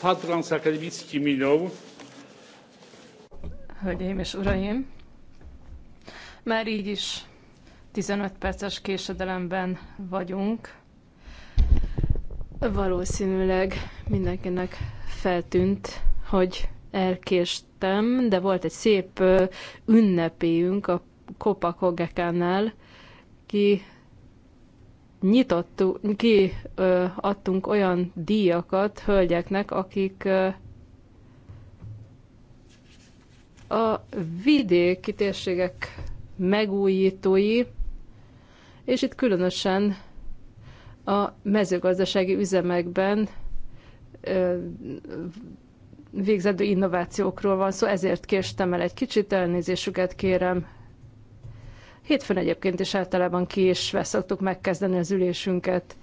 kwadrans akademicki minął. Hölgyeim és uraim, már így is 15 perces késedelemben vagyunk. Valószínűleg mindenkinek feltűnt, hogy elkéstem, de volt egy szép ünnepéjünk a Kopakogekánál, ki nyitottuk, ki ö, adtunk olyan díjakat hölgyeknek, akik ö, a vidéki térségek megújítói, és itt különösen a mezőgazdasági üzemekben ö, innovációkról van szó, szóval ezért késtem el egy kicsit, elnézésüket kérem Hétfőn egyébként is általában késve szoktuk megkezdeni az ülésünket.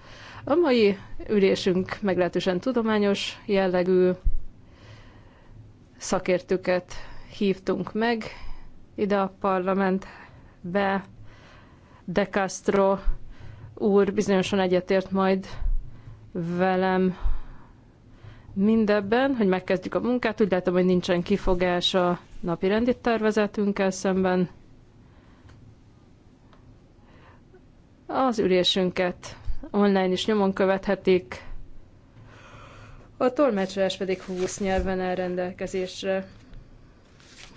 A mai ülésünk meglehetősen tudományos jellegű szakértőket hívtunk meg ide a parlamentbe. De Castro úr bizonyosan egyetért majd velem mindebben, hogy megkezdjük a munkát. Úgy látom, hogy nincsen kifogás a napi rendi tervezetünkkel szemben. Az ülésünket online is nyomon követhetik, a tolmácsolás pedig 20 nyelven áll rendelkezésre.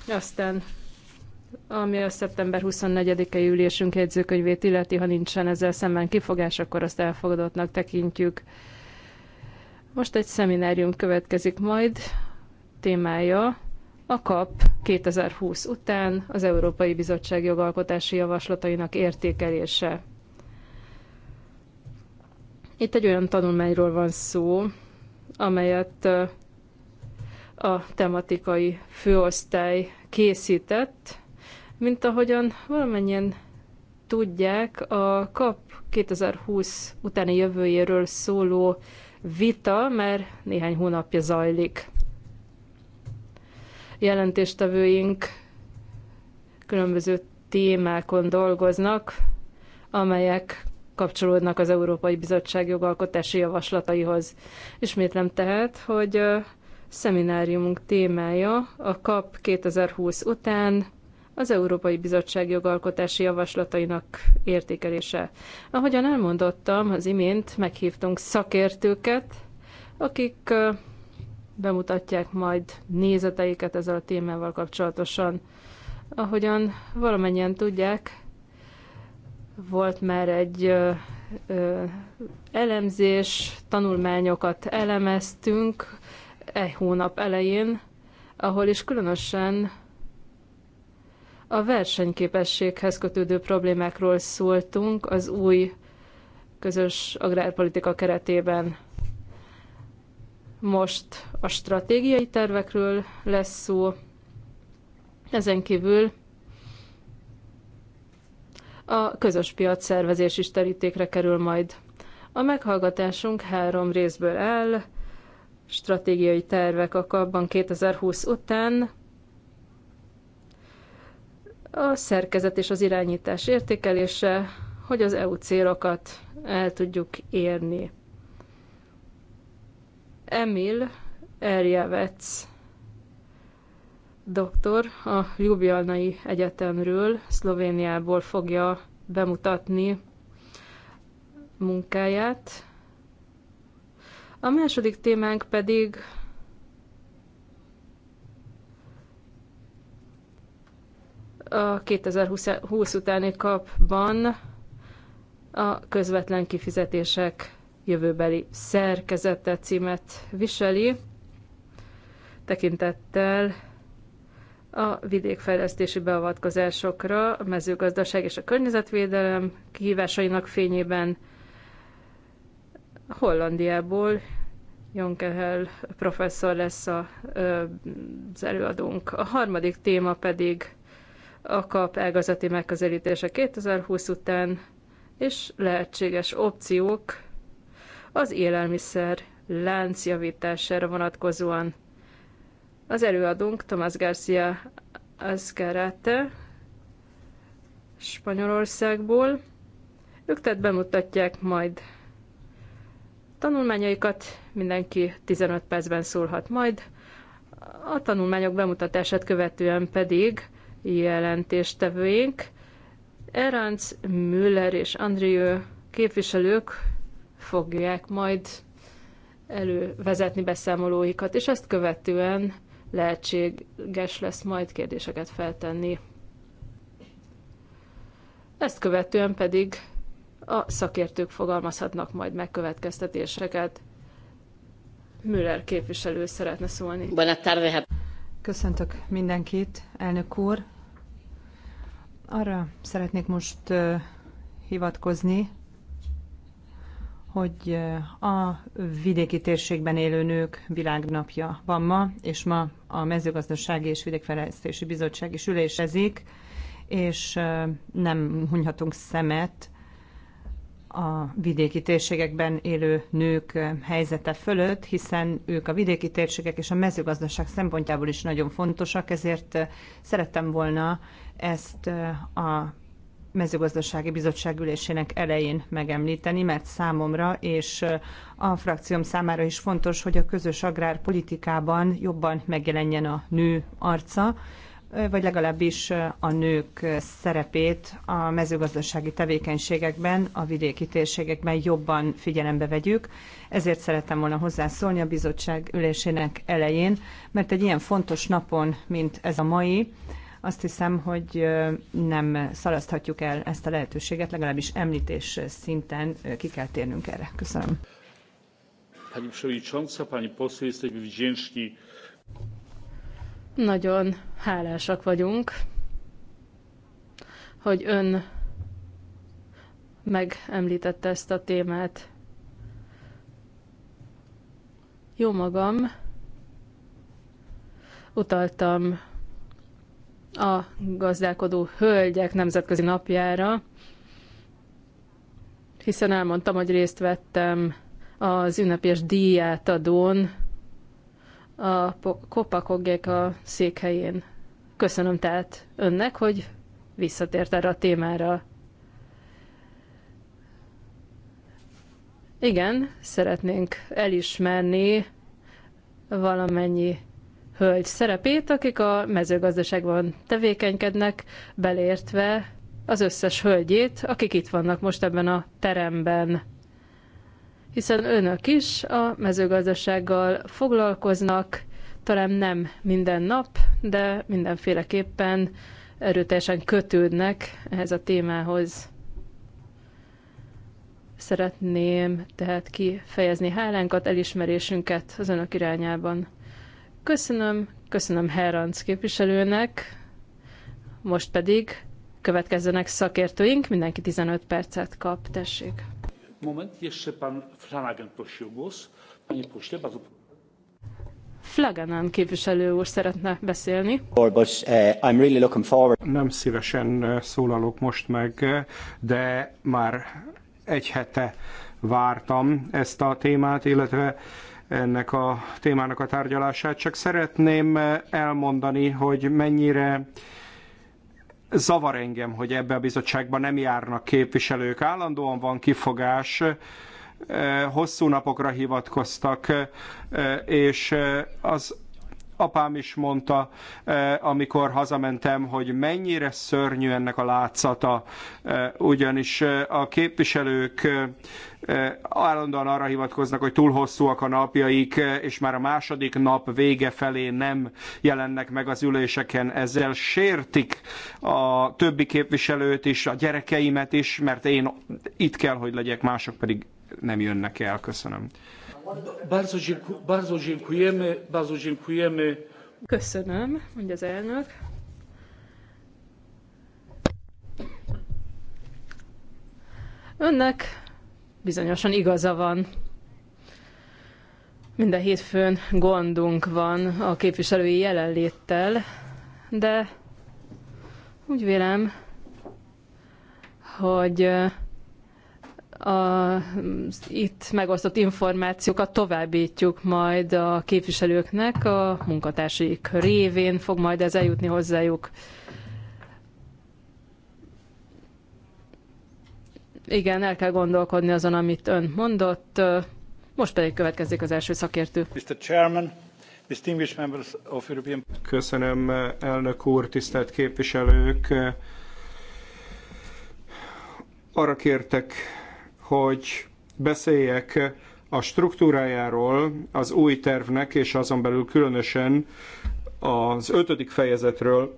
Aztán, ami a szeptember 24-i ülésünk jegyzőkönyvét illeti, ha nincsen ezzel szemben kifogás, akkor azt elfogadottnak tekintjük. Most egy szeminárium következik majd, témája a KAP 2020 után az Európai Bizottság jogalkotási javaslatainak értékelése. Itt egy olyan tanulmányról van szó, amelyet a tematikai főosztály készített, mint ahogyan valamennyien tudják, a KAP 2020 utáni jövőjéről szóló vita már néhány hónapja zajlik. Jelentéstevőink különböző témákon dolgoznak, amelyek kapcsolódnak az Európai Bizottság jogalkotási javaslataihoz. Ismétlem tehát, hogy szemináriumunk témája a KAP 2020 után az Európai Bizottság jogalkotási javaslatainak értékelése. Ahogyan elmondottam, az imént meghívtunk szakértőket, akik bemutatják majd nézeteiket ezzel a témával kapcsolatosan. Ahogyan valamennyien tudják, volt már egy ö, ö, elemzés, tanulmányokat elemeztünk egy hónap elején, ahol is különösen a versenyképességhez kötődő problémákról szóltunk az új közös agrárpolitika keretében. Most a stratégiai tervekről lesz szó, ezen kívül a közös piac szervezés is terítékre kerül majd. A meghallgatásunk három részből áll, stratégiai tervek a kapban 2020 után, a szerkezet és az irányítás értékelése, hogy az EU célokat el tudjuk érni. Emil Erjavec doktor a Ljubljanai Egyetemről, Szlovéniából fogja bemutatni munkáját. A második témánk pedig a 2020 utáni kapban a közvetlen kifizetések jövőbeli szerkezete címet viseli, tekintettel a vidékfejlesztési beavatkozásokra, a mezőgazdaság és a környezetvédelem kihívásainak fényében Hollandiából Jonkehel professzor lesz a, az előadónk. A harmadik téma pedig a kap ágazati megközelítése 2020 után, és lehetséges opciók az élelmiszer láncjavítására vonatkozóan. Az előadónk Tomás Garcia Azcarate Spanyolországból. Ők tehát bemutatják majd tanulmányaikat, mindenki 15 percben szólhat majd. A tanulmányok bemutatását követően pedig jelentéstevőink Eranc, Müller és Andrió képviselők fogják majd elővezetni beszámolóikat, és ezt követően lehetséges lesz majd kérdéseket feltenni. Ezt követően pedig a szakértők fogalmazhatnak majd megkövetkeztetéseket. Müller képviselő szeretne szólni. Köszöntök mindenkit, elnök úr. Arra szeretnék most hivatkozni, hogy a vidéki térségben élő nők világnapja van ma, és ma a mezőgazdasági és vidékfejlesztési bizottság is ülésezik, és nem hunyhatunk szemet a vidéki térségekben élő nők helyzete fölött, hiszen ők a vidéki térségek és a mezőgazdaság szempontjából is nagyon fontosak, ezért szerettem volna ezt a mezőgazdasági bizottság ülésének elején megemlíteni, mert számomra és a frakcióm számára is fontos, hogy a közös agrárpolitikában jobban megjelenjen a nő arca, vagy legalábbis a nők szerepét a mezőgazdasági tevékenységekben, a vidéki térségekben jobban figyelembe vegyük. Ezért szerettem volna hozzászólni a bizottság ülésének elején, mert egy ilyen fontos napon, mint ez a mai, azt hiszem, hogy nem szalaszthatjuk el ezt a lehetőséget, legalábbis említés szinten ki kell térnünk erre. Köszönöm. Pani Przewodnicząca, Pani Poseł, jesteśmy wdzięczni. Nagyon hálásak vagyunk, hogy ön megemlítette ezt a témát. Jó magam, utaltam a gazdálkodó hölgyek nemzetközi napjára, hiszen elmondtam, hogy részt vettem az ünnepés díjátadón a Kopakogék a székhelyén. Köszönöm tehát önnek, hogy visszatért erre a témára. Igen, szeretnénk elismerni valamennyi hölgy szerepét, akik a mezőgazdaságban tevékenykednek, belértve az összes hölgyét, akik itt vannak most ebben a teremben. Hiszen önök is a mezőgazdasággal foglalkoznak, talán nem minden nap, de mindenféleképpen erőteljesen kötődnek ehhez a témához. Szeretném tehát kifejezni hálánkat, elismerésünket az önök irányában. Köszönöm, köszönöm Herranc képviselőnek. Most pedig következzenek szakértőink, mindenki 15 percet kap, tessék. Moment, jeszcze pan Flanagan o głos. Panie pośle, bardzo... Flaganan képviselő úr szeretne beszélni. Eh, Nem szívesen eh, szólalok most meg, eh, de már egy hete vártam ezt a témát, illetve ennek a témának a tárgyalását, csak szeretném elmondani, hogy mennyire zavar engem, hogy ebbe a bizottságban nem járnak képviselők. Állandóan van kifogás, eh, hosszú napokra hivatkoztak, eh, és eh, az apám is mondta, amikor hazamentem, hogy mennyire szörnyű ennek a látszata, ugyanis a képviselők állandóan arra hivatkoznak, hogy túl hosszúak a napjaik, és már a második nap vége felé nem jelennek meg az üléseken. Ezzel sértik a többi képviselőt is, a gyerekeimet is, mert én itt kell, hogy legyek, mások pedig nem jönnek el. Köszönöm. Köszönöm, mondja az elnök. Önnek bizonyosan igaza van. Minden hétfőn gondunk van a képviselői jelenléttel, de úgy vélem, hogy a, itt megosztott információkat továbbítjuk majd a képviselőknek, a munkatársaik révén fog majd ez eljutni hozzájuk. Igen, el kell gondolkodni azon, amit ön mondott. Most pedig következik az első szakértő. Mr. Chairman, distinguished members of European... Köszönöm, elnök úr, tisztelt képviselők. Arra kértek, hogy beszéljek a struktúrájáról az új tervnek, és azon belül különösen az ötödik fejezetről,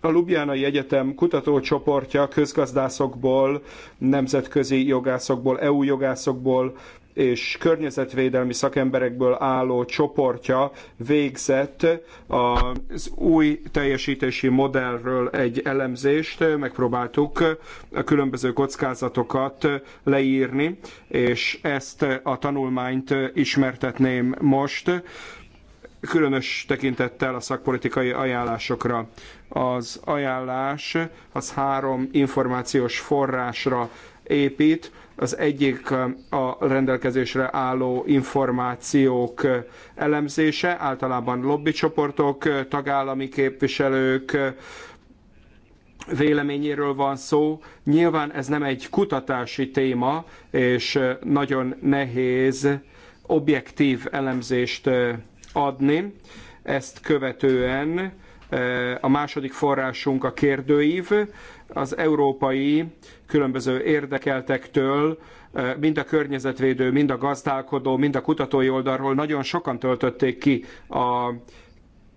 a Lubjánai Egyetem kutatócsoportja közgazdászokból, nemzetközi jogászokból, EU jogászokból és környezetvédelmi szakemberekből álló csoportja végzett az új teljesítési modellről egy elemzést. Megpróbáltuk a különböző kockázatokat leírni, és ezt a tanulmányt ismertetném most különös tekintettel a szakpolitikai ajánlásokra. Az ajánlás az három információs forrásra épít. Az egyik a rendelkezésre álló információk elemzése, általában lobbycsoportok, tagállami képviselők, véleményéről van szó. Nyilván ez nem egy kutatási téma, és nagyon nehéz objektív elemzést adni. Ezt követően e, a második forrásunk a kérdőív, az európai különböző érdekeltektől, e, mind a környezetvédő, mind a gazdálkodó, mind a kutatói oldalról nagyon sokan töltötték ki a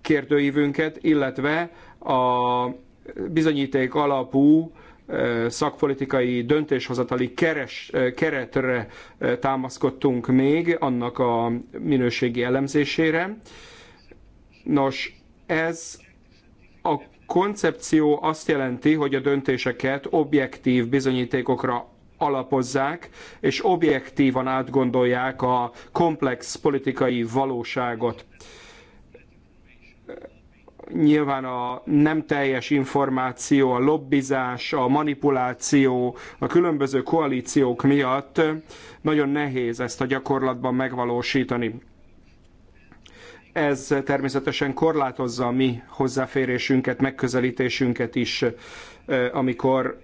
kérdőívünket, illetve a bizonyíték alapú szakpolitikai döntéshozatali keres, keretre támaszkodtunk még, annak a minőségi elemzésére. Nos, ez a koncepció azt jelenti, hogy a döntéseket objektív bizonyítékokra alapozzák, és objektívan átgondolják a komplex politikai valóságot nyilván a nem teljes információ, a lobbizás, a manipuláció, a különböző koalíciók miatt nagyon nehéz ezt a gyakorlatban megvalósítani. Ez természetesen korlátozza a mi hozzáférésünket, megközelítésünket is, amikor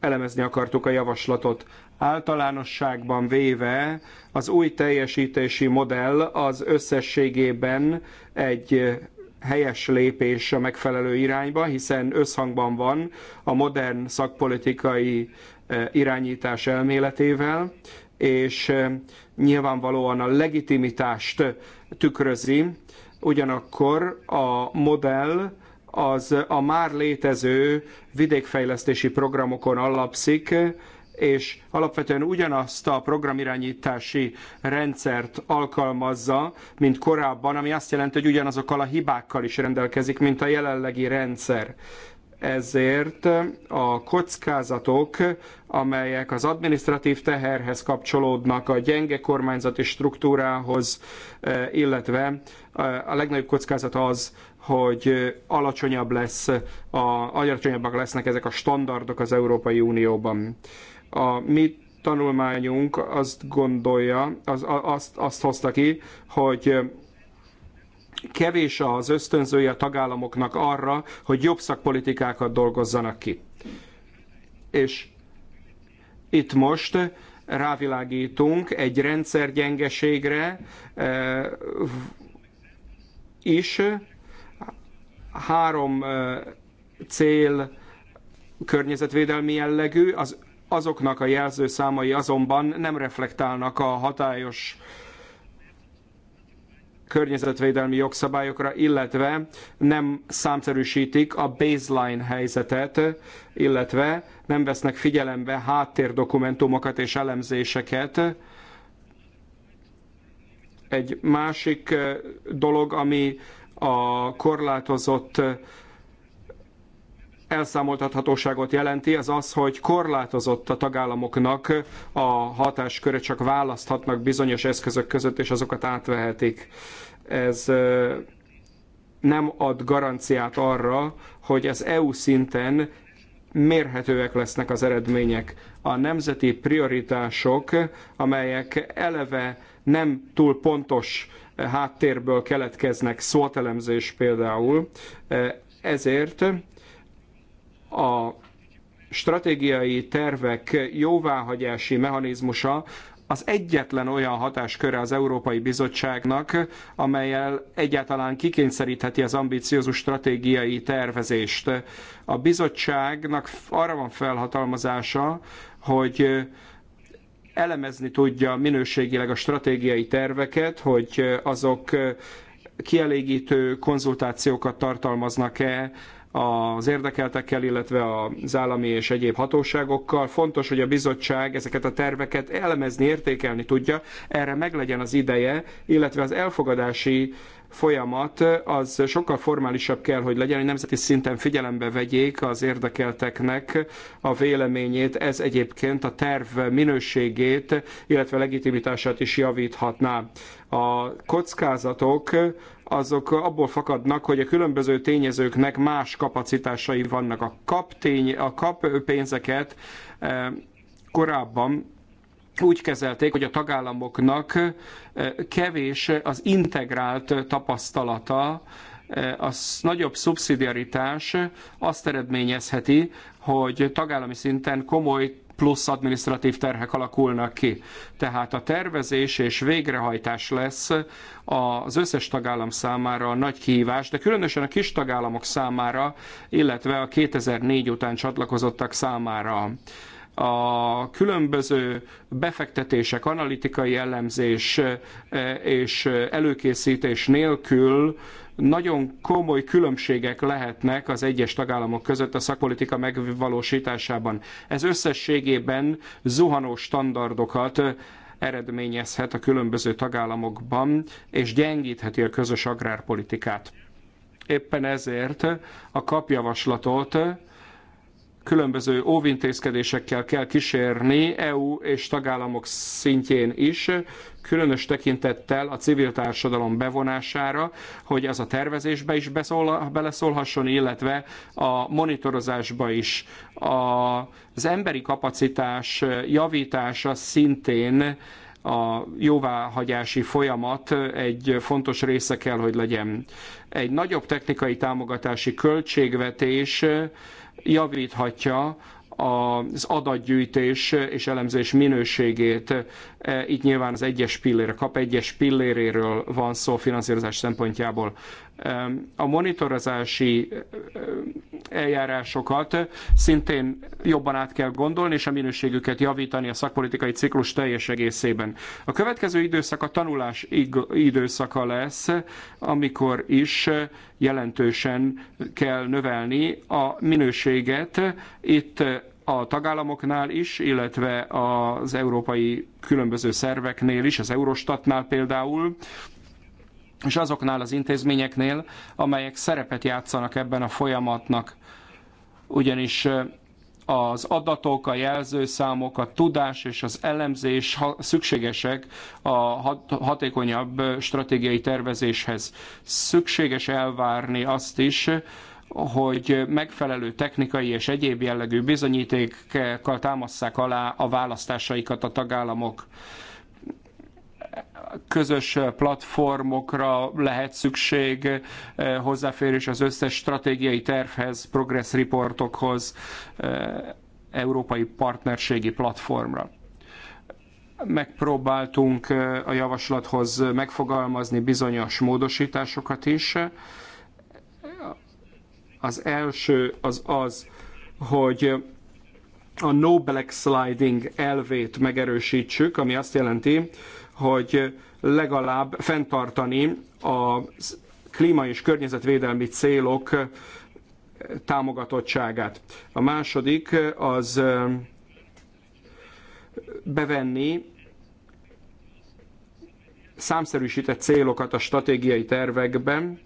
elemezni akartuk a javaslatot. Általánosságban véve az új teljesítési modell az összességében egy helyes lépés a megfelelő irányba, hiszen összhangban van a modern szakpolitikai e, irányítás elméletével, és e, nyilvánvalóan a legitimitást tükrözi, ugyanakkor a modell az a már létező vidékfejlesztési programokon alapszik, és alapvetően ugyanazt a programirányítási rendszert alkalmazza, mint korábban, ami azt jelenti, hogy ugyanazokkal a hibákkal is rendelkezik, mint a jelenlegi rendszer ezért a kockázatok, amelyek az administratív teherhez kapcsolódnak, a gyenge kormányzati struktúrához, eh, illetve eh, a legnagyobb kockázat az, hogy alacsonyabb lesz, a, alacsonyabbak lesznek ezek a standardok az Európai Unióban. A mi tanulmányunk azt gondolja, az, azt, azt hozta ki, hogy kevés az ösztönzője a tagállamoknak arra, hogy jobb szakpolitikákat dolgozzanak ki. És itt most rávilágítunk egy rendszer gyengeségre eh, is. Három eh, cél környezetvédelmi jellegű, az azoknak a jelzőszámai azonban nem reflektálnak a hatályos környezetvédelmi jogszabályokra, illetve nem számszerűsítik a baseline helyzetet, illetve nem vesznek figyelembe háttérdokumentumokat és elemzéseket. Egy másik eh, dolog, ami a korlátozott elszámoltathatóságot jelenti, az az, hogy korlátozott a tagállamoknak a hatásköre, csak választhatnak bizonyos eszközök között, és azokat átvehetik. Ez nem ad garanciát arra, hogy az EU szinten mérhetőek lesznek az eredmények. A nemzeti prioritások, amelyek eleve nem túl pontos háttérből keletkeznek, szótelemzés például, ezért a stratégiai tervek jóváhagyási mechanizmusa az egyetlen olyan hatásköre az Európai Bizottságnak, amelyel egyáltalán kikényszerítheti az ambiciózus stratégiai tervezést. A bizottságnak arra van felhatalmazása, hogy elemezni tudja minőségileg a stratégiai terveket, hogy azok kielégítő konzultációkat tartalmaznak-e az érdekeltekkel, illetve az állami és egyéb hatóságokkal. Fontos, hogy a bizottság ezeket a terveket elemezni, értékelni tudja, erre meglegyen az ideje, illetve az elfogadási folyamat az sokkal formálisabb kell, hogy legyen, hogy nemzeti szinten figyelembe vegyék az érdekelteknek a véleményét. Ez egyébként a terv minőségét, illetve legitimitását is javíthatná. A kockázatok azok abból fakadnak, hogy a különböző tényezőknek más kapacitásai vannak. A kap, tény, a kap pénzeket eh, korábban úgy kezelték, hogy a tagállamoknak eh, kevés az integrált tapasztalata, eh, a nagyobb szubszidiaritás azt eredményezheti, hogy tagállami szinten komoly plusz adminisztratív terhek alakulnak ki. Tehát a tervezés és végrehajtás lesz az összes tagállam számára a nagy kihívás, de különösen a kis tagállamok számára, illetve a 2004 után csatlakozottak számára a különböző befektetések, analitikai elemzés eh, és előkészítés nélkül nagyon komoly különbségek lehetnek az egyes tagállamok között a szakpolitika megvalósításában. Ez összességében zuhanó standardokat eredményezhet a különböző tagállamokban, és gyengítheti a közös agrárpolitikát. Éppen ezért a kapjavaslatot különböző óvintézkedésekkel kell kísérni EU és tagállamok szintjén is, különös tekintettel a civil társadalom bevonására, hogy ez a tervezésbe is beszól, beleszólhasson, illetve a monitorozásba is. A, az emberi kapacitás javítása szintén a jóváhagyási folyamat egy fontos része kell, hogy legyen. Egy nagyobb technikai támogatási költségvetés javíthatja az adatgyűjtés és elemzés minőségét. E, itt nyilván az egyes pillére, kap egyes pilléréről van szó finanszírozás szempontjából a monitorozási eljárásokat szintén jobban át kell gondolni, és a minőségüket javítani a szakpolitikai ciklus teljes egészében. A következő időszak a tanulás időszaka lesz, amikor is jelentősen kell növelni a minőséget. Itt a tagállamoknál is, illetve az európai különböző szerveknél is, az Eurostatnál például, és azoknál az intézményeknél, amelyek szerepet játszanak ebben a folyamatnak. Ugyanis az adatok, a jelzőszámok, a tudás és az elemzés szükségesek a hatékonyabb stratégiai tervezéshez. Szükséges elvárni azt is, hogy megfelelő technikai és egyéb jellegű bizonyítékkal támasszák alá a választásaikat a tagállamok közös platformokra lehet szükség, hozzáférés az összes stratégiai tervhez, progress reportokhoz, európai partnerségi platformra megpróbáltunk a javaslathoz megfogalmazni bizonyos módosításokat is. Az első az az, hogy a no black sliding elvét megerősítsük, ami azt jelenti, hogy legalább fenntartani a klíma és környezetvédelmi célok támogatottságát. A második az bevenni számszerűsített célokat a stratégiai tervekben,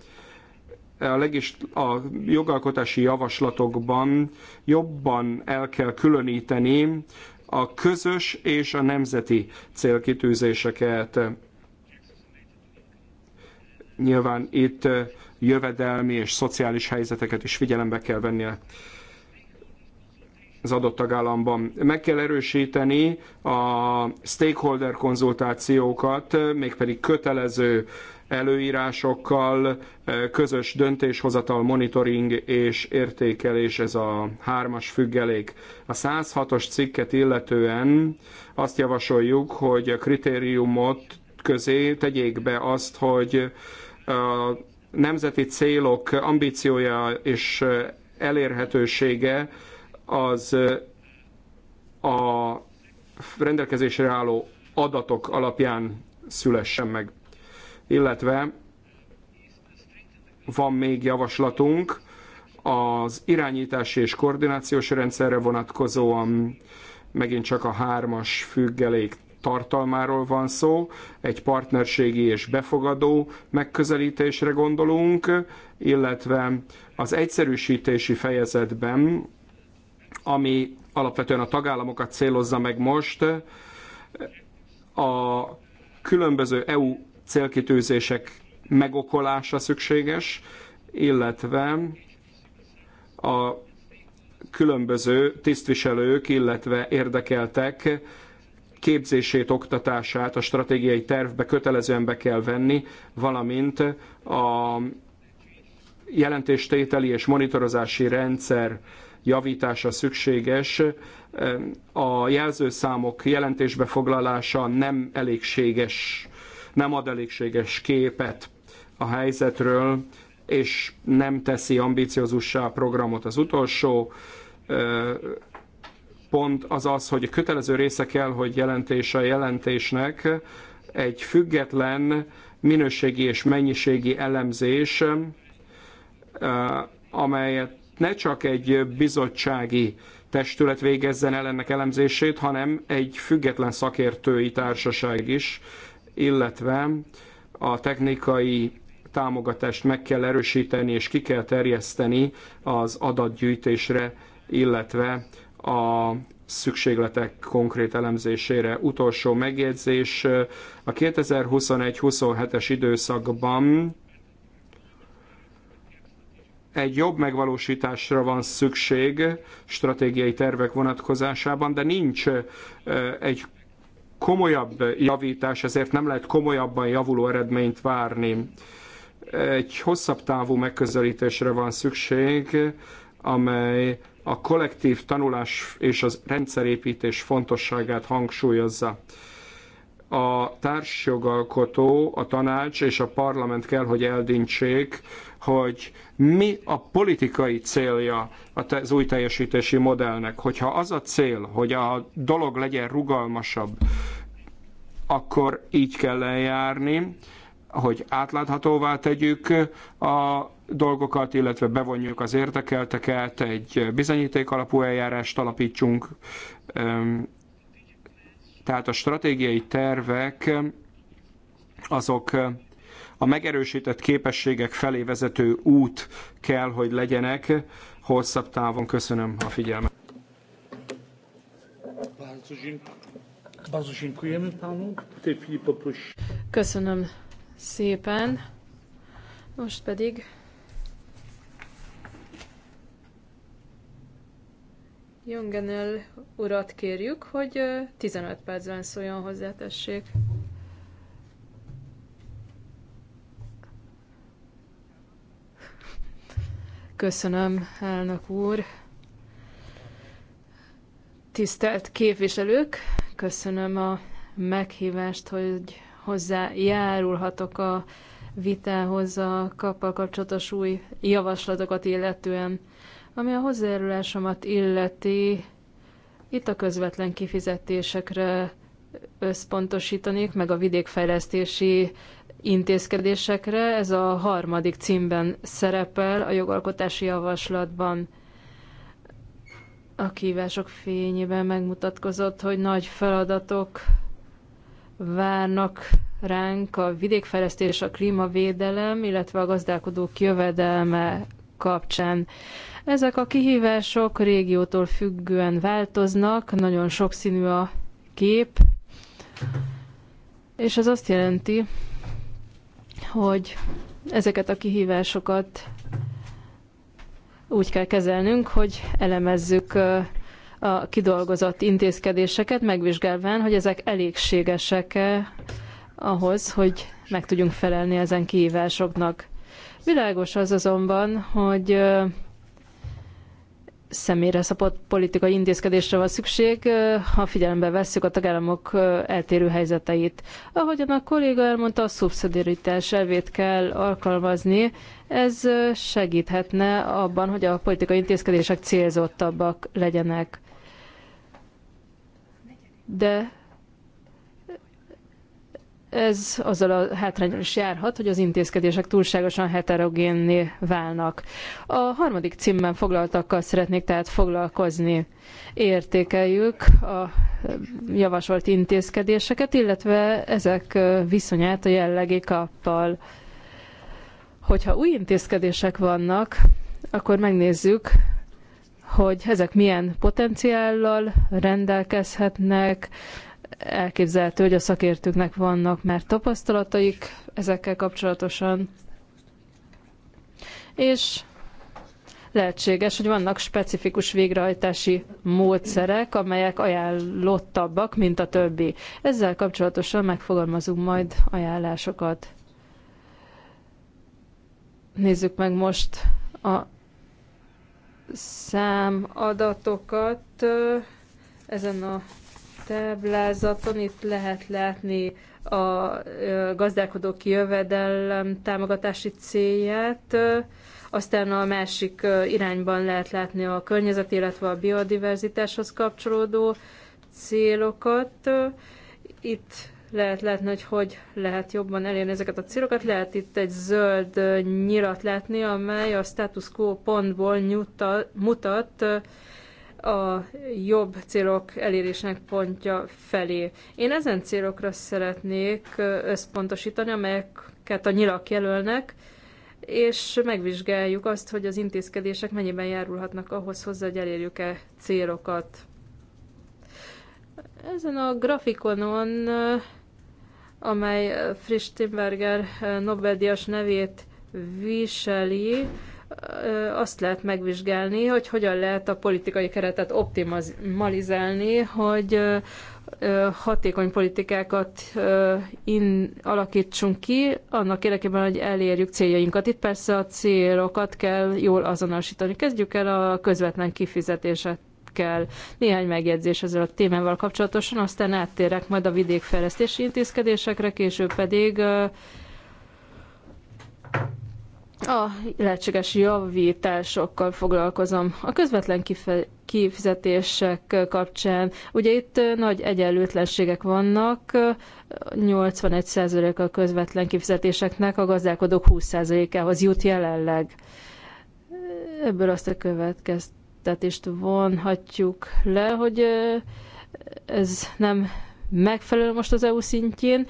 a, legis, a jogalkotási javaslatokban jobban el kell különíteni a közös és a nemzeti célkitűzéseket. Nyilván itt jövedelmi és szociális helyzeteket is figyelembe kell vennie az adott tagállamban. Meg kell erősíteni a stakeholder konzultációkat, mégpedig kötelező előírásokkal, közös döntéshozatal, monitoring és értékelés, ez a hármas függelék. A 106-os cikket illetően azt javasoljuk, hogy a kritériumot közé tegyék be azt, hogy a nemzeti célok ambíciója és elérhetősége az a rendelkezésre álló adatok alapján szülessen meg illetve van még javaslatunk az irányítási és koordinációs rendszerre vonatkozóan, megint csak a hármas függelék tartalmáról van szó, egy partnerségi és befogadó megközelítésre gondolunk, illetve az egyszerűsítési fejezetben, ami alapvetően a tagállamokat célozza meg most, a különböző EU célkitűzések megokolása szükséges, illetve a különböző tisztviselők, illetve érdekeltek képzését, oktatását a stratégiai tervbe kötelezően be kell venni, valamint a jelentéstételi és monitorozási rendszer javítása szükséges. A jelzőszámok jelentésbe foglalása nem elégséges nem ad elégséges képet a helyzetről, és nem teszi ambiciózussá a programot. Az utolsó pont az az, hogy a kötelező része kell, hogy jelentése a jelentésnek egy független minőségi és mennyiségi elemzés, amelyet ne csak egy bizottsági testület végezzen el ennek elemzését, hanem egy független szakértői társaság is, illetve a technikai támogatást meg kell erősíteni és ki kell terjeszteni az adatgyűjtésre, illetve a szükségletek konkrét elemzésére. Utolsó megjegyzés, a 2021-27-es időszakban egy jobb megvalósításra van szükség stratégiai tervek vonatkozásában, de nincs egy komolyabb javítás, ezért nem lehet komolyabban javuló eredményt várni. Egy hosszabb távú megközelítésre van szükség, amely a kollektív tanulás és az rendszerépítés fontosságát hangsúlyozza. A társjogalkotó, a tanács és a parlament kell, hogy eldintsék, hogy mi a politikai célja az új teljesítési modellnek. Hogyha az a cél, hogy a dolog legyen rugalmasabb, akkor így kell eljárni, hogy átláthatóvá tegyük a dolgokat, illetve bevonjuk az érdekelteket, egy bizonyíték alapú eljárást alapítsunk. Tehát a stratégiai tervek azok a megerősített képességek felé vezető út kell, hogy legyenek hosszabb távon. Köszönöm a figyelmet. Köszönöm szépen. Most pedig Jungenel urat kérjük, hogy 15 percben szóljon hozzá, tessék. Köszönöm, elnök úr. Tisztelt képviselők, köszönöm a meghívást, hogy hozzájárulhatok a vitához a kappal kapcsolatos új javaslatokat illetően. Ami a hozzájárulásomat illeti, itt a közvetlen kifizetésekre összpontosítanék, meg a vidékfejlesztési intézkedésekre. Ez a harmadik címben szerepel a jogalkotási javaslatban. A kívások fényében megmutatkozott, hogy nagy feladatok várnak ránk a vidékfejlesztés, a klímavédelem, illetve a gazdálkodók jövedelme kapcsán. Ezek a kihívások régiótól függően változnak, nagyon sokszínű a kép, és ez azt jelenti, hogy ezeket a kihívásokat úgy kell kezelnünk, hogy elemezzük a kidolgozott intézkedéseket, megvizsgálván, hogy ezek elégségesek-e ahhoz, hogy meg tudjunk felelni ezen kihívásoknak. Világos az azonban, hogy személyre szabott politikai intézkedésre van szükség, ha figyelembe vesszük a tagállamok eltérő helyzeteit. Ahogyan a kolléga elmondta, a szubszidiaritás elvét kell alkalmazni, ez segíthetne abban, hogy a politikai intézkedések célzottabbak legyenek. De ez azzal a hátrányon is járhat, hogy az intézkedések túlságosan heterogénné válnak. A harmadik címben foglaltakkal szeretnék tehát foglalkozni. Értékeljük a javasolt intézkedéseket, illetve ezek viszonyát a jellegi kappal. Hogyha új intézkedések vannak, akkor megnézzük, hogy ezek milyen potenciállal rendelkezhetnek, elképzelhető, hogy a szakértőknek vannak már tapasztalataik ezekkel kapcsolatosan, és lehetséges, hogy vannak specifikus végrehajtási módszerek, amelyek ajánlottabbak, mint a többi. Ezzel kapcsolatosan megfogalmazunk majd ajánlásokat. Nézzük meg most a számadatokat ezen a táblázaton itt lehet látni a gazdálkodók jövedelem támogatási célját, aztán a másik irányban lehet látni a környezet, illetve a biodiverzitáshoz kapcsolódó célokat. Itt lehet látni, hogy hogy lehet jobban elérni ezeket a célokat. Lehet itt egy zöld nyilat látni, amely a status quo pontból nyuta, mutat a jobb célok elérésének pontja felé. Én ezen célokra szeretnék összpontosítani, amelyeket a nyilak jelölnek, és megvizsgáljuk azt, hogy az intézkedések mennyiben járulhatnak ahhoz hozzá, hogy elérjük-e célokat. Ezen a grafikonon, amely Frisch Timberger Nobel-díjas nevét viseli, azt lehet megvizsgálni, hogy hogyan lehet a politikai keretet optimalizálni, hogy hatékony politikákat in, alakítsunk ki, annak érdekében, hogy elérjük céljainkat. Itt persze a célokat kell jól azonosítani. Kezdjük el a közvetlen kifizetéset kell néhány megjegyzés ezzel a témával kapcsolatosan, aztán áttérek majd a vidékfejlesztési intézkedésekre, később pedig a lehetséges javításokkal foglalkozom. A közvetlen kifizetések kapcsán, ugye itt nagy egyenlőtlenségek vannak, 81% a közvetlen kifizetéseknek, a gazdálkodók 20%-ához jut jelenleg. Ebből azt a következtetést vonhatjuk le, hogy ez nem megfelelő most az EU szintjén,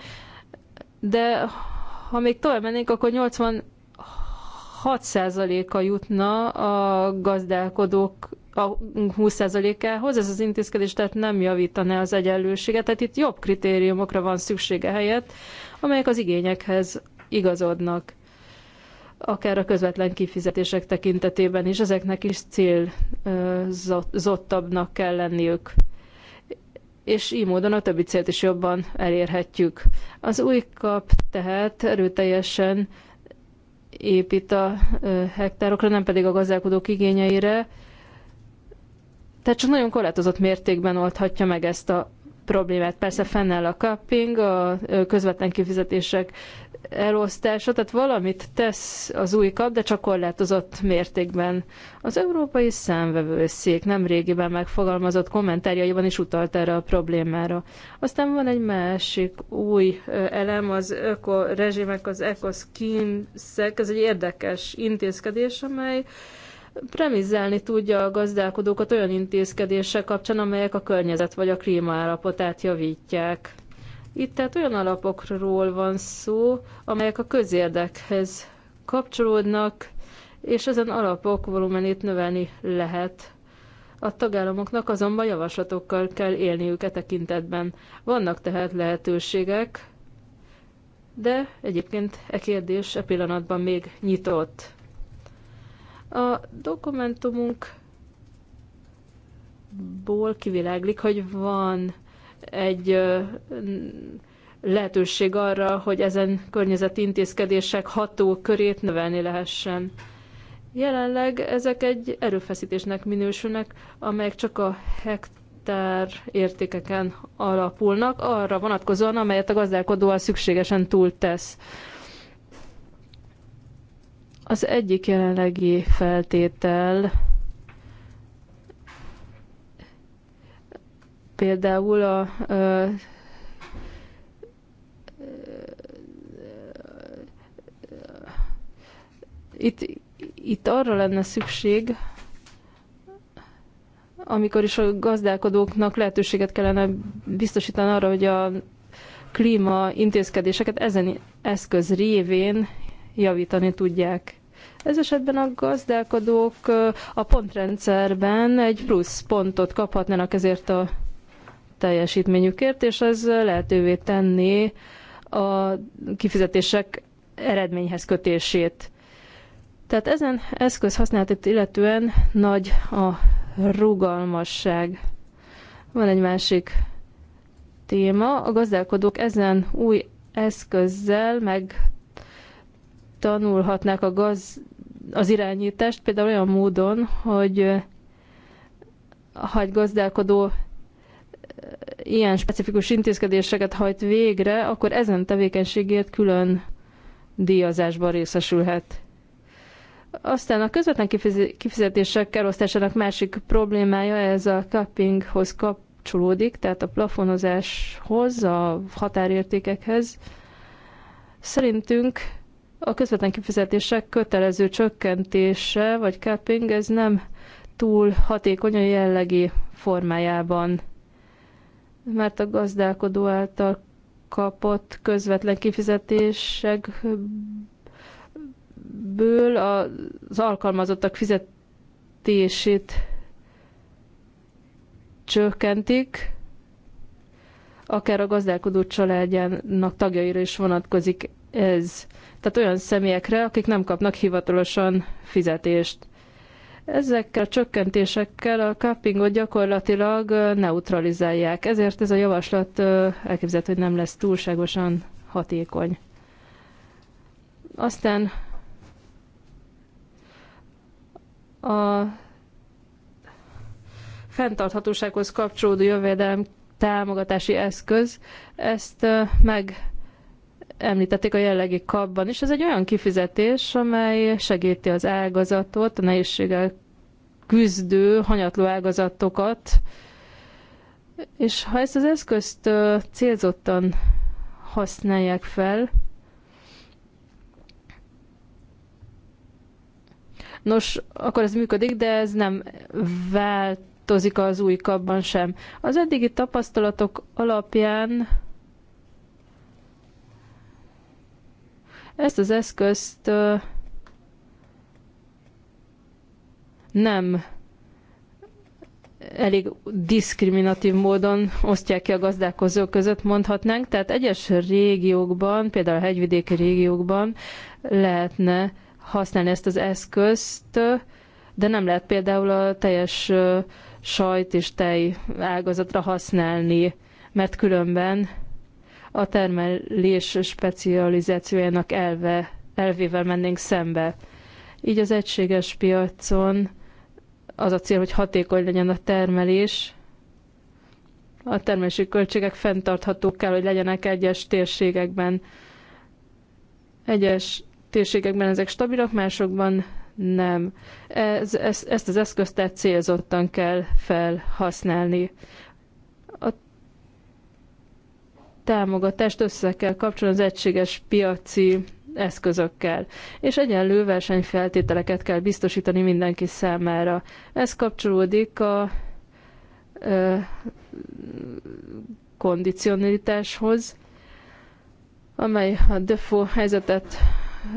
de ha még tovább mennénk, akkor 80 6%-a jutna a gazdálkodók a 20%-ához, ez az intézkedés tehát nem javítaná az egyenlőséget, tehát itt jobb kritériumokra van szüksége helyett, amelyek az igényekhez igazodnak, akár a közvetlen kifizetések tekintetében is, ezeknek is célzottabbnak kell lenniük és így módon a többi célt is jobban elérhetjük. Az új kap tehát erőteljesen épít a hektárokra, nem pedig a gazdálkodók igényeire. Tehát csak nagyon korlátozott mértékben oldhatja meg ezt a problémát. Persze fennáll a cupping, a közvetlen kifizetések elosztása, tehát valamit tesz az új kap, de csak korlátozott mértékben. Az Európai Számvevőszék nem régiben megfogalmazott kommentárjaiban is utalt erre a problémára. Aztán van egy másik új elem, az ökorezsimek, az ekoszkínszek, ez egy érdekes intézkedés, amely premizelni tudja a gazdálkodókat olyan intézkedések kapcsán, amelyek a környezet vagy a klímaállapotát javítják. Itt tehát olyan alapokról van szó, amelyek a közérdekhez kapcsolódnak, és ezen alapok volumenét növelni lehet. A tagállamoknak azonban javaslatokkal kell élniük e tekintetben. Vannak tehát lehetőségek, de egyébként e kérdés e pillanatban még nyitott. A dokumentumunkból kiviláglik, hogy van egy lehetőség arra, hogy ezen környezeti intézkedések hatókörét növelni lehessen. Jelenleg ezek egy erőfeszítésnek minősülnek, amelyek csak a hektár értékeken alapulnak, arra vonatkozóan, amelyet a gazdálkodó szükségesen túltesz. Az egyik jelenlegi feltétel például a, itt, itt arra lenne szükség, amikor is a gazdálkodóknak lehetőséget kellene biztosítani arra, hogy a klíma intézkedéseket ezen eszköz révén javítani tudják. Ez esetben a gazdálkodók a pontrendszerben egy plusz pontot kaphatnának ezért a teljesítményükért, és ez lehetővé tenni a kifizetések eredményhez kötését. Tehát ezen eszköz használatát illetően nagy a rugalmasság. Van egy másik téma, a gazdálkodók ezen új eszközzel meg tanulhatnák a gaz, az irányítást, például olyan módon, hogy ha egy gazdálkodó ilyen specifikus intézkedéseket hajt végre, akkor ezen tevékenységért külön díjazásban részesülhet. Aztán a közvetlen kifizetések kerosztásának másik problémája ez a cappinghoz kapcsolódik, tehát a plafonozáshoz, a határértékekhez. Szerintünk a közvetlen kifizetések kötelező csökkentése, vagy capping, ez nem túl hatékony a jellegi formájában, mert a gazdálkodó által kapott közvetlen kifizetésekből az alkalmazottak fizetését csökkentik, akár a gazdálkodó családjának tagjaira is vonatkozik ez tehát olyan személyekre, akik nem kapnak hivatalosan fizetést. Ezekkel a csökkentésekkel a cappingot gyakorlatilag neutralizálják, ezért ez a javaslat elképzelhető, hogy nem lesz túlságosan hatékony. Aztán a fenntarthatósághoz kapcsolódó jövedelem támogatási eszköz, ezt meg említették a jelenlegi kapban is. Ez egy olyan kifizetés, amely segíti az ágazatot, a nehézséggel küzdő, hanyatló ágazatokat, és ha ezt az eszközt célzottan használják fel, Nos, akkor ez működik, de ez nem változik az új kapban sem. Az eddigi tapasztalatok alapján Ezt az eszközt nem elég diszkriminatív módon osztják ki a gazdálkozók között, mondhatnánk. Tehát egyes régiókban, például a hegyvidéki régiókban lehetne használni ezt az eszközt, de nem lehet például a teljes sajt és tej ágazatra használni, mert különben a termelés specializációjának elve, elvével mennénk szembe. Így az egységes piacon az a cél, hogy hatékony legyen a termelés, a termelési költségek fenntarthatók kell, hogy legyenek egyes térségekben. Egyes térségekben ezek stabilak, másokban nem. Ez, ez, ezt az eszközt tehát célzottan kell felhasználni támogatást össze kell kapcsolni az egységes piaci eszközökkel, és egyenlő versenyfeltételeket kell biztosítani mindenki számára. Ez kapcsolódik a ö, kondicionalitáshoz, amely a default helyzetet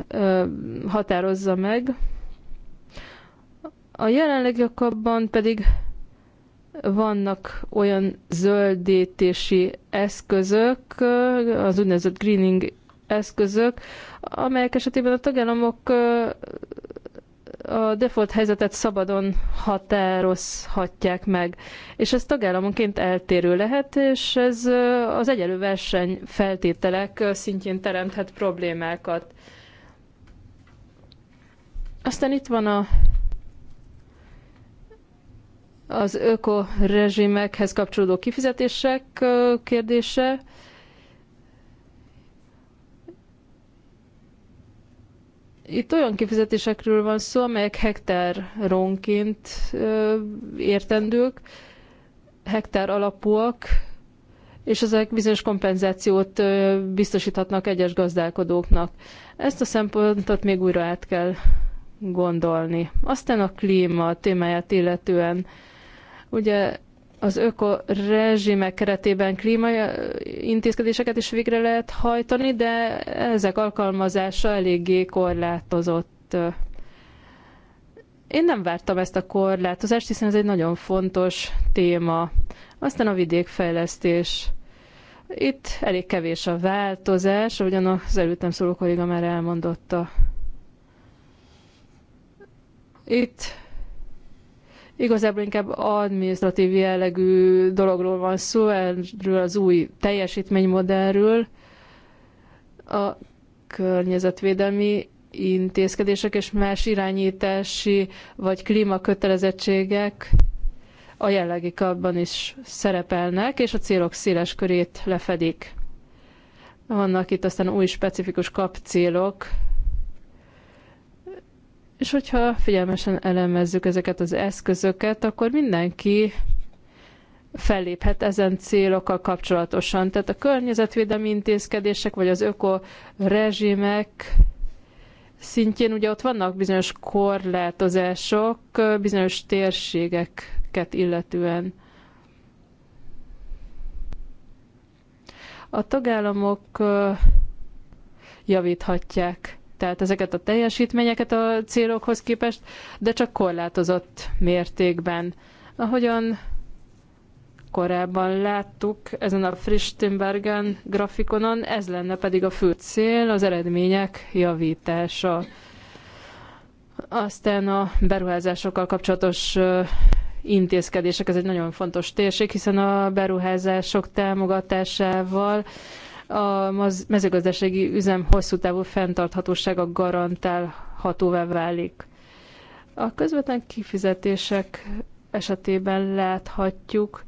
ö, határozza meg. A jelenlegiakabban pedig vannak olyan zöldítési eszközök, az úgynevezett greening eszközök, amelyek esetében a tagállamok a default helyzetet szabadon határozhatják meg. És ez tagállamonként eltérő lehet, és ez az egyelő verseny feltételek szintjén teremthet problémákat. Aztán itt van a az ökorezsimekhez kapcsolódó kifizetések kérdése. Itt olyan kifizetésekről van szó, amelyek hektáronként értendők, hektár alapúak, és ezek bizonyos kompenzációt biztosíthatnak egyes gazdálkodóknak. Ezt a szempontot még újra át kell gondolni. Aztán a klíma témáját illetően Ugye az ökorezsimek keretében klímaintézkedéseket is végre lehet hajtani, de ezek alkalmazása eléggé korlátozott. Én nem vártam ezt a korlátozást, hiszen ez egy nagyon fontos téma. Aztán a vidékfejlesztés. Itt elég kevés a változás, ahogyan az előttem szóló kolléga már elmondotta. Itt Igazából inkább administratív jellegű dologról van szó, erről az új teljesítménymodellről. A környezetvédelmi intézkedések és más irányítási vagy klímakötelezettségek a jellegi kapban is szerepelnek, és a célok széles körét lefedik. Vannak itt aztán új specifikus kapcélok, és hogyha figyelmesen elemezzük ezeket az eszközöket, akkor mindenki felléphet ezen célokkal kapcsolatosan. Tehát a környezetvédelmi intézkedések, vagy az ökorezsimek szintjén ugye ott vannak bizonyos korlátozások, bizonyos térségeket illetően. A tagállamok javíthatják tehát ezeket a teljesítményeket a célokhoz képest, de csak korlátozott mértékben. Ahogyan korábban láttuk ezen a Timbergen grafikonon, ez lenne pedig a fő cél, az eredmények javítása. Aztán a beruházásokkal kapcsolatos intézkedések, ez egy nagyon fontos térség, hiszen a beruházások támogatásával a mezőgazdasági üzem hosszú távú fenntarthatósága garantálhatóvá válik. A közvetlen kifizetések esetében láthatjuk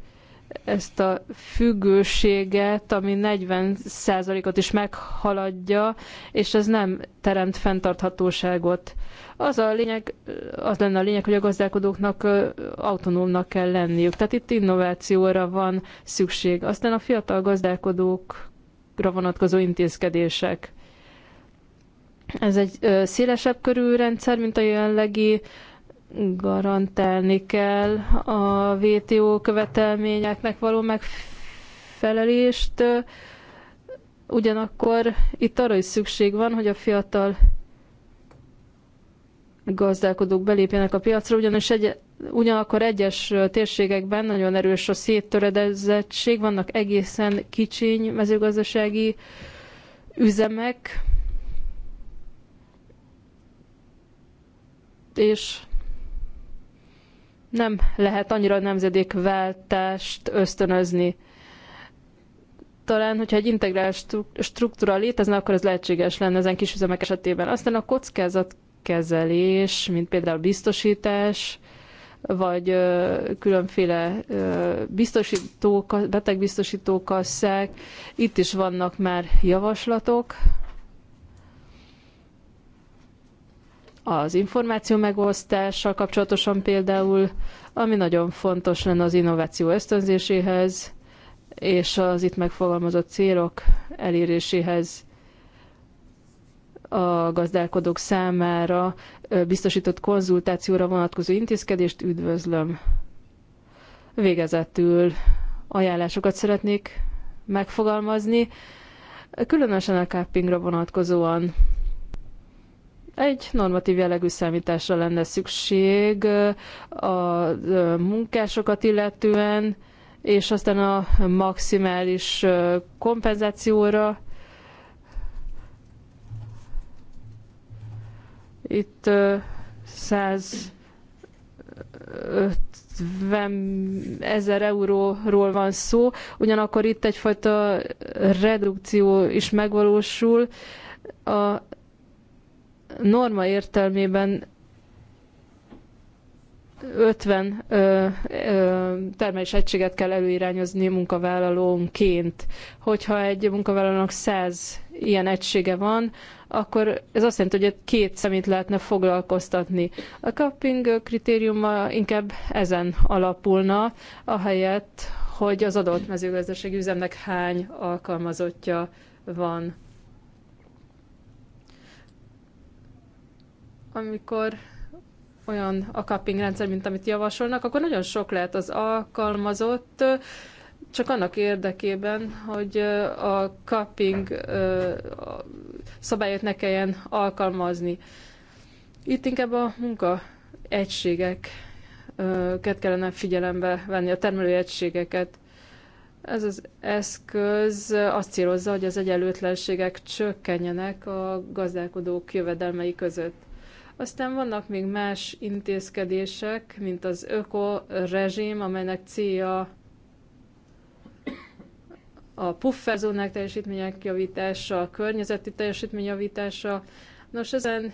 ezt a függőséget, ami 40%-ot is meghaladja, és ez nem teremt fenntarthatóságot. Az, a lényeg, az lenne a lényeg, hogy a gazdálkodóknak autonómnak kell lenniük. Tehát itt innovációra van szükség. Aztán a fiatal gazdálkodók célokra vonatkozó intézkedések. Ez egy szélesebb körű rendszer, mint a jelenlegi, garantálni kell a WTO követelményeknek való megfelelést. Ugyanakkor itt arra is szükség van, hogy a fiatal gazdálkodók belépjenek a piacra, ugyanis egy Ugyanakkor egyes térségekben nagyon erős a széttöredezettség, vannak egészen kicsiny mezőgazdasági üzemek, és nem lehet annyira nemzedékváltást ösztönözni. Talán, hogyha egy integrált struktúra létezne, akkor ez lehetséges lenne ezen kisüzemek esetében. Aztán a kockázatkezelés, mint például biztosítás, vagy különféle biztosítók, betegbiztosítókasszák. Itt is vannak már javaslatok. Az információ megosztással kapcsolatosan például, ami nagyon fontos lenne az innováció ösztönzéséhez, és az itt megfogalmazott célok eléréséhez a gazdálkodók számára biztosított konzultációra vonatkozó intézkedést üdvözlöm. Végezetül ajánlásokat szeretnék megfogalmazni, különösen a káppingra vonatkozóan. Egy normatív jellegű számításra lenne szükség a munkásokat illetően, és aztán a maximális kompenzációra, Itt 150 ezer euróról van szó, ugyanakkor itt egyfajta redukció is megvalósul. A norma értelmében 50 ö, ö, termelés egységet kell előirányozni munkavállalónként. Hogyha egy munkavállalónak 100 ilyen egysége van, akkor ez azt jelenti, hogy két szemét lehetne foglalkoztatni. A cupping kritériuma inkább ezen alapulna, ahelyett, hogy az adott mezőgazdasági üzemnek hány alkalmazottja van. Amikor olyan a cupping rendszer, mint amit javasolnak, akkor nagyon sok lehet az alkalmazott, csak annak érdekében, hogy a cupping szabályot ne kelljen alkalmazni. Itt inkább a munka egységeket kellene figyelembe venni, a termelő egységeket. Ez az eszköz azt célozza, hogy az egyenlőtlenségek csökkenjenek a gazdálkodók jövedelmei között. Aztán vannak még más intézkedések, mint az öko öko-rezsim, amelynek célja a pufferzónák teljesítmények javítása, a környezeti javítása. Nos, ezen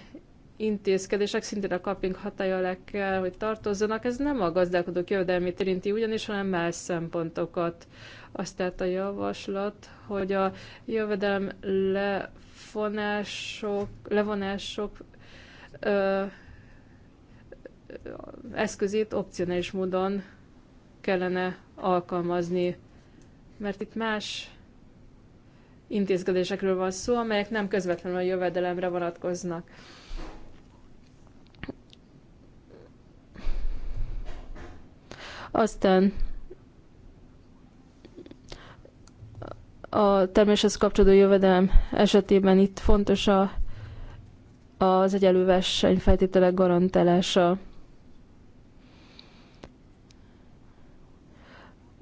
intézkedések szintén a kapping hatája alá kell, hogy tartozzanak. Ez nem a gazdálkodók jövedelmét érinti ugyanis, hanem más szempontokat. Azt tehát a javaslat, hogy a jövedelem lefonások, levonások ö, eszközét opcionális módon kellene alkalmazni, mert itt más intézkedésekről van szó, amelyek nem közvetlenül a jövedelemre vonatkoznak. Aztán a terméshez kapcsolódó jövedelem esetében itt fontos a az egyenlő versenyfeltételek garantálása.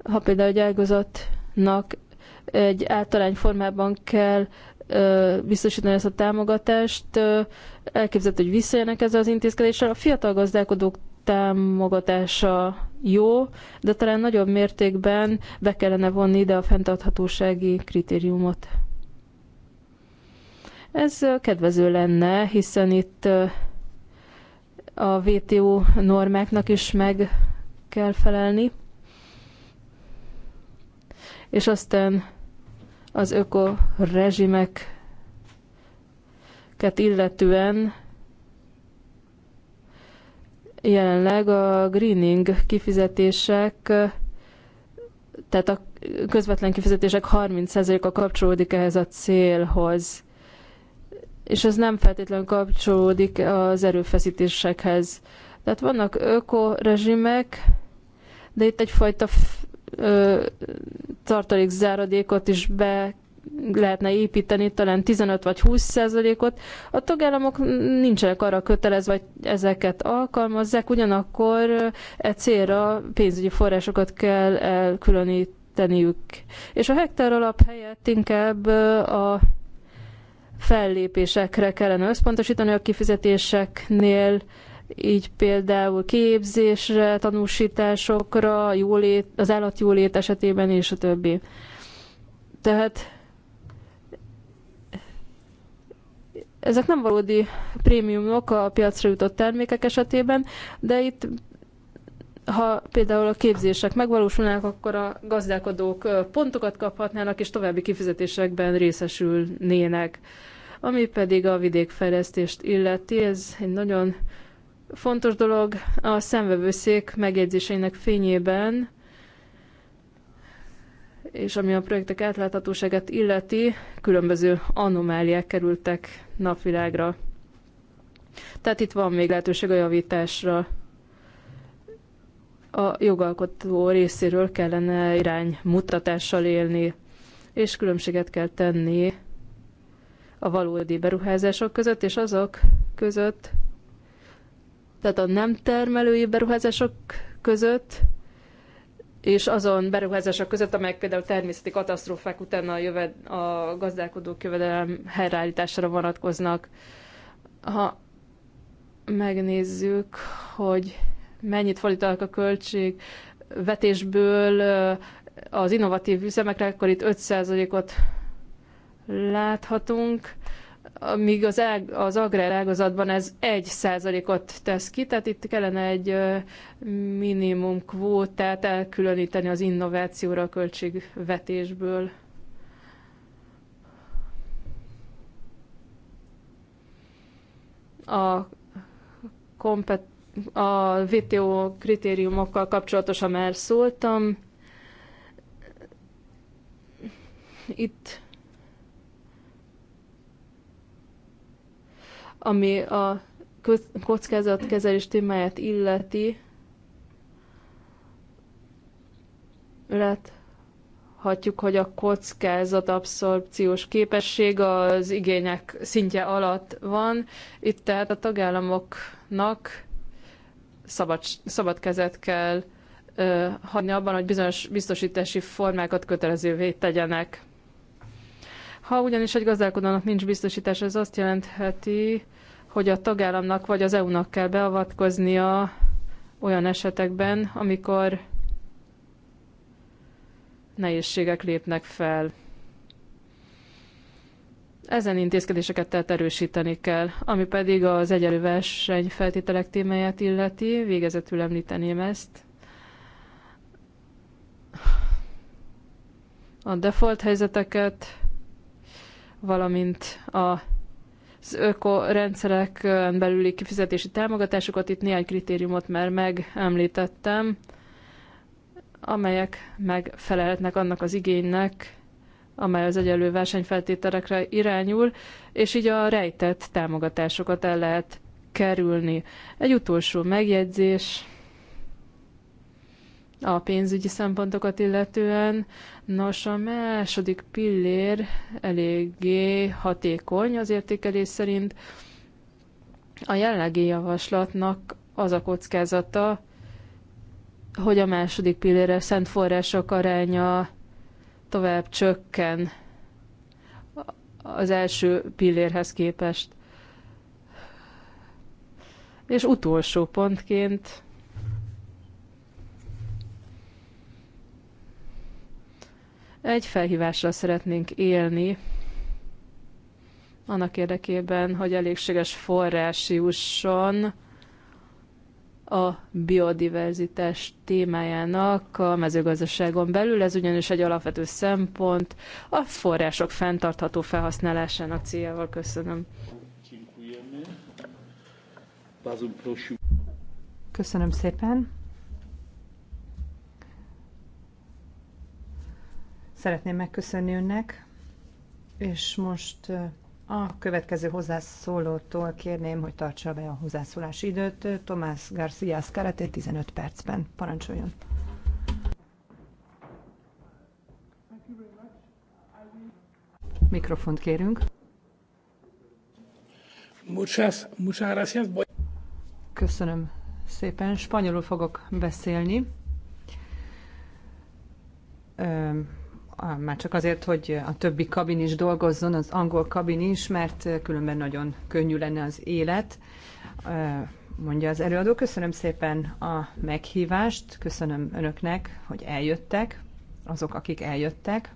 Ha például egy ágazatnak egy általány formában kell biztosítani ezt a támogatást. Elképzelt, hogy visszajönnek ezzel az intézkedéssel. A fiatal gazdálkodók támogatása jó, de talán nagyobb mértékben be kellene vonni ide a fenntarthatósági kritériumot. Ez kedvező lenne, hiszen itt a WTO normáknak is meg kell felelni. És aztán az öko rezsimeket illetően jelenleg a greening kifizetések, tehát a közvetlen kifizetések 30%-a kapcsolódik ehhez a célhoz és ez nem feltétlenül kapcsolódik az erőfeszítésekhez. Tehát vannak ökorezsimek, de itt egyfajta ö, tartalékzáradékot is be lehetne építeni, talán 15 vagy 20 százalékot. A tagállamok nincsenek arra kötelezve, hogy ezeket alkalmazzák, ugyanakkor e célra pénzügyi forrásokat kell elkülöníteniük. És a hektár alap helyett inkább a fellépésekre kellene összpontosítani a kifizetéseknél, így például képzésre, tanúsításokra, jólét, az állatjólét esetében és a többi. Tehát ezek nem valódi prémiumok a piacra jutott termékek esetében, de itt ha például a képzések megvalósulnának, akkor a gazdálkodók pontokat kaphatnának, és további kifizetésekben részesülnének. Ami pedig a vidékfejlesztést illeti, ez egy nagyon fontos dolog a szemvevőszék megjegyzéseinek fényében, és ami a projektek átláthatóságát illeti, különböző anomáliák kerültek napvilágra. Tehát itt van még lehetőség a javításra a jogalkotó részéről kellene irány mutatással élni, és különbséget kell tenni a valódi beruházások között, és azok között, tehát a nem termelői beruházások között, és azon beruházások között, amelyek például természeti katasztrófák után a, jöved, a gazdálkodók jövedelem helyreállítására vonatkoznak. Ha megnézzük, hogy mennyit fordítanak a költség vetésből az innovatív üzemekre, akkor itt 5%-ot láthatunk, míg az, ág, az agrár ágazatban ez 1%-ot tesz ki, tehát itt kellene egy minimum kvótát elkülöníteni az innovációra a költségvetésből. A kompet a VTO kritériumokkal kapcsolatosan már szóltam. Itt ami a kockázatkezelés témáját illeti, láthatjuk, hogy a kockázat abszorpciós képesség az igények szintje alatt van. Itt tehát a tagállamoknak szabad, szabad kezet kell ö, hagyni abban, hogy bizonyos biztosítási formákat kötelezővé tegyenek. Ha ugyanis egy gazdálkodónak nincs biztosítás, ez azt jelentheti, hogy a tagállamnak vagy az EU-nak kell beavatkoznia olyan esetekben, amikor nehézségek lépnek fel. Ezen intézkedéseket tehát erősíteni kell, ami pedig az egyenlő feltételek témáját illeti, végezetül említeném ezt. A default helyzeteket, valamint a az ökorendszerek belüli kifizetési támogatásokat, itt néhány kritériumot már megemlítettem, amelyek megfelelhetnek annak az igénynek, amely az egyenlő versenyfeltételekre irányul, és így a rejtett támogatásokat el lehet kerülni. Egy utolsó megjegyzés a pénzügyi szempontokat illetően. Nos, a második pillér eléggé hatékony az értékelés szerint. A jelenlegi javaslatnak az a kockázata, hogy a második pillére szent források aránya tovább csökken az első pillérhez képest. És utolsó pontként egy felhívásra szeretnénk élni, annak érdekében, hogy elégséges forrás jusson a biodiverzitás témájának a mezőgazdaságon belül. Ez ugyanis egy alapvető szempont a források fenntartható felhasználásának céljával. Köszönöm. Köszönöm szépen. Szeretném megköszönni önnek, és most a következő hozzászólótól kérném, hogy tartsa be a hozzászólási időt. Tomás García Szkereté 15 percben. Parancsoljon. Mikrofont kérünk. Muchas, muchas gracias. Köszönöm szépen. Spanyolul fogok beszélni már csak azért, hogy a többi kabin is dolgozzon, az angol kabin is, mert különben nagyon könnyű lenne az élet, mondja az előadó. Köszönöm szépen a meghívást, köszönöm önöknek, hogy eljöttek, azok, akik eljöttek.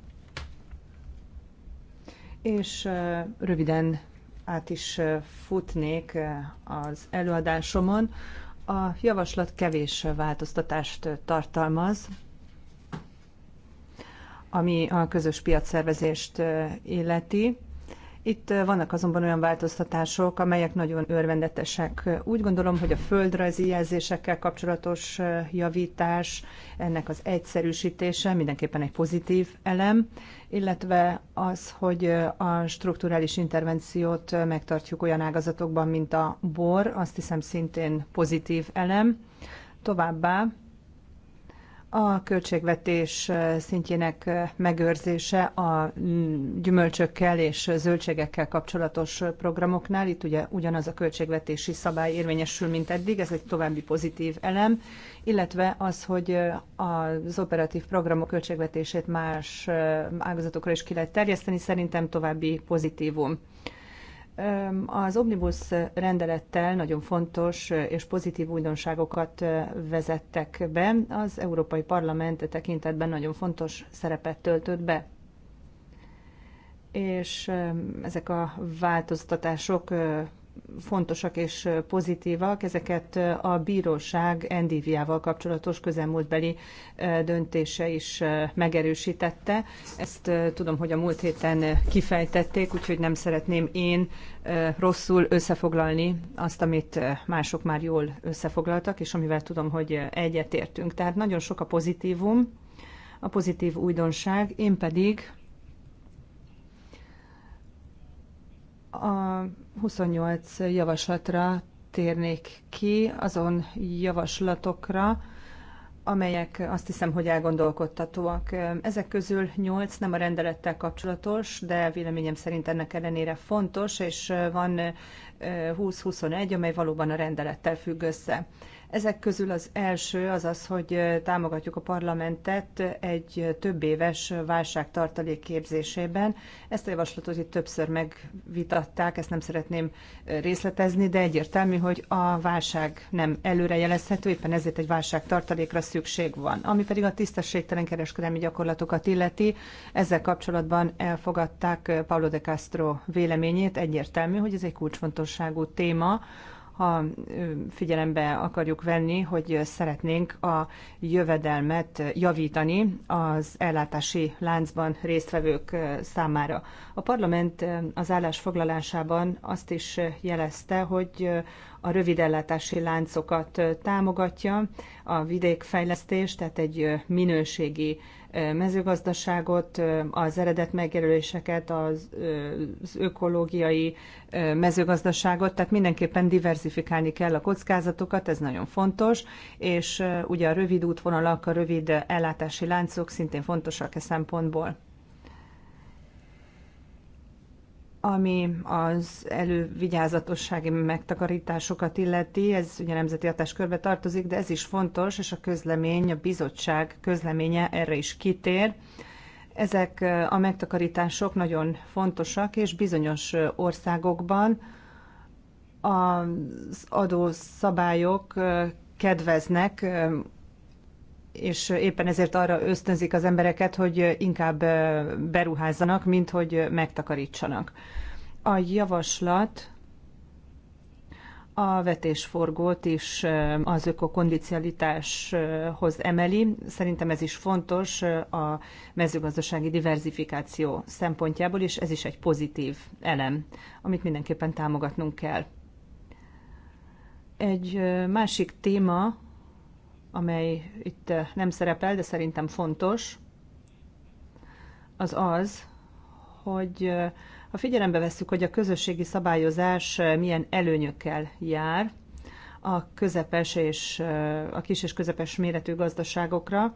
És röviden át is futnék az előadásomon. A javaslat kevés változtatást tartalmaz, ami a közös piacszervezést illeti. Itt vannak azonban olyan változtatások, amelyek nagyon örvendetesek. Úgy gondolom, hogy a földrajzi jelzésekkel kapcsolatos javítás, ennek az egyszerűsítése mindenképpen egy pozitív elem, illetve az, hogy a strukturális intervenciót megtartjuk olyan ágazatokban, mint a bor, azt hiszem szintén pozitív elem. Továbbá a költségvetés szintjének megőrzése a gyümölcsökkel és zöldségekkel kapcsolatos programoknál. Itt ugye ugyanaz a költségvetési szabály érvényesül, mint eddig, ez egy további pozitív elem, illetve az, hogy az operatív programok költségvetését más ágazatokra is ki lehet terjeszteni, szerintem további pozitívum. Az omnibus rendelettel nagyon fontos és pozitív újdonságokat vezettek be. Az Európai Parlament tekintetben nagyon fontos szerepet töltött be. És ezek a változtatások fontosak és pozitívak, ezeket a bíróság ndva kapcsolatos közelmúltbeli döntése is megerősítette. Ezt tudom, hogy a múlt héten kifejtették, úgyhogy nem szeretném én rosszul összefoglalni azt, amit mások már jól összefoglaltak, és amivel tudom, hogy egyetértünk. Tehát nagyon sok a pozitívum, a pozitív újdonság, én pedig A 28 javaslatra térnék ki, azon javaslatokra, amelyek azt hiszem, hogy elgondolkodtatóak. Ezek közül 8 nem a rendelettel kapcsolatos, de véleményem szerint ennek ellenére fontos, és van 20-21, amely valóban a rendelettel függ össze. Ezek közül az első az az, hogy támogatjuk a parlamentet egy több éves válságtartalék képzésében. Ezt a javaslatot itt többször megvitatták, ezt nem szeretném részletezni, de egyértelmű, hogy a válság nem előrejelezhető, éppen ezért egy válságtartalékra szükség van. Ami pedig a tisztességtelen kereskedelmi gyakorlatokat illeti, ezzel kapcsolatban elfogadták Paulo de Castro véleményét. Egyértelmű, hogy ez egy kulcsfontosságú téma, ha figyelembe akarjuk venni, hogy szeretnénk a jövedelmet javítani az ellátási láncban résztvevők számára. A parlament az állásfoglalásában azt is jelezte, hogy a rövidellátási láncokat támogatja, a vidékfejlesztést, tehát egy minőségi mezőgazdaságot, az eredet megjelöléseket, az, az ökológiai mezőgazdaságot, tehát mindenképpen diversifikálni kell a kockázatokat, ez nagyon fontos, és ugye a rövid útvonalak, a rövid ellátási láncok szintén fontosak e szempontból. ami az elővigyázatossági megtakarításokat illeti, ez ugye nemzeti hatáskörbe tartozik, de ez is fontos, és a közlemény, a bizottság közleménye erre is kitér. Ezek a megtakarítások nagyon fontosak, és bizonyos országokban az adószabályok kedveznek és éppen ezért arra ösztönzik az embereket, hogy inkább beruházzanak, mint hogy megtakarítsanak. A javaslat a vetésforgót is az ökokondicionalitáshoz emeli. Szerintem ez is fontos a mezőgazdasági diversifikáció szempontjából, és ez is egy pozitív elem, amit mindenképpen támogatnunk kell. Egy másik téma, amely itt eh, nem szerepel, de szerintem fontos, az az, hogy eh, ha figyelembe vesszük, hogy a közösségi szabályozás eh, milyen előnyökkel jár a közepes és a kis és közepes méretű gazdaságokra,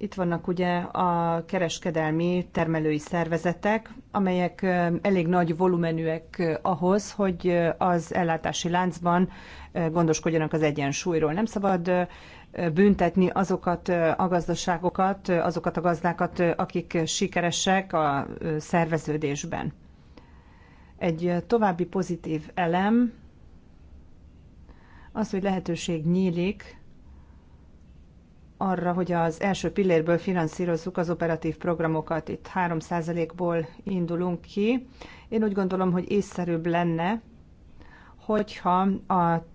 itt vannak ugye a kereskedelmi termelői szervezetek, amelyek elég nagy volumenűek ahhoz, hogy az ellátási láncban gondoskodjanak az egyensúlyról. Nem szabad büntetni azokat a gazdaságokat, azokat a gazdákat, akik sikeresek a szerveződésben. Egy további pozitív elem az, hogy lehetőség nyílik arra, hogy az első pillérből finanszírozzuk az operatív programokat. Itt 3%-ból indulunk ki. Én úgy gondolom, hogy észszerűbb lenne, hogyha a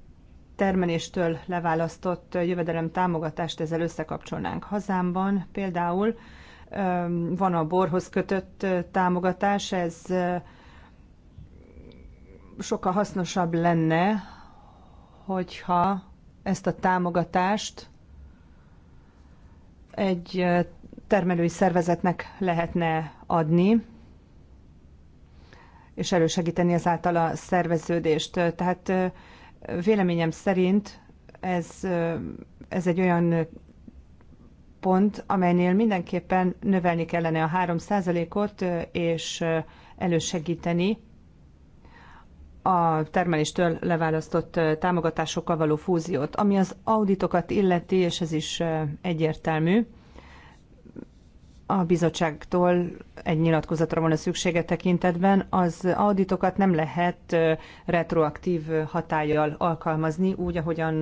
termeléstől leválasztott jövedelem támogatást ezzel összekapcsolnánk. Hazámban például van a borhoz kötött támogatás, ez sokkal hasznosabb lenne, hogyha ezt a támogatást egy termelői szervezetnek lehetne adni, és elősegíteni az a szerveződést. Tehát véleményem szerint ez, ez egy olyan pont, amelynél mindenképpen növelni kellene a 3%-ot, és elősegíteni a termeléstől leválasztott támogatásokkal való fúziót. Ami az auditokat illeti, és ez is egyértelmű, a bizottságtól egy nyilatkozatra van a szüksége tekintetben, az auditokat nem lehet retroaktív hatállyal alkalmazni, úgy, ahogyan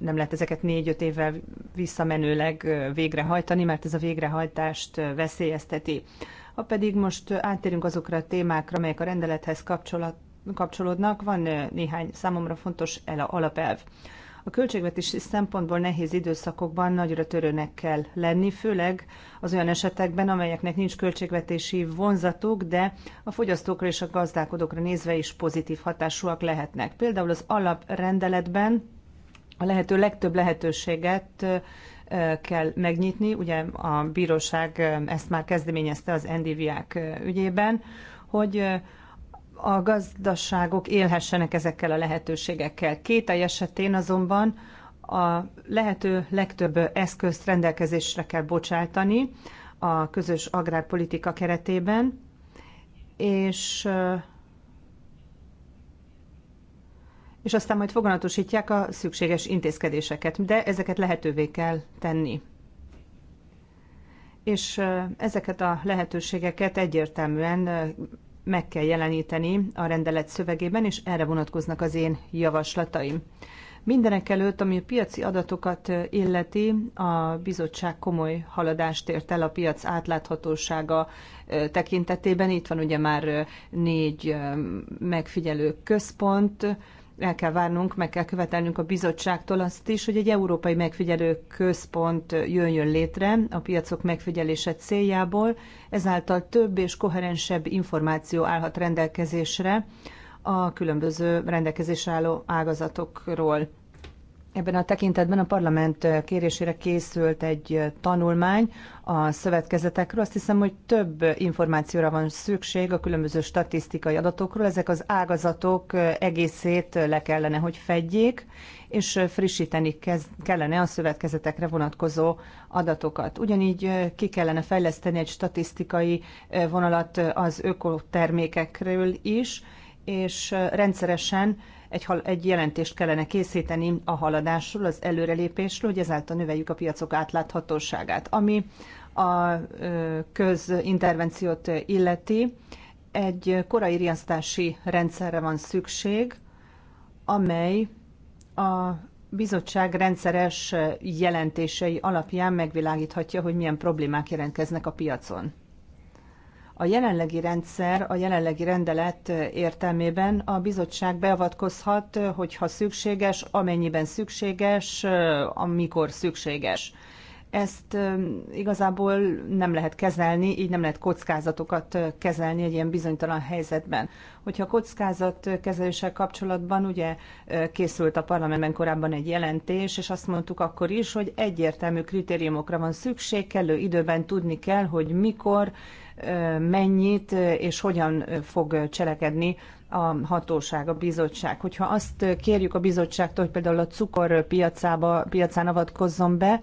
nem lehet ezeket négy-öt évvel visszamenőleg végrehajtani, mert ez a végrehajtást veszélyezteti. Ha pedig most áttérünk azokra a témákra, amelyek a rendelethez kapcsolat, kapcsolódnak, van eh, néhány számomra fontos el alapelv. A költségvetési szempontból nehéz időszakokban nagyra törőnek kell lenni, főleg az olyan esetekben, amelyeknek nincs költségvetési vonzatuk, de a fogyasztókra és a gazdálkodókra nézve is pozitív hatásúak lehetnek. Például az alaprendeletben a lehető legtöbb lehetőséget eh, kell megnyitni, ugye a bíróság eh, ezt már kezdeményezte az NDV-ák ügyében, hogy a gazdaságok élhessenek ezekkel a lehetőségekkel. Két esetén azonban a lehető legtöbb eszközt rendelkezésre kell bocsátani a közös agrárpolitika keretében, és és aztán majd foganatosítják a szükséges intézkedéseket, de ezeket lehetővé kell tenni. És ezeket a lehetőségeket egyértelműen meg kell jeleníteni a rendelet szövegében, és erre vonatkoznak az én javaslataim. Mindenek előtt, ami a piaci adatokat illeti, a bizottság komoly haladást ért el a piac átláthatósága tekintetében. Itt van ugye már négy megfigyelő központ, el kell várnunk, meg kell követelnünk a bizottságtól azt is, hogy egy európai megfigyelő központ jöjjön létre a piacok megfigyelése céljából, ezáltal több és koherensebb információ állhat rendelkezésre a különböző rendelkezésre álló ágazatokról. Ebben a tekintetben a parlament kérésére készült egy tanulmány a szövetkezetekről. Azt hiszem, hogy több információra van szükség a különböző statisztikai adatokról. Ezek az ágazatok egészét le kellene, hogy fedjék, és frissíteni kellene a szövetkezetekre vonatkozó adatokat. Ugyanígy ki kellene fejleszteni egy statisztikai vonalat az ökotermékekről is, és rendszeresen egy, egy jelentést kellene készíteni a haladásról, az előrelépésről, hogy ezáltal növeljük a piacok átláthatóságát. Ami a közintervenciót illeti, egy korai riasztási rendszerre van szükség, amely a bizottság rendszeres jelentései alapján megvilágíthatja, hogy milyen problémák jelentkeznek a piacon. A jelenlegi rendszer, a jelenlegi rendelet értelmében a bizottság beavatkozhat, hogyha szükséges, amennyiben szükséges, amikor szükséges. Ezt igazából nem lehet kezelni, így nem lehet kockázatokat kezelni egy ilyen bizonytalan helyzetben. Hogyha kezeléssel kapcsolatban ugye készült a parlamentben korábban egy jelentés, és azt mondtuk akkor is, hogy egyértelmű kritériumokra van szükség, kellő időben tudni kell, hogy mikor, mennyit és hogyan fog cselekedni a hatóság, a bizottság. Hogyha azt kérjük a bizottságtól, hogy például a cukor piacába, piacán avatkozzon be,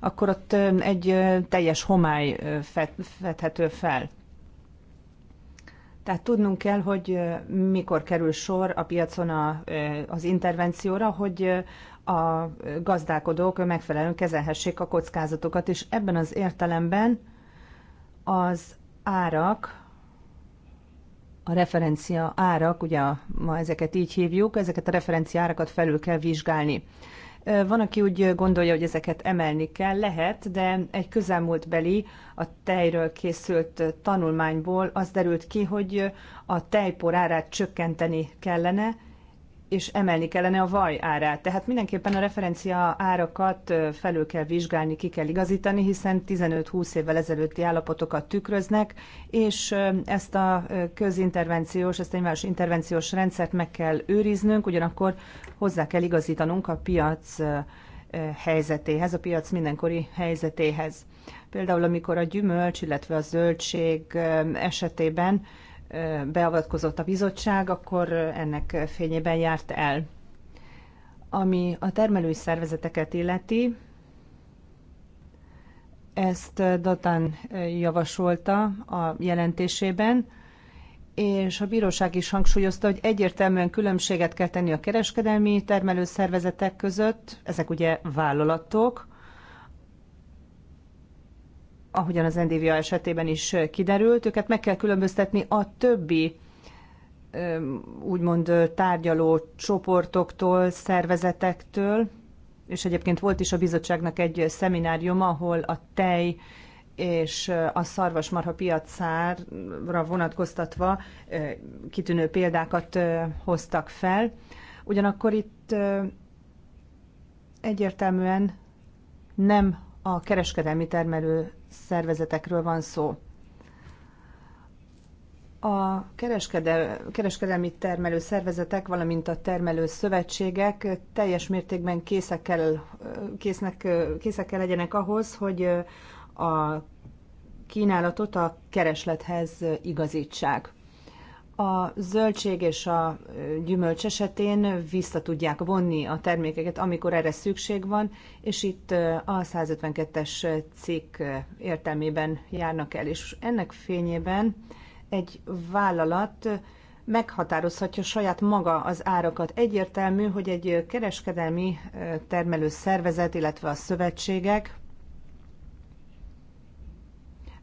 akkor ott egy teljes homály fedhető fel. Tehát tudnunk kell, hogy mikor kerül sor a piacon a, az intervencióra, hogy a gazdálkodók megfelelően kezelhessék a kockázatokat, és ebben az értelemben az árak, a referencia árak, ugye ma ezeket így hívjuk, ezeket a referencia árakat felül kell vizsgálni. Van, aki úgy gondolja, hogy ezeket emelni kell, lehet, de egy közelmúltbeli a tejről készült tanulmányból az derült ki, hogy a tejpor árát csökkenteni kellene, és emelni kellene a vaj árát. Tehát mindenképpen a referencia árakat felül kell vizsgálni, ki kell igazítani, hiszen 15-20 évvel ezelőtti állapotokat tükröznek, és ezt a közintervenciós, ezt a más intervenciós rendszert meg kell őriznünk, ugyanakkor hozzá kell igazítanunk a piac helyzetéhez, a piac mindenkori helyzetéhez. Például amikor a gyümölcs, illetve a zöldség esetében beavatkozott a bizottság, akkor ennek fényében járt el. Ami a termelői szervezeteket illeti, ezt Datan javasolta a jelentésében, és a bíróság is hangsúlyozta, hogy egyértelműen különbséget kell tenni a kereskedelmi termelőszervezetek között, ezek ugye vállalatok, ahogyan az NDVA esetében is kiderült, őket meg kell különböztetni a többi úgymond tárgyaló csoportoktól, szervezetektől, és egyébként volt is a bizottságnak egy szeminárium, ahol a tej és a szarvasmarha piacára vonatkoztatva kitűnő példákat hoztak fel. Ugyanakkor itt egyértelműen nem a kereskedelmi termelő szervezetekről van szó. A kereskedelmi termelő szervezetek, valamint a termelő szövetségek teljes mértékben készek kell, késznek, készek kell legyenek ahhoz, hogy a kínálatot a kereslethez igazítsák a zöldség és a gyümölcs esetén vissza tudják vonni a termékeket, amikor erre szükség van, és itt a 152-es cikk értelmében járnak el, és ennek fényében egy vállalat meghatározhatja saját maga az árakat. Egyértelmű, hogy egy kereskedelmi termelő szervezet, illetve a szövetségek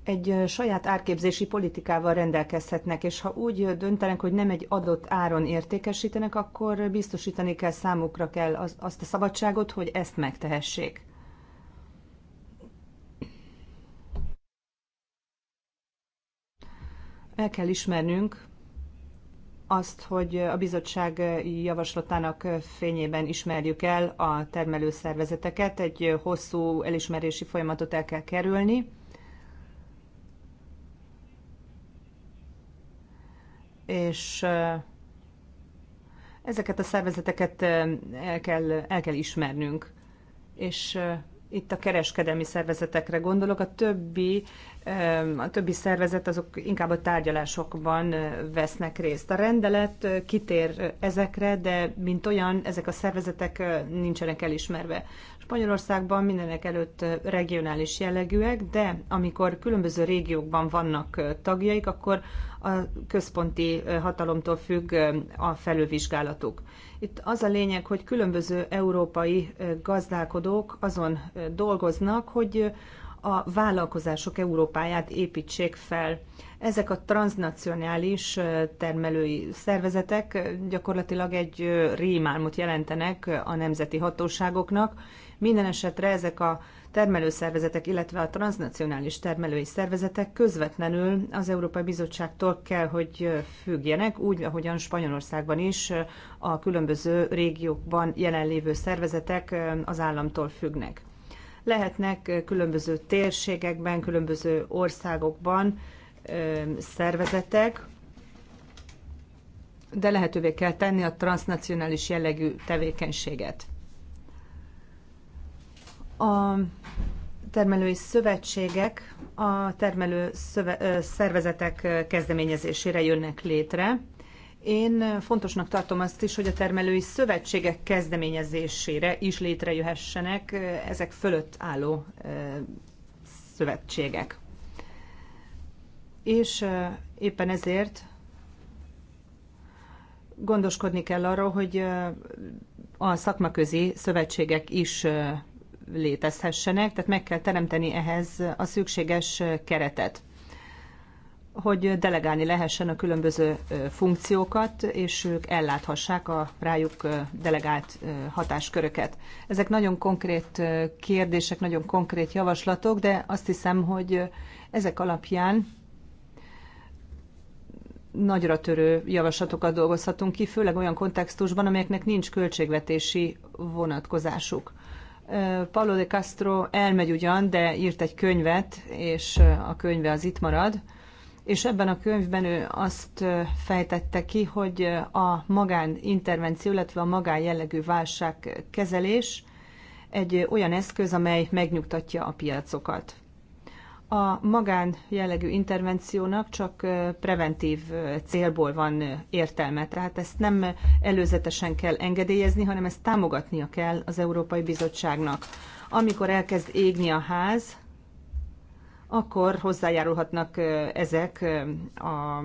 egy saját árképzési politikával rendelkezhetnek, és ha úgy döntenek, hogy nem egy adott áron értékesítenek, akkor biztosítani kell számukra kell az, azt a szabadságot, hogy ezt megtehessék. El kell ismernünk azt, hogy a bizottság javaslatának fényében ismerjük el a termelőszervezeteket, egy hosszú elismerési folyamatot el kell kerülni, és ezeket a szervezeteket el kell, el kell ismernünk. És itt a kereskedelmi szervezetekre gondolok, a többi, a többi szervezet azok inkább a tárgyalásokban vesznek részt. A rendelet kitér ezekre, de mint olyan, ezek a szervezetek nincsenek elismerve. Spanyolországban mindenek előtt regionális jellegűek, de amikor különböző régiókban vannak tagjaik, akkor a központi hatalomtól függ a felülvizsgálatuk. Itt az a lényeg, hogy különböző európai gazdálkodók azon dolgoznak, hogy a vállalkozások Európáját építsék fel. Ezek a transnacionális termelői szervezetek gyakorlatilag egy rémálmot jelentenek a nemzeti hatóságoknak, minden esetre ezek a termelőszervezetek, illetve a transnacionális termelői szervezetek közvetlenül az Európai Bizottságtól kell, hogy függjenek, úgy, ahogyan Spanyolországban is a különböző régiókban jelenlévő szervezetek az államtól függnek. Lehetnek különböző térségekben, különböző országokban szervezetek, de lehetővé kell tenni a transnacionális jellegű tevékenységet. A termelői szövetségek a termelő szöve, szervezetek kezdeményezésére jönnek létre. Én fontosnak tartom azt is, hogy a termelői szövetségek kezdeményezésére is létrejöhessenek ezek fölött álló szövetségek. És éppen ezért gondoskodni kell arról, hogy a szakmaközi szövetségek is létezhessenek, tehát meg kell teremteni ehhez a szükséges keretet hogy delegálni lehessen a különböző funkciókat, és ők elláthassák a rájuk delegált hatásköröket. Ezek nagyon konkrét kérdések, nagyon konkrét javaslatok, de azt hiszem, hogy ezek alapján nagyra törő javaslatokat dolgozhatunk ki, főleg olyan kontextusban, amelyeknek nincs költségvetési vonatkozásuk. Pablo de Castro elmegy ugyan, de írt egy könyvet, és a könyve az itt marad. És ebben a könyvben ő azt fejtette ki, hogy a magánintervenció, illetve a jellegű válságkezelés egy olyan eszköz, amely megnyugtatja a piacokat a magán jellegű intervenciónak csak preventív célból van értelme. Tehát ezt nem előzetesen kell engedélyezni, hanem ezt támogatnia kell az Európai Bizottságnak. Amikor elkezd égni a ház, akkor hozzájárulhatnak ezek a,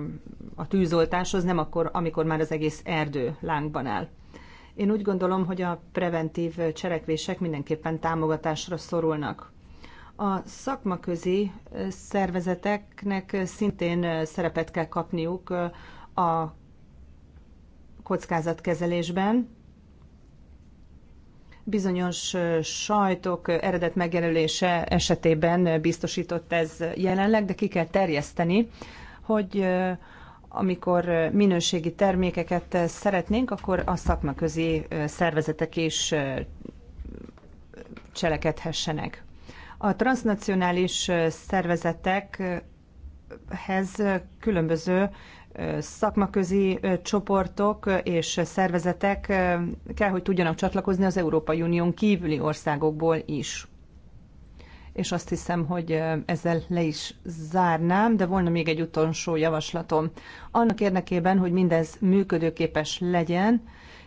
a tűzoltáshoz, nem akkor, amikor már az egész erdő lángban áll. Én úgy gondolom, hogy a preventív cselekvések mindenképpen támogatásra szorulnak a szakmaközi szervezeteknek szintén szerepet kell kapniuk a kockázatkezelésben. Bizonyos sajtok eredet megjelölése esetében biztosított ez jelenleg, de ki kell terjeszteni, hogy amikor minőségi termékeket szeretnénk, akkor a szakmaközi szervezetek is cselekedhessenek. A transnacionális szervezetekhez különböző szakmaközi csoportok és szervezetek kell, hogy tudjanak csatlakozni az Európai Unión kívüli országokból is. És azt hiszem, hogy ezzel le is zárnám, de volna még egy utolsó javaslatom. Annak érdekében, hogy mindez működőképes legyen,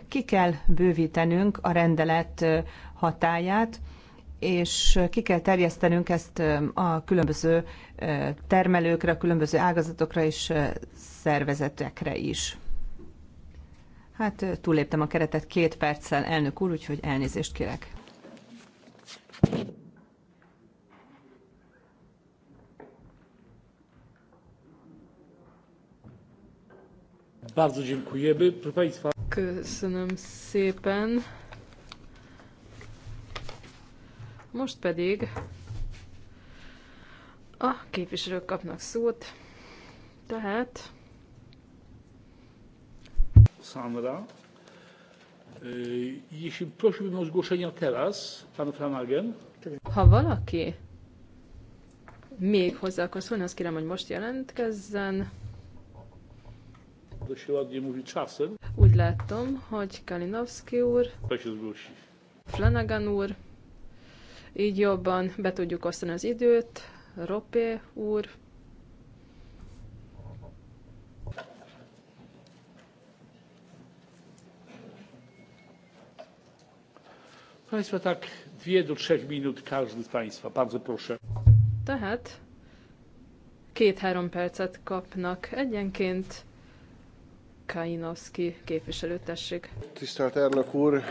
ki kell bővítenünk a rendelet hatáját, és ki kell terjesztenünk ezt a különböző termelőkre, a különböző ágazatokra és szervezetekre is. Hát túléptem a keretet két perccel, elnök úr, úgyhogy elnézést kérek. Köszönöm szépen. Most pedig a képviselők kapnak szót. Tehát... Sandra. E, jeśli prosiłbym o zgłoszenia teraz, pan Flanagan. Ha valaki még hozzá akar szólni, azt kérem, hogy most jelentkezzen. Úgy látom, hogy Kalinowski úr, Flanagan úr, így jobban be tudjuk osztani az időt. Ropé úr. Państwa tak dwie do trzech minut każdy z Państwa. Bardzo proszę. Tehát két-három percet kapnak egyenként. Kainowski képviselőtesség. Tisztelt Erlök úr,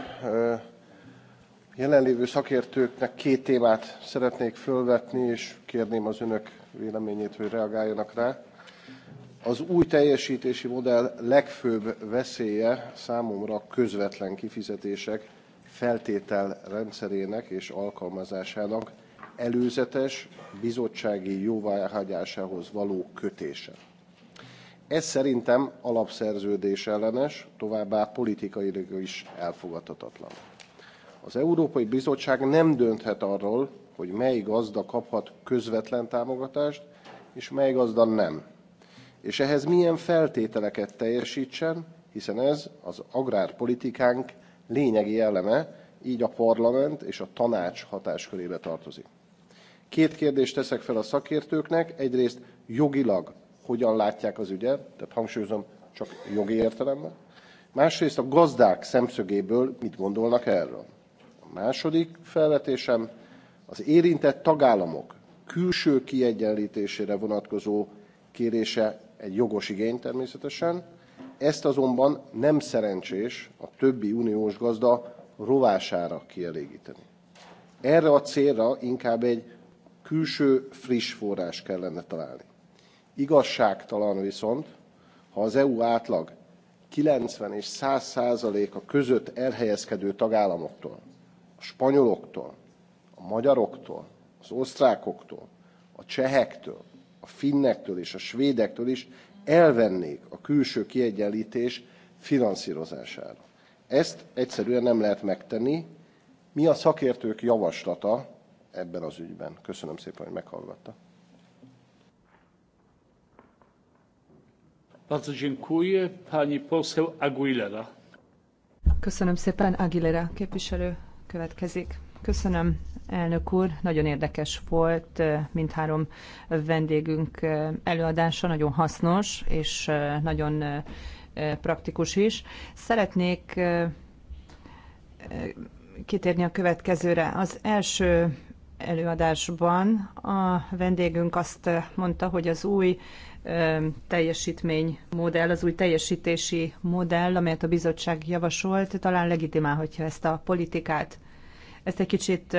jelenlévő szakértőknek két témát szeretnék fölvetni, és kérném az önök véleményét, hogy reagáljanak rá. Az új teljesítési modell legfőbb veszélye számomra a közvetlen kifizetések feltétel rendszerének és alkalmazásának előzetes bizottsági jóváhagyásához való kötése. Ez szerintem alapszerződés ellenes, továbbá politikailag is elfogadhatatlan. Az Európai Bizottság nem dönthet arról, hogy mely gazda kaphat közvetlen támogatást, és mely gazda nem. És ehhez milyen feltételeket teljesítsen, hiszen ez az agrárpolitikánk lényegi eleme, így a parlament és a tanács hatáskörébe tartozik. Két kérdést teszek fel a szakértőknek. Egyrészt jogilag hogyan látják az ügyet, tehát hangsúlyozom csak jogi értelemben. Másrészt a gazdák szemszögéből mit gondolnak erről. Második felvetésem az érintett tagállamok külső kiegyenlítésére vonatkozó kérése egy jogos igény természetesen, ezt azonban nem szerencsés a többi uniós gazda rovására kielégíteni. Erre a célra inkább egy külső friss forrás kellene találni. Igazságtalan viszont, ha az EU átlag 90 és 100 százaléka között elhelyezkedő tagállamoktól a spanyoloktól, a magyaroktól, az osztrákoktól, a csehektől, a finnektől és a svédektől is elvennék a külső kiegyenlítés finanszírozására. Ezt egyszerűen nem lehet megtenni. Mi a szakértők javaslata ebben az ügyben? Köszönöm szépen, hogy meghallgatta. Bardzo dziękuję. Pani poseł Aguilera. Köszönöm szépen, Aguilera képviselő következik. Köszönöm, elnök úr. Nagyon érdekes volt eh, mindhárom vendégünk eh, előadása, nagyon hasznos és eh, nagyon praktikus is. Szeretnék kitérni a következőre. Az első előadásban a vendégünk azt mondta, hogy az új teljesítmény modell az új teljesítési modell, amelyet a bizottság javasolt, talán legitimálhatja ezt a politikát. Ezt egy kicsit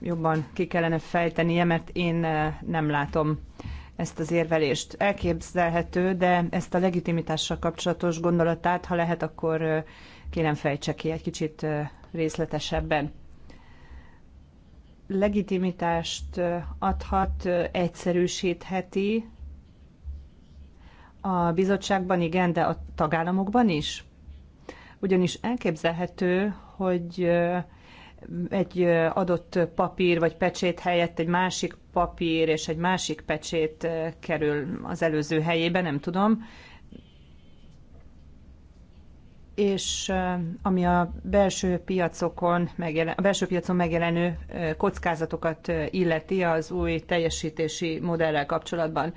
jobban ki kellene fejtenie, mert én nem látom ezt az érvelést. Elképzelhető, de ezt a legitimitással kapcsolatos gondolatát, ha lehet, akkor kérem fejtse ki egy kicsit részletesebben. Legitimitást adhat, egyszerűsítheti, a bizottságban igen, de a tagállamokban is? Ugyanis elképzelhető, hogy egy adott papír vagy pecsét helyett egy másik papír és egy másik pecsét kerül az előző helyébe, nem tudom. És ami a belső piacokon megjelen, a belső piacon megjelenő kockázatokat illeti az új teljesítési modellel kapcsolatban.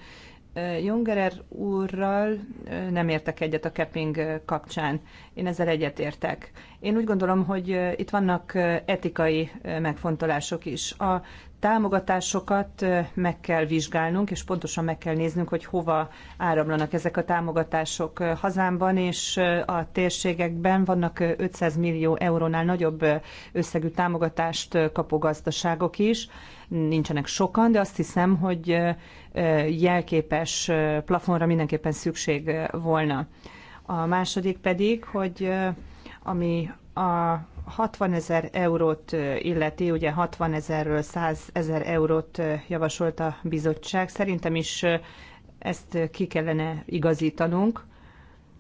Jongerer úrral nem értek egyet a capping kapcsán. Én ezzel egyetértek. Én úgy gondolom, hogy itt vannak etikai megfontolások is. A támogatásokat meg kell vizsgálnunk, és pontosan meg kell néznünk, hogy hova áramlanak ezek a támogatások hazámban, és a térségekben vannak 500 millió eurónál nagyobb összegű támogatást kapó gazdaságok is. Nincsenek sokan, de azt hiszem, hogy jelképes plafonra mindenképpen szükség volna. A második pedig, hogy ami a 60 ezer eurót illeti, ugye 60 ezerről 100 ezer eurót javasolt a bizottság. Szerintem is ezt ki kellene igazítanunk.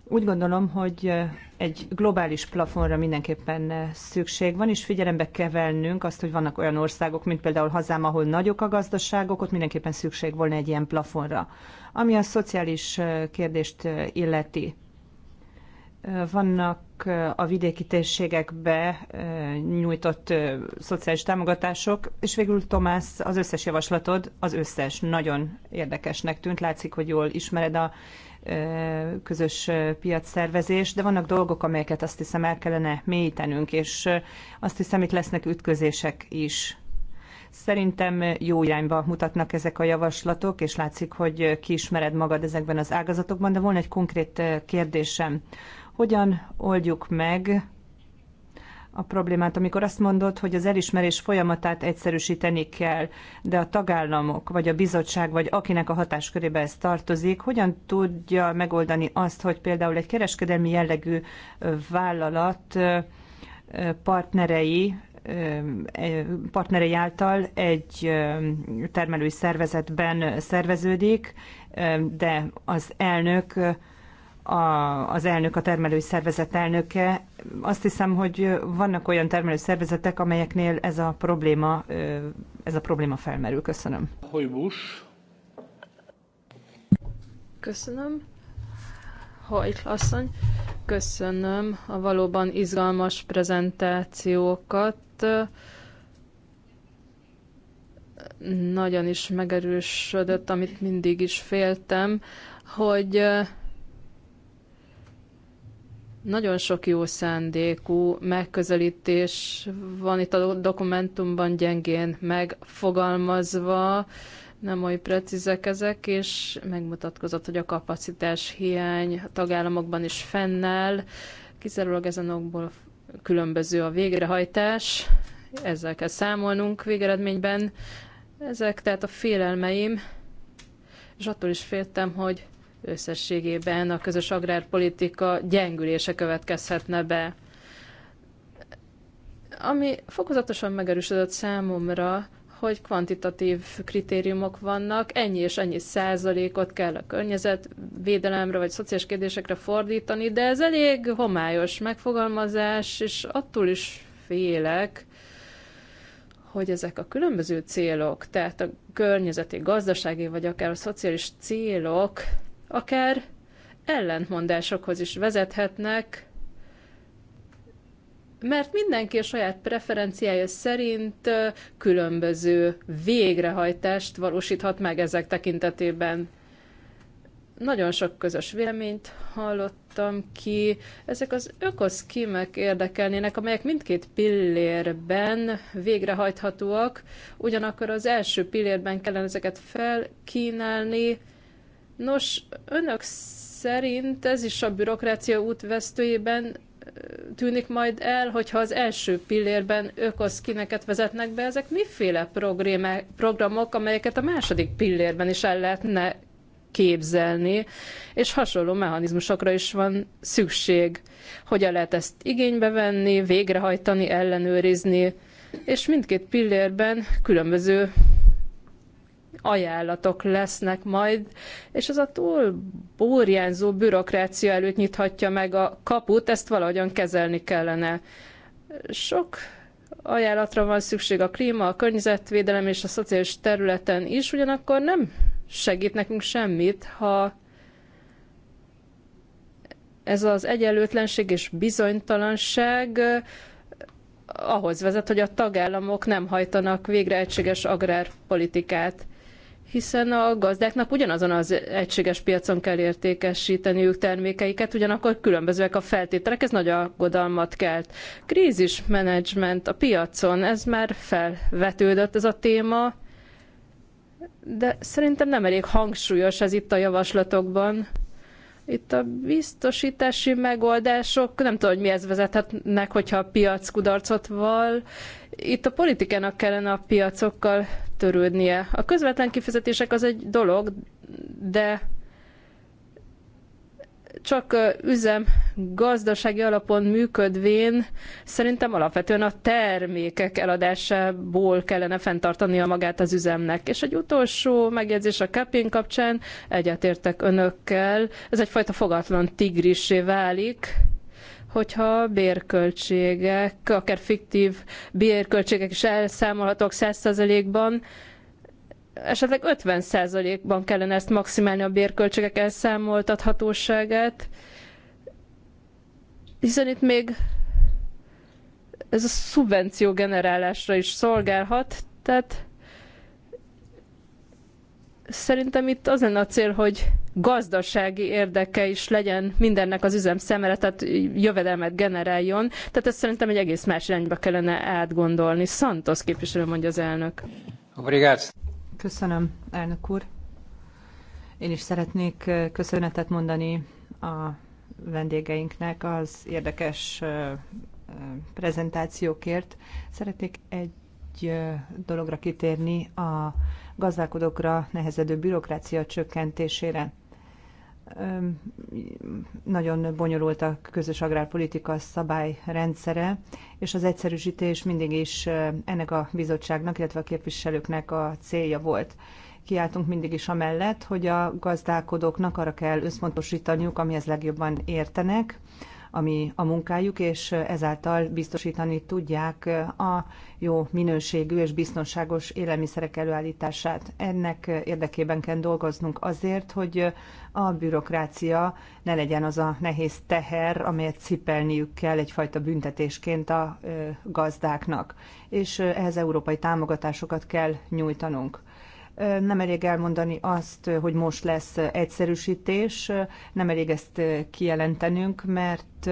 Úgy gondolom, hogy egy globális plafonra mindenképpen szükség van, és figyelembe kell vennünk azt, hogy vannak olyan országok, mint például hazám, ahol nagyok a gazdaságok, ott mindenképpen szükség volna egy ilyen plafonra. Ami a szociális kérdést illeti, vannak a vidéki térségekbe nyújtott szociális támogatások, és végül Tomás, az összes javaslatod, az összes nagyon érdekesnek tűnt. Látszik, hogy jól ismered a közös piac szervezés, de vannak dolgok, amelyeket azt hiszem el kellene mélyítenünk, és azt hiszem itt lesznek ütközések is. Szerintem jó irányba mutatnak ezek a javaslatok, és látszik, hogy kiismered magad ezekben az ágazatokban, de volna egy konkrét kérdésem. Hogyan oldjuk meg a problémát, amikor azt mondod, hogy az elismerés folyamatát egyszerűsíteni kell, de a tagállamok, vagy a bizottság, vagy akinek a hatáskörébe ez tartozik, hogyan tudja megoldani azt, hogy például egy kereskedelmi jellegű vállalat partnerei partnerei által egy termelői szervezetben szerveződik, de az elnök a, az elnök, a termelői szervezet elnöke. Azt hiszem, hogy vannak olyan termelői szervezetek, amelyeknél ez a probléma, ez a probléma felmerül. Köszönöm. Hojbus. Köszönöm. Hajt asszony. Köszönöm a valóban izgalmas prezentációkat nagyon is megerősödött, amit mindig is féltem, hogy nagyon sok jó szándékú megközelítés van itt a dokumentumban gyengén megfogalmazva, nem oly precízek ezek, és megmutatkozott, hogy a kapacitás hiány a tagállamokban is fennáll, kizárólag ezen okból különböző a végrehajtás, ezzel kell számolnunk végeredményben. Ezek tehát a félelmeim, és attól is féltem, hogy Összességében a közös agrárpolitika gyengülése következhetne be. Ami fokozatosan megerősödött számomra, hogy kvantitatív kritériumok vannak, ennyi és ennyi százalékot kell a környezetvédelemre vagy szociális kérdésekre fordítani, de ez elég homályos megfogalmazás, és attól is félek, hogy ezek a különböző célok, tehát a környezeti, gazdasági vagy akár a szociális célok akár ellentmondásokhoz is vezethetnek, mert mindenki a saját preferenciája szerint különböző végrehajtást valósíthat meg ezek tekintetében. Nagyon sok közös véleményt hallottam ki. Ezek az ökoszkímek érdekelnének, amelyek mindkét pillérben végrehajthatóak, ugyanakkor az első pillérben kellene ezeket felkínálni, Nos, önök szerint ez is a bürokrácia útvesztőjében tűnik majd el, hogyha az első pillérben ökoszkineket vezetnek be, ezek miféle programok, amelyeket a második pillérben is el lehetne képzelni, és hasonló mechanizmusokra is van szükség. Hogyan lehet ezt igénybe venni, végrehajtani, ellenőrizni, és mindkét pillérben különböző ajánlatok lesznek majd, és az a túl búrjánzó bürokrácia előtt nyithatja meg a kaput, ezt valahogyan kezelni kellene. Sok ajánlatra van szükség a klíma, a környezetvédelem és a szociális területen is, ugyanakkor nem segít nekünk semmit, ha ez az egyenlőtlenség és bizonytalanság eh, ahhoz vezet, hogy a tagállamok nem hajtanak végre egységes agrárpolitikát hiszen a gazdáknak ugyanazon az egységes piacon kell értékesíteniük termékeiket, ugyanakkor különbözőek a feltételek, ez nagy aggodalmat kelt. Krízis menedzsment a piacon, ez már felvetődött ez a téma, de szerintem nem elég hangsúlyos ez itt a javaslatokban. Itt a biztosítási megoldások, nem tudom, hogy mihez vezethetnek, hogyha a piac kudarcot val, itt a politikának kellene a piacokkal törődnie. A közvetlen kifizetések az egy dolog, de csak üzem gazdasági alapon működvén szerintem alapvetően a termékek eladásából kellene fenntartania magát az üzemnek. És egy utolsó megjegyzés a Kepin kapcsán, egyetértek önökkel, ez egyfajta fogatlan tigrisé válik, hogyha bérköltségek, akár fiktív bérköltségek is elszámolhatók 100%-ban, esetleg 50%-ban kellene ezt maximálni a bérköltségek elszámoltathatóságát, hiszen itt még ez a szubvenció generálásra is szolgálhat, tehát Szerintem itt az lenne a cél, hogy gazdasági érdeke is legyen mindennek az üzem szemre, tehát jövedelmet generáljon. Tehát ezt szerintem egy egész más irányba kellene átgondolni. Santos képviselő mondja az elnök. Köszönöm, elnök úr. Én is szeretnék köszönetet mondani a vendégeinknek az érdekes prezentációkért. Szeretnék egy dologra kitérni a gazdálkodókra nehezedő bürokrácia csökkentésére. Nagyon bonyolult a közös agrárpolitika szabályrendszere, és az egyszerűsítés mindig is ennek a bizottságnak, illetve a képviselőknek a célja volt Kiáltunk mindig is amellett, hogy a gazdálkodóknak arra kell összpontosítaniuk, amihez legjobban értenek, ami a munkájuk, és ezáltal biztosítani tudják a jó minőségű és biztonságos élelmiszerek előállítását. Ennek érdekében kell dolgoznunk azért, hogy a bürokrácia ne legyen az a nehéz teher, amelyet cipelniük kell egyfajta büntetésként a gazdáknak, és ehhez európai támogatásokat kell nyújtanunk nem elég elmondani azt, hogy most lesz egyszerűsítés, nem elég ezt kijelentenünk, mert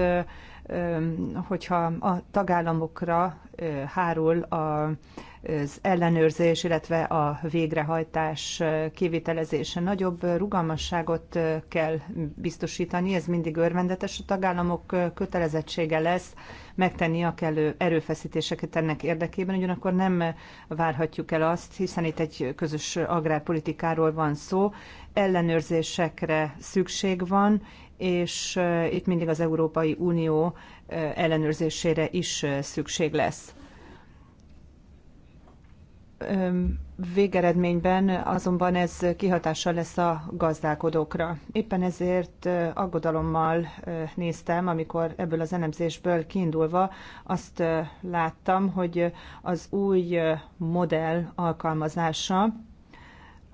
hogyha a tagállamokra hárul az ellenőrzés, illetve a végrehajtás kivitelezése. Nagyobb rugalmasságot kell biztosítani, ez mindig örvendetes. A tagállamok kötelezettsége lesz megtenni a kellő erőfeszítéseket ennek érdekében, ugyanakkor nem várhatjuk el azt, hiszen itt egy közös agrárpolitikáról van szó, ellenőrzésekre szükség van, és itt mindig az Európai Unió ellenőrzésére is szükség lesz. Végeredményben azonban ez kihatással lesz a gazdálkodókra. Éppen ezért aggodalommal néztem, amikor ebből az elemzésből kiindulva azt láttam, hogy az új modell alkalmazása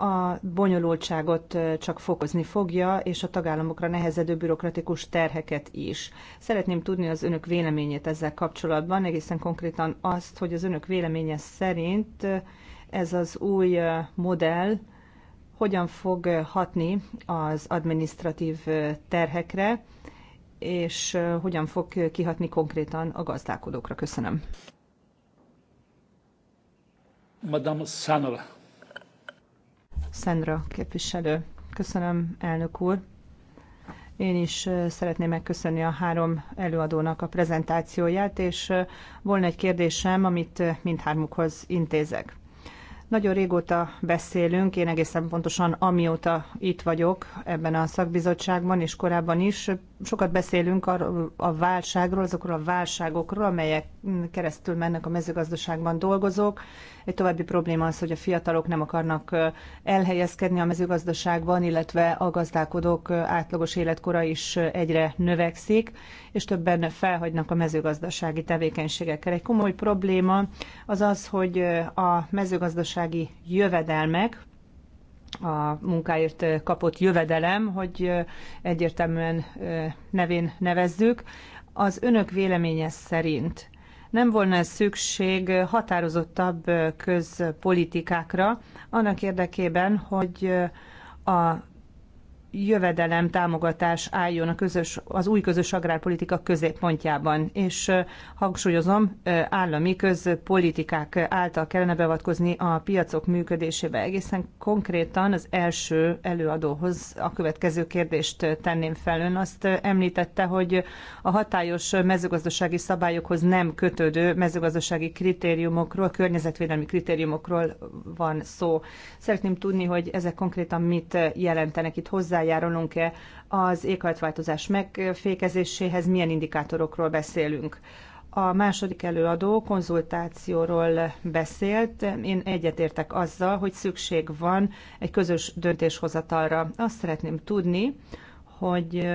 a bonyolultságot csak fokozni fogja, és a tagállamokra nehezedő bürokratikus terheket is. Szeretném tudni az önök véleményét ezzel kapcsolatban, egészen konkrétan azt, hogy az önök véleménye szerint ez az új modell hogyan fog hatni az administratív terhekre, és hogyan fog kihatni konkrétan a gazdálkodókra. Köszönöm. Madame Sanola. Szendra képviselő. Köszönöm, elnök úr. Én is szeretném megköszönni a három előadónak a prezentációját, és volna egy kérdésem, amit mindhármukhoz intézek. Nagyon régóta beszélünk, én egészen pontosan amióta itt vagyok ebben a szakbizottságban, és korábban is sokat beszélünk a, a válságról, azokról a válságokról, amelyek keresztül mennek a mezőgazdaságban dolgozók, egy további probléma az, hogy a fiatalok nem akarnak elhelyezkedni a mezőgazdaságban, illetve a gazdálkodók átlagos életkora is egyre növekszik, és többen felhagynak a mezőgazdasági tevékenységekkel. Egy komoly probléma az az, hogy a mezőgazdasági jövedelmek, a munkáért kapott jövedelem, hogy egyértelműen nevén nevezzük. Az önök véleménye szerint nem volna szükség határozottabb közpolitikákra annak érdekében, hogy a jövedelem támogatás álljon a közös, az új közös agrárpolitika középpontjában, és hangsúlyozom, állami közpolitikák által kellene beavatkozni a piacok működésébe. Egészen konkrétan az első előadóhoz a következő kérdést tenném fel. Ön azt említette, hogy a hatályos mezőgazdasági szabályokhoz nem kötődő mezőgazdasági kritériumokról, környezetvédelmi kritériumokról van szó. Szeretném tudni, hogy ezek konkrétan mit jelentenek itt hozzá hozzájárulunk-e az éghajlatváltozás megfékezéséhez, milyen indikátorokról beszélünk. A második előadó konzultációról beszélt. Én egyetértek azzal, hogy szükség van egy közös döntéshozatalra. Azt szeretném tudni, hogy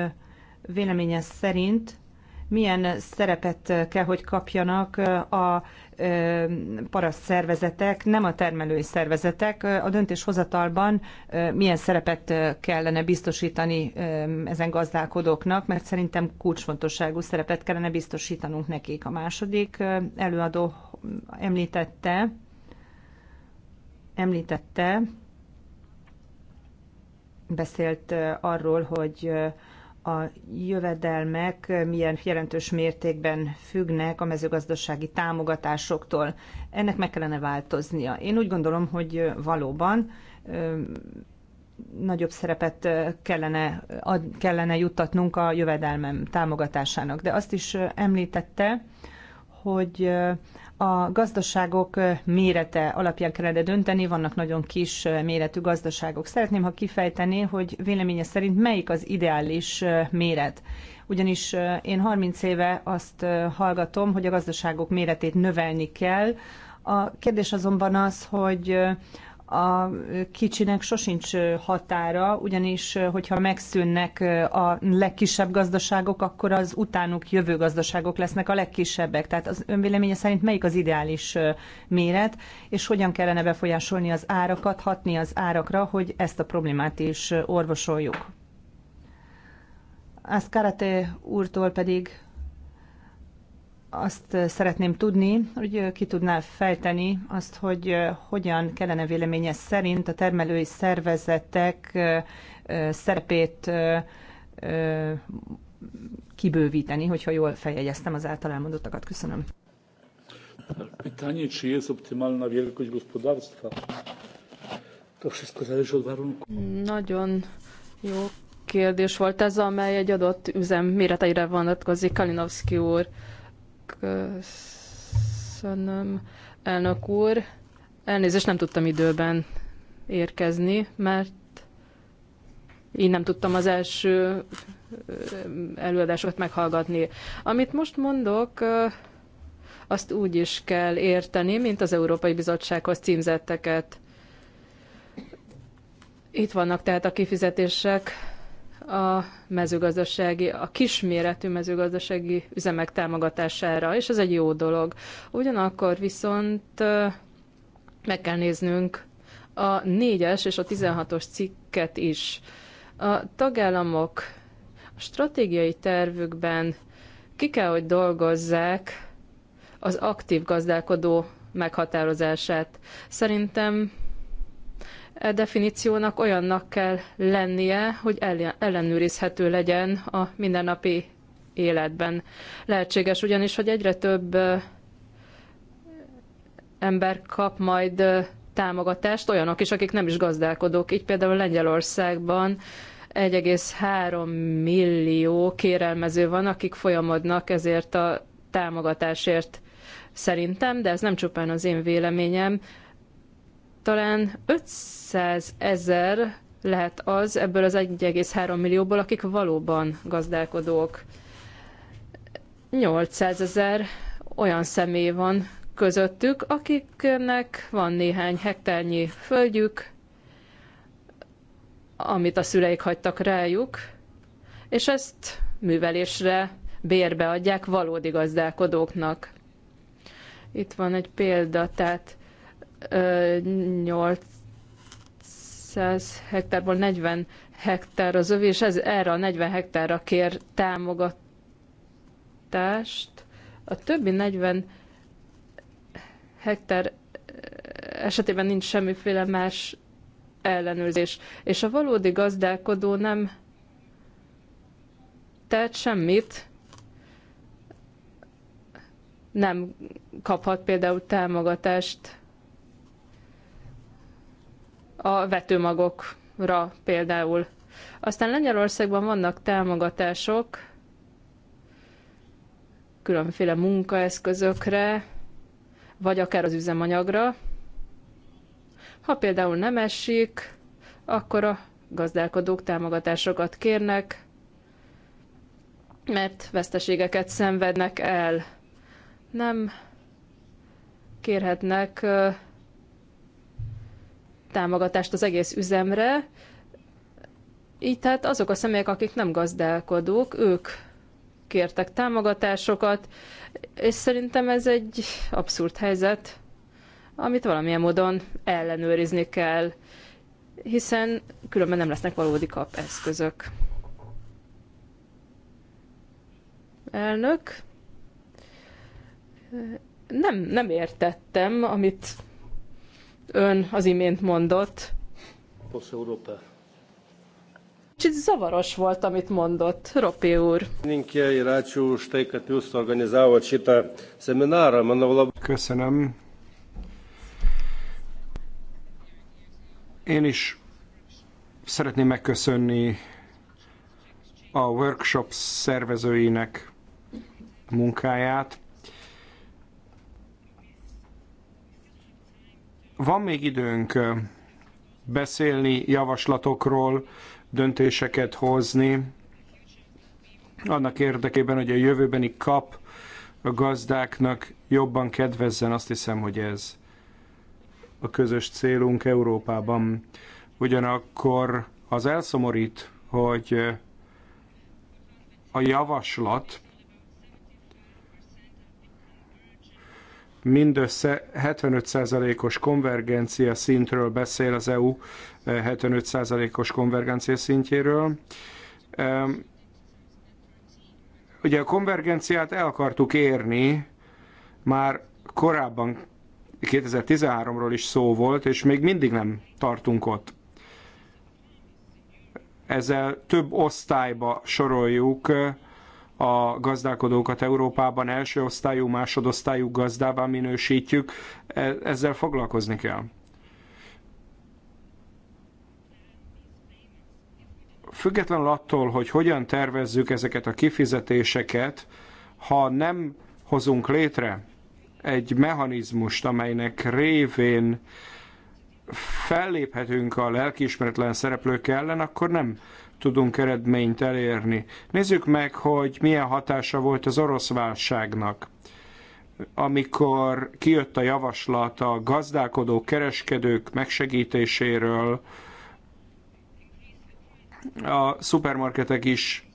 véleménye szerint milyen szerepet kell, hogy kapjanak a paraszt szervezetek, nem a termelői szervezetek a döntéshozatalban milyen szerepet kellene biztosítani ezen gazdálkodóknak, mert szerintem kulcsfontosságú szerepet kellene biztosítanunk nekik. A második előadó említette, említette, beszélt arról, hogy a jövedelmek milyen jelentős mértékben függnek a mezőgazdasági támogatásoktól. Ennek meg kellene változnia. Én úgy gondolom, hogy valóban nagyobb szerepet kellene, ad, kellene juttatnunk a jövedelmem támogatásának. De azt is említette, hogy a gazdaságok mérete alapján kellene dönteni, vannak nagyon kis méretű gazdaságok. Szeretném, ha kifejtené, hogy véleménye szerint melyik az ideális méret. Ugyanis én 30 éve azt hallgatom, hogy a gazdaságok méretét növelni kell. A kérdés azonban az, hogy a kicsinek sosincs határa, ugyanis hogyha megszűnnek a legkisebb gazdaságok, akkor az utánuk jövő gazdaságok lesznek a legkisebbek. Tehát az önvéleménye szerint melyik az ideális méret, és hogyan kellene befolyásolni az árakat, hatni az árakra, hogy ezt a problémát is orvosoljuk. Azt Karate úrtól pedig azt szeretném tudni, hogy ki tudná fejteni azt, hogy hogyan kellene véleménye szerint a termelői szervezetek szerepét kibővíteni, hogyha jól feljegyeztem az által elmondottakat. Köszönöm. Pytanie, czy jest optymalna wielkość gospodarstwa? To wszystko zależy od warunków. Nagyon jó kérdés volt ez, amely egy adott üzem méreteire vonatkozik, Kalinowski úr. Köszönöm, elnök úr. Elnézést, nem tudtam időben érkezni, mert így nem tudtam az első előadásokat meghallgatni. Amit most mondok, azt úgy is kell érteni, mint az Európai Bizottsághoz címzetteket. Itt vannak tehát a kifizetések, a mezőgazdasági, a kisméretű mezőgazdasági üzemek támogatására, és ez egy jó dolog. Ugyanakkor viszont meg kell néznünk a 4-es és a 16-os cikket is. A tagállamok a stratégiai tervükben ki kell, hogy dolgozzák az aktív gazdálkodó meghatározását. Szerintem E definíciónak olyannak kell lennie, hogy ellenőrizhető legyen a mindennapi életben. Lehetséges ugyanis, hogy egyre több e, ember kap majd e, támogatást, olyanok is, akik nem is gazdálkodók. Így például Lengyelországban 1,3 millió kérelmező van, akik folyamodnak ezért a támogatásért szerintem, de ez nem csupán az én véleményem, talán 500 ezer lehet az ebből az 1,3 millióból, akik valóban gazdálkodók. 800 ezer olyan személy van közöttük, akiknek van néhány hektárnyi földjük, amit a szüleik hagytak rájuk, és ezt művelésre bérbe adják valódi gazdálkodóknak. Itt van egy példa, tehát 800 hektárból 40 hektár az övé, és ez, erre a 40 hektárra kér támogatást. A többi 40 hektár esetében nincs semmiféle más ellenőrzés, és a valódi gazdálkodó nem tehet semmit, nem kaphat például támogatást a vetőmagokra például. Aztán Lengyelországban vannak támogatások, különféle munkaeszközökre, vagy akár az üzemanyagra. Ha például nem esik, akkor a gazdálkodók támogatásokat kérnek, mert veszteségeket szenvednek el. Nem kérhetnek támogatást az egész üzemre. Így tehát azok a személyek, akik nem gazdálkodók, ők kértek támogatásokat, és szerintem ez egy abszurd helyzet, amit valamilyen módon ellenőrizni kell, hiszen különben nem lesznek valódi kap eszközök. Elnök, nem, nem értettem, amit ön az imént mondott. Kicsit zavaros volt, amit mondott, Ropi úr. Köszönöm. Én is szeretném megköszönni a workshop szervezőinek munkáját. Van még időnk beszélni javaslatokról, döntéseket hozni, annak érdekében, hogy a jövőbeni kap a gazdáknak jobban kedvezzen. Azt hiszem, hogy ez a közös célunk Európában. Ugyanakkor az elszomorít, hogy a javaslat mindössze 75%-os konvergencia szintről beszél az EU 75%-os konvergencia szintjéről. Ugye a konvergenciát el akartuk érni, már korábban 2013-ról is szó volt, és még mindig nem tartunk ott. Ezzel több osztályba soroljuk a gazdálkodókat Európában első osztályú, másodosztályú gazdává minősítjük, e, ezzel foglalkozni kell. Függetlenül attól, hogy hogyan tervezzük ezeket a kifizetéseket, ha nem hozunk létre egy mechanizmust, amelynek révén felléphetünk a lelkiismeretlen szereplők ellen, akkor nem tudunk eredményt elérni. Nézzük meg, hogy milyen hatása volt az orosz válságnak amikor kijött a javaslat a gazdálkodó kereskedők megsegítéséről, a szupermarketek is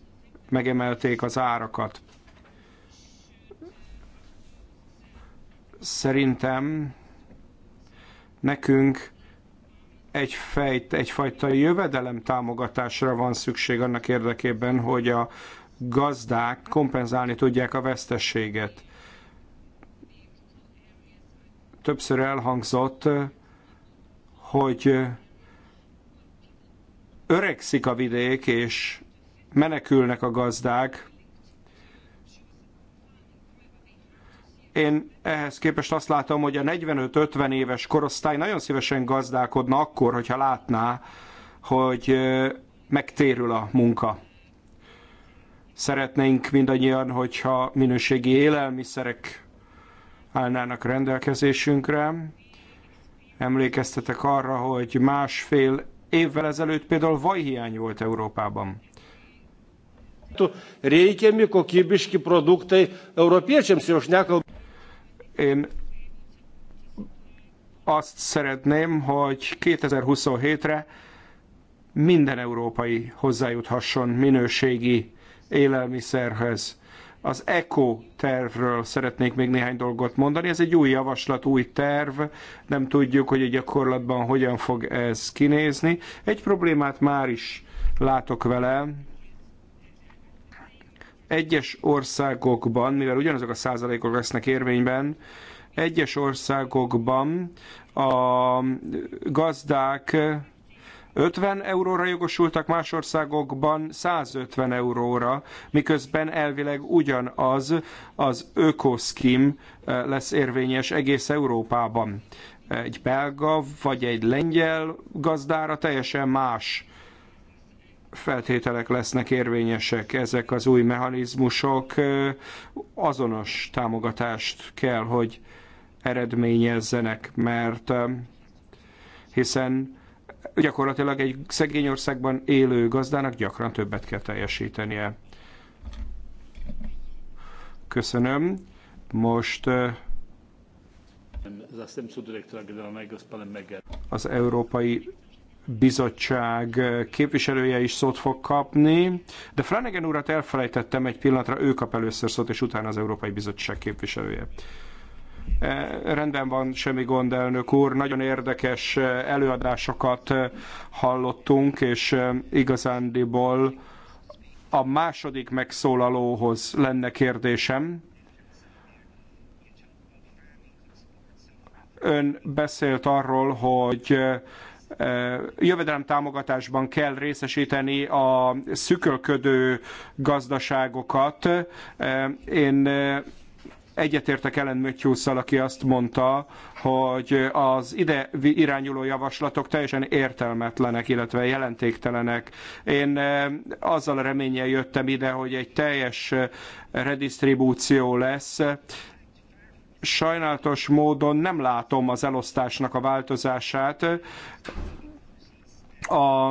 megemelték az árakat. Szerintem nekünk egy fejt, egyfajta jövedelem támogatásra van szükség annak érdekében, hogy a gazdák kompenzálni tudják a vesztességet. Többször elhangzott, hogy öregszik a vidék, és menekülnek a gazdák, Én ehhez képest azt látom, hogy a 45-50 éves korosztály nagyon szívesen gazdálkodna akkor, hogyha látná, hogy megtérül a munka. Szeretnénk mindannyian, hogyha minőségi élelmiszerek állnának rendelkezésünkre. Emlékeztetek arra, hogy másfél évvel ezelőtt például vajhiány volt Európában. Reikiami kokybiški produktai europiečiams jau šnekam. Én azt szeretném, hogy 2027-re minden európai hozzájuthasson minőségi élelmiszerhez. Az ECO tervről szeretnék még néhány dolgot mondani. Ez egy új javaslat, új terv. Nem tudjuk, hogy a gyakorlatban hogyan fog ez kinézni. Egy problémát már is látok vele, egyes országokban, mivel ugyanazok a százalékok lesznek érvényben, egyes országokban a gazdák 50 euróra jogosultak, más országokban 150 euróra, miközben elvileg ugyanaz az ökoszkim eh, lesz érvényes egész Európában. Egy belga vagy egy lengyel gazdára teljesen más feltételek lesznek érvényesek, ezek az új mechanizmusok azonos támogatást kell, hogy eredményezzenek, mert hiszen gyakorlatilag egy szegény országban élő gazdának gyakran többet kell teljesítenie. Köszönöm. Most az Európai bizottság képviselője is szót fog kapni, de Flanagan urat elfelejtettem egy pillanatra, ő kap először szót, és utána az Európai Bizottság képviselője. E, rendben van, semmi gond, elnök úr. Nagyon érdekes e, előadásokat e, hallottunk, és igazándiból a második megszólalóhoz lenne kérdésem. Ön beszélt arról, hogy jövedelemtámogatásban támogatásban kell részesíteni a szükölködő gazdaságokat. Én egyetértek Ellen Mötyúszal, aki azt mondta, hogy az ide irányuló javaslatok teljesen értelmetlenek, illetve jelentéktelenek. Én azzal a reménnyel jöttem ide, hogy egy teljes redistribúció lesz, sajnálatos módon nem látom az elosztásnak a változását. A,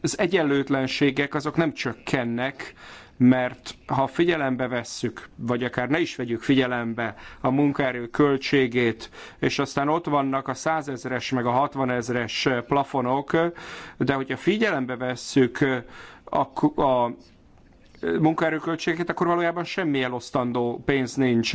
az egyenlőtlenségek azok nem csökkennek, mert ha figyelembe vesszük, vagy akár ne is vegyük figyelembe a munkaerő költségét, és aztán ott vannak a százezres meg a hatvanezres plafonok, de hogyha figyelembe vesszük a, a munkaerőköltségeket, akkor valójában semmi elosztandó pénz nincs.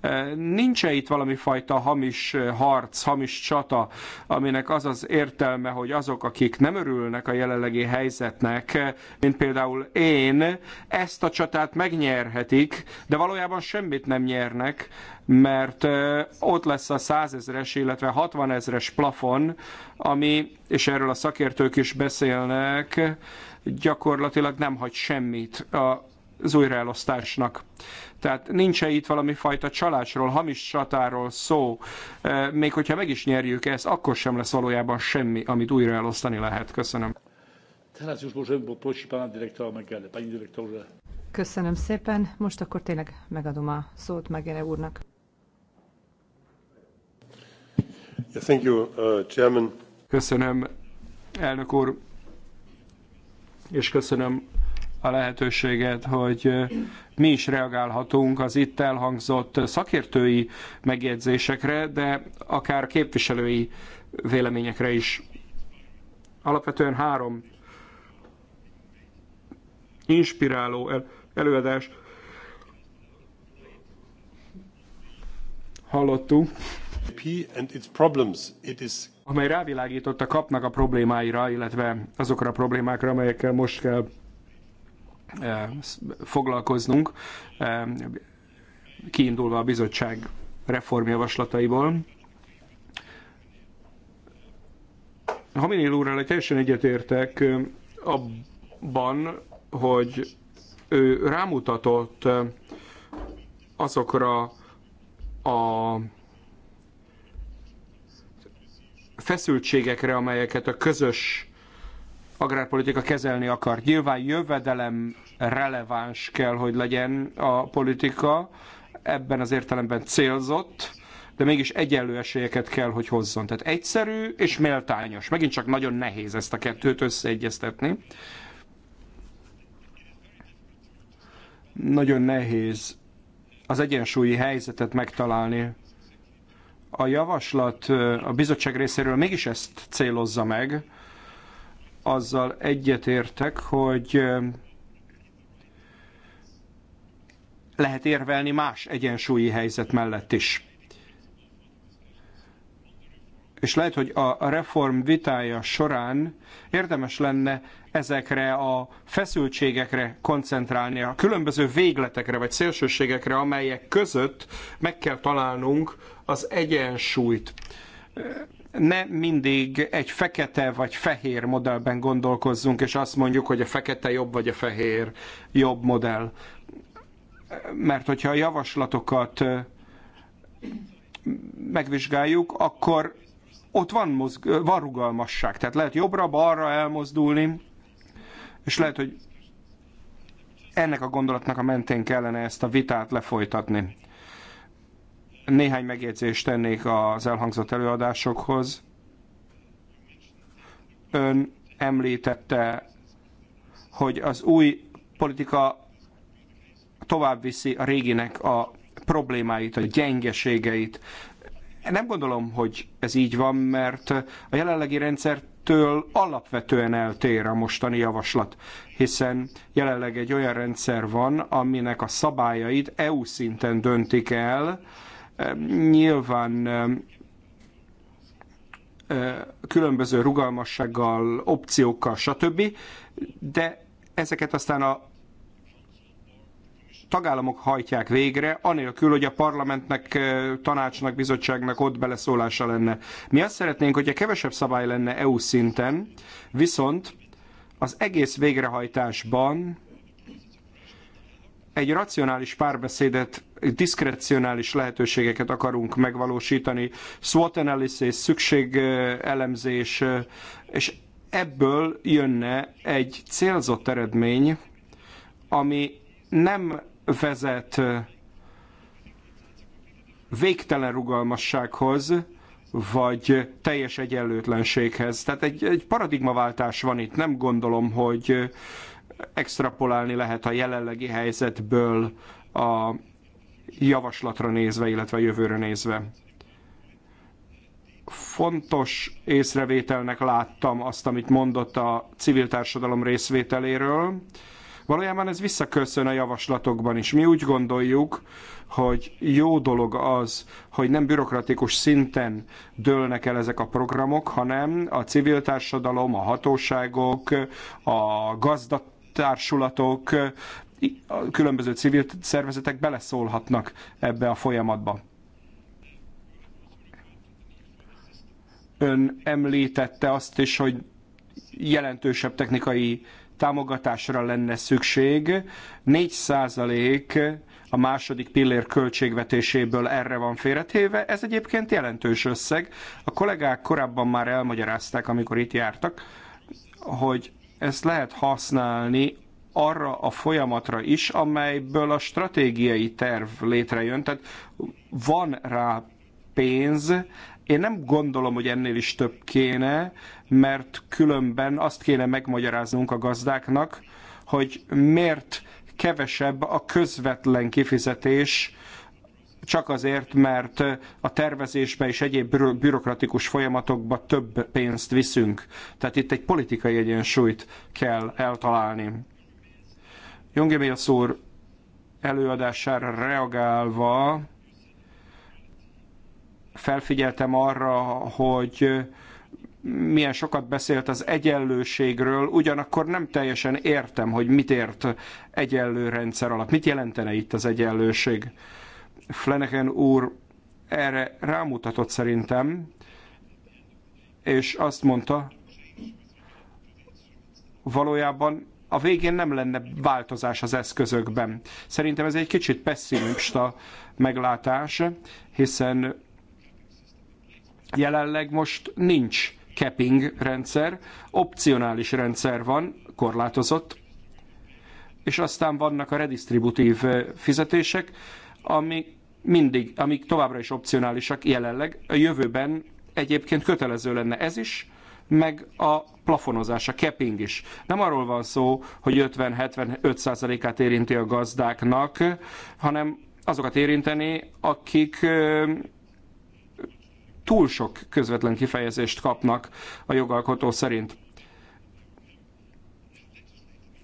E, nincs-e itt valami fajta hamis harc, hamis csata, aminek az az értelme, hogy azok, akik nem örülnek a jelenlegi helyzetnek, e, mint például én, ezt a csatát megnyerhetik, de valójában semmit nem nyernek, mert e, ott lesz a 100 ezres, illetve 60 ezres plafon, ami, és erről a szakértők is beszélnek, gyakorlatilag nem hagy semmit az újraelosztásnak. Tehát nincs -e itt valami fajta csalásról, hamis csatáról szó. E, még hogyha meg is nyerjük ezt, akkor sem lesz valójában semmi, amit újraelosztani lehet. Köszönöm. Köszönöm szépen. Most akkor tényleg megadom a szót Megele úrnak. thank you, uh, Chairman. Köszönöm, elnök úr és köszönöm a lehetőséget, hogy mi is reagálhatunk az itt elhangzott szakértői megjegyzésekre, de akár képviselői véleményekre is. Alapvetően három inspiráló előadás hallottunk. And its problems. It is amely rávilágított a kapnak a problémáira, illetve azokra a problémákra, amelyekkel most kell eh, foglalkoznunk, eh, kiindulva a bizottság reformjavaslataiból. minél úrral teljesen egyetértek eh, abban, hogy ő rámutatott azokra a feszültségekre, amelyeket a közös agrárpolitika kezelni akar. Nyilván jövedelem releváns kell, hogy legyen a politika, ebben az értelemben célzott, de mégis egyenlő esélyeket kell, hogy hozzon. Tehát egyszerű és méltányos. Megint csak nagyon nehéz ezt a kettőt összeegyeztetni. Nagyon nehéz az egyensúlyi helyzetet megtalálni a javaslat a bizottság részéről mégis ezt célozza meg, azzal egyetértek, hogy lehet érvelni más egyensúlyi helyzet mellett is. És lehet, hogy a reform vitája során érdemes lenne ezekre a feszültségekre koncentrálni, a különböző végletekre vagy szélsőségekre, amelyek között meg kell találnunk az egyensúlyt. Ne mindig egy fekete vagy fehér modellben gondolkozzunk, és azt mondjuk, hogy a fekete jobb vagy a fehér jobb modell. Mert hogyha a javaslatokat megvizsgáljuk, akkor ott van, mozg- van rugalmasság. Tehát lehet jobbra-balra elmozdulni, és lehet, hogy ennek a gondolatnak a mentén kellene ezt a vitát lefolytatni. Néhány megjegyzést tennék az elhangzott előadásokhoz. Ön említette, hogy az új politika tovább viszi a réginek a problémáit, a gyengeségeit. Nem gondolom, hogy ez így van, mert a jelenlegi rendszertől alapvetően eltér a mostani javaslat, hiszen jelenleg egy olyan rendszer van, aminek a szabályait EU szinten döntik el, Nyilván különböző rugalmassággal, opciókkal, stb. De ezeket aztán a tagállamok hajtják végre, anélkül, hogy a parlamentnek, tanácsnak, bizottságnak ott beleszólása lenne. Mi azt szeretnénk, hogyha kevesebb szabály lenne EU szinten, viszont az egész végrehajtásban egy racionális párbeszédet diszkrecionális lehetőségeket akarunk megvalósítani, SWOT analysis, szükségelemzés, és ebből jönne egy célzott eredmény, ami nem vezet végtelen rugalmassághoz, vagy teljes egyenlőtlenséghez. Tehát egy, egy paradigmaváltás van itt. Nem gondolom, hogy extrapolálni lehet a jelenlegi helyzetből a javaslatra nézve, illetve a jövőre nézve. Fontos észrevételnek láttam azt, amit mondott a civil társadalom részvételéről. Valójában ez visszaköszön a javaslatokban is. Mi úgy gondoljuk, hogy jó dolog az, hogy nem bürokratikus szinten dőlnek el ezek a programok, hanem a civil társadalom, a hatóságok, a gazdatársulatok a különböző civil szervezetek beleszólhatnak ebbe a folyamatba. Ön említette azt is, hogy jelentősebb technikai támogatásra lenne szükség. 4 százalék a második pillér költségvetéséből erre van félretéve. Ez egyébként jelentős összeg. A kollégák korábban már elmagyarázták, amikor itt jártak, hogy ezt lehet használni arra a folyamatra is, amelyből a stratégiai terv létrejön. Tehát van rá pénz, én nem gondolom, hogy ennél is több kéne, mert különben azt kéne megmagyaráznunk a gazdáknak, hogy miért kevesebb a közvetlen kifizetés, csak azért, mert a tervezésbe és egyéb bürokratikus folyamatokba több pénzt viszünk. Tehát itt egy politikai egyensúlyt kell eltalálni. Jongeméjasz úr előadására reagálva felfigyeltem arra, hogy milyen sokat beszélt az egyenlőségről, ugyanakkor nem teljesen értem, hogy mit ért egyenlő rendszer alatt. Mit jelentene itt az egyenlőség? Flanagan úr erre rámutatott szerintem, és azt mondta, valójában a végén nem lenne változás az eszközökben. Szerintem ez egy kicsit pessimista meglátás, hiszen jelenleg most nincs capping rendszer, opcionális rendszer van, korlátozott, és aztán vannak a redistributív fizetések, ami mindig, amik továbbra is opcionálisak jelenleg, a jövőben egyébként kötelező lenne ez is, meg a plafonozás, a capping is. Nem arról van szó, hogy 50-75%-át érinti a gazdáknak, hanem azokat érinteni, akik túl sok közvetlen kifejezést kapnak a jogalkotó szerint.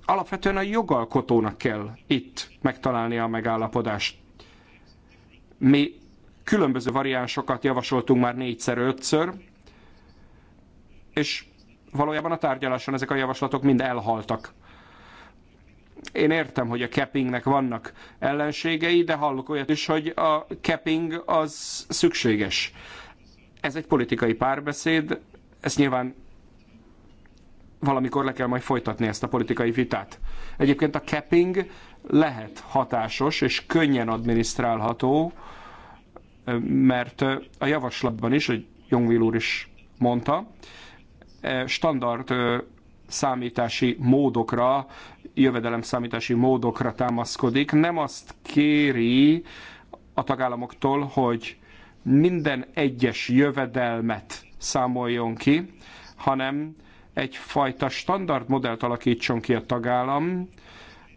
Alapvetően a jogalkotónak kell itt megtalálni a megállapodást. Mi különböző variánsokat javasoltunk már négyszer, ötször, és valójában a tárgyaláson ezek a javaslatok mind elhaltak. Én értem, hogy a cappingnek vannak ellenségei, de hallok olyat is, hogy a capping az szükséges. Ez egy politikai párbeszéd, ezt nyilván valamikor le kell majd folytatni ezt a politikai vitát. Egyébként a capping lehet hatásos és könnyen adminisztrálható, mert a javaslatban is, hogy Jongvil úr is mondta, E, standard e, számítási módokra, jövedelem számítási módokra támaszkodik. Nem azt kéri a tagállamoktól, hogy minden egyes jövedelmet számoljon ki, hanem egyfajta standard modellt alakítson ki a tagállam,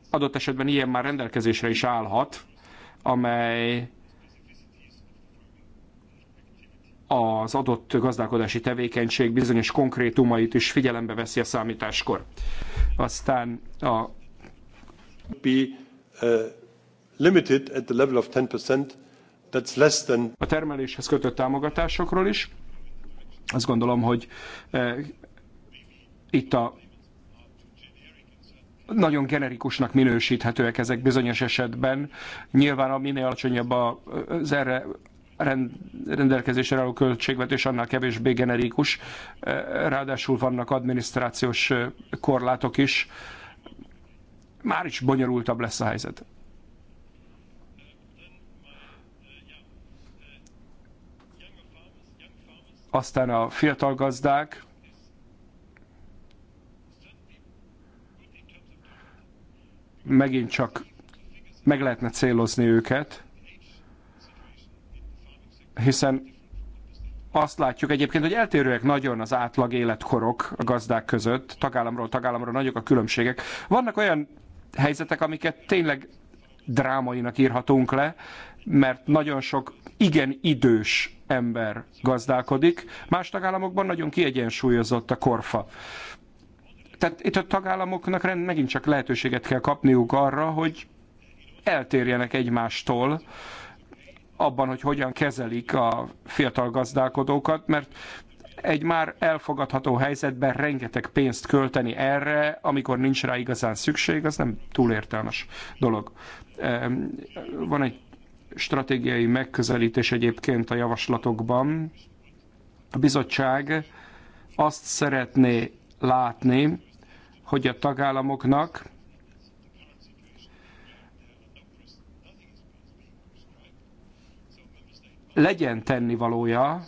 adott esetben ilyen már rendelkezésre is állhat, amely az adott gazdálkodási tevékenység bizonyos konkrétumait is figyelembe veszi a számításkor. Aztán a uh, a termeléshez kötött támogatásokról is. Azt gondolom, hogy uh, itt a nagyon generikusnak minősíthetőek ezek bizonyos esetben. Nyilván a minél alacsonyabb az erre rendelkezésre álló költségvetés annál kevésbé generikus, eh, ráadásul vannak adminisztrációs eh, korlátok is, már is bonyolultabb lesz a helyzet. Aztán a fiatal gazdák, megint csak meg lehetne célozni őket, hiszen azt látjuk egyébként, hogy eltérőek nagyon az átlag életkorok a gazdák között, tagállamról tagállamra nagyok a különbségek. Vannak olyan helyzetek, amiket tényleg drámainak írhatunk le, mert nagyon sok igen idős ember gazdálkodik, más tagállamokban nagyon kiegyensúlyozott a korfa. Tehát itt a tagállamoknak rend, megint csak lehetőséget kell kapniuk arra, hogy eltérjenek egymástól, abban, hogy hogyan kezelik a fiatal gazdálkodókat, mert egy már elfogadható helyzetben rengeteg pénzt költeni erre, amikor nincs rá igazán szükség, az nem túl értelmes dolog. Van egy stratégiai megközelítés egyébként a javaslatokban. A bizottság azt szeretné látni, hogy a tagállamoknak legyen tennivalója,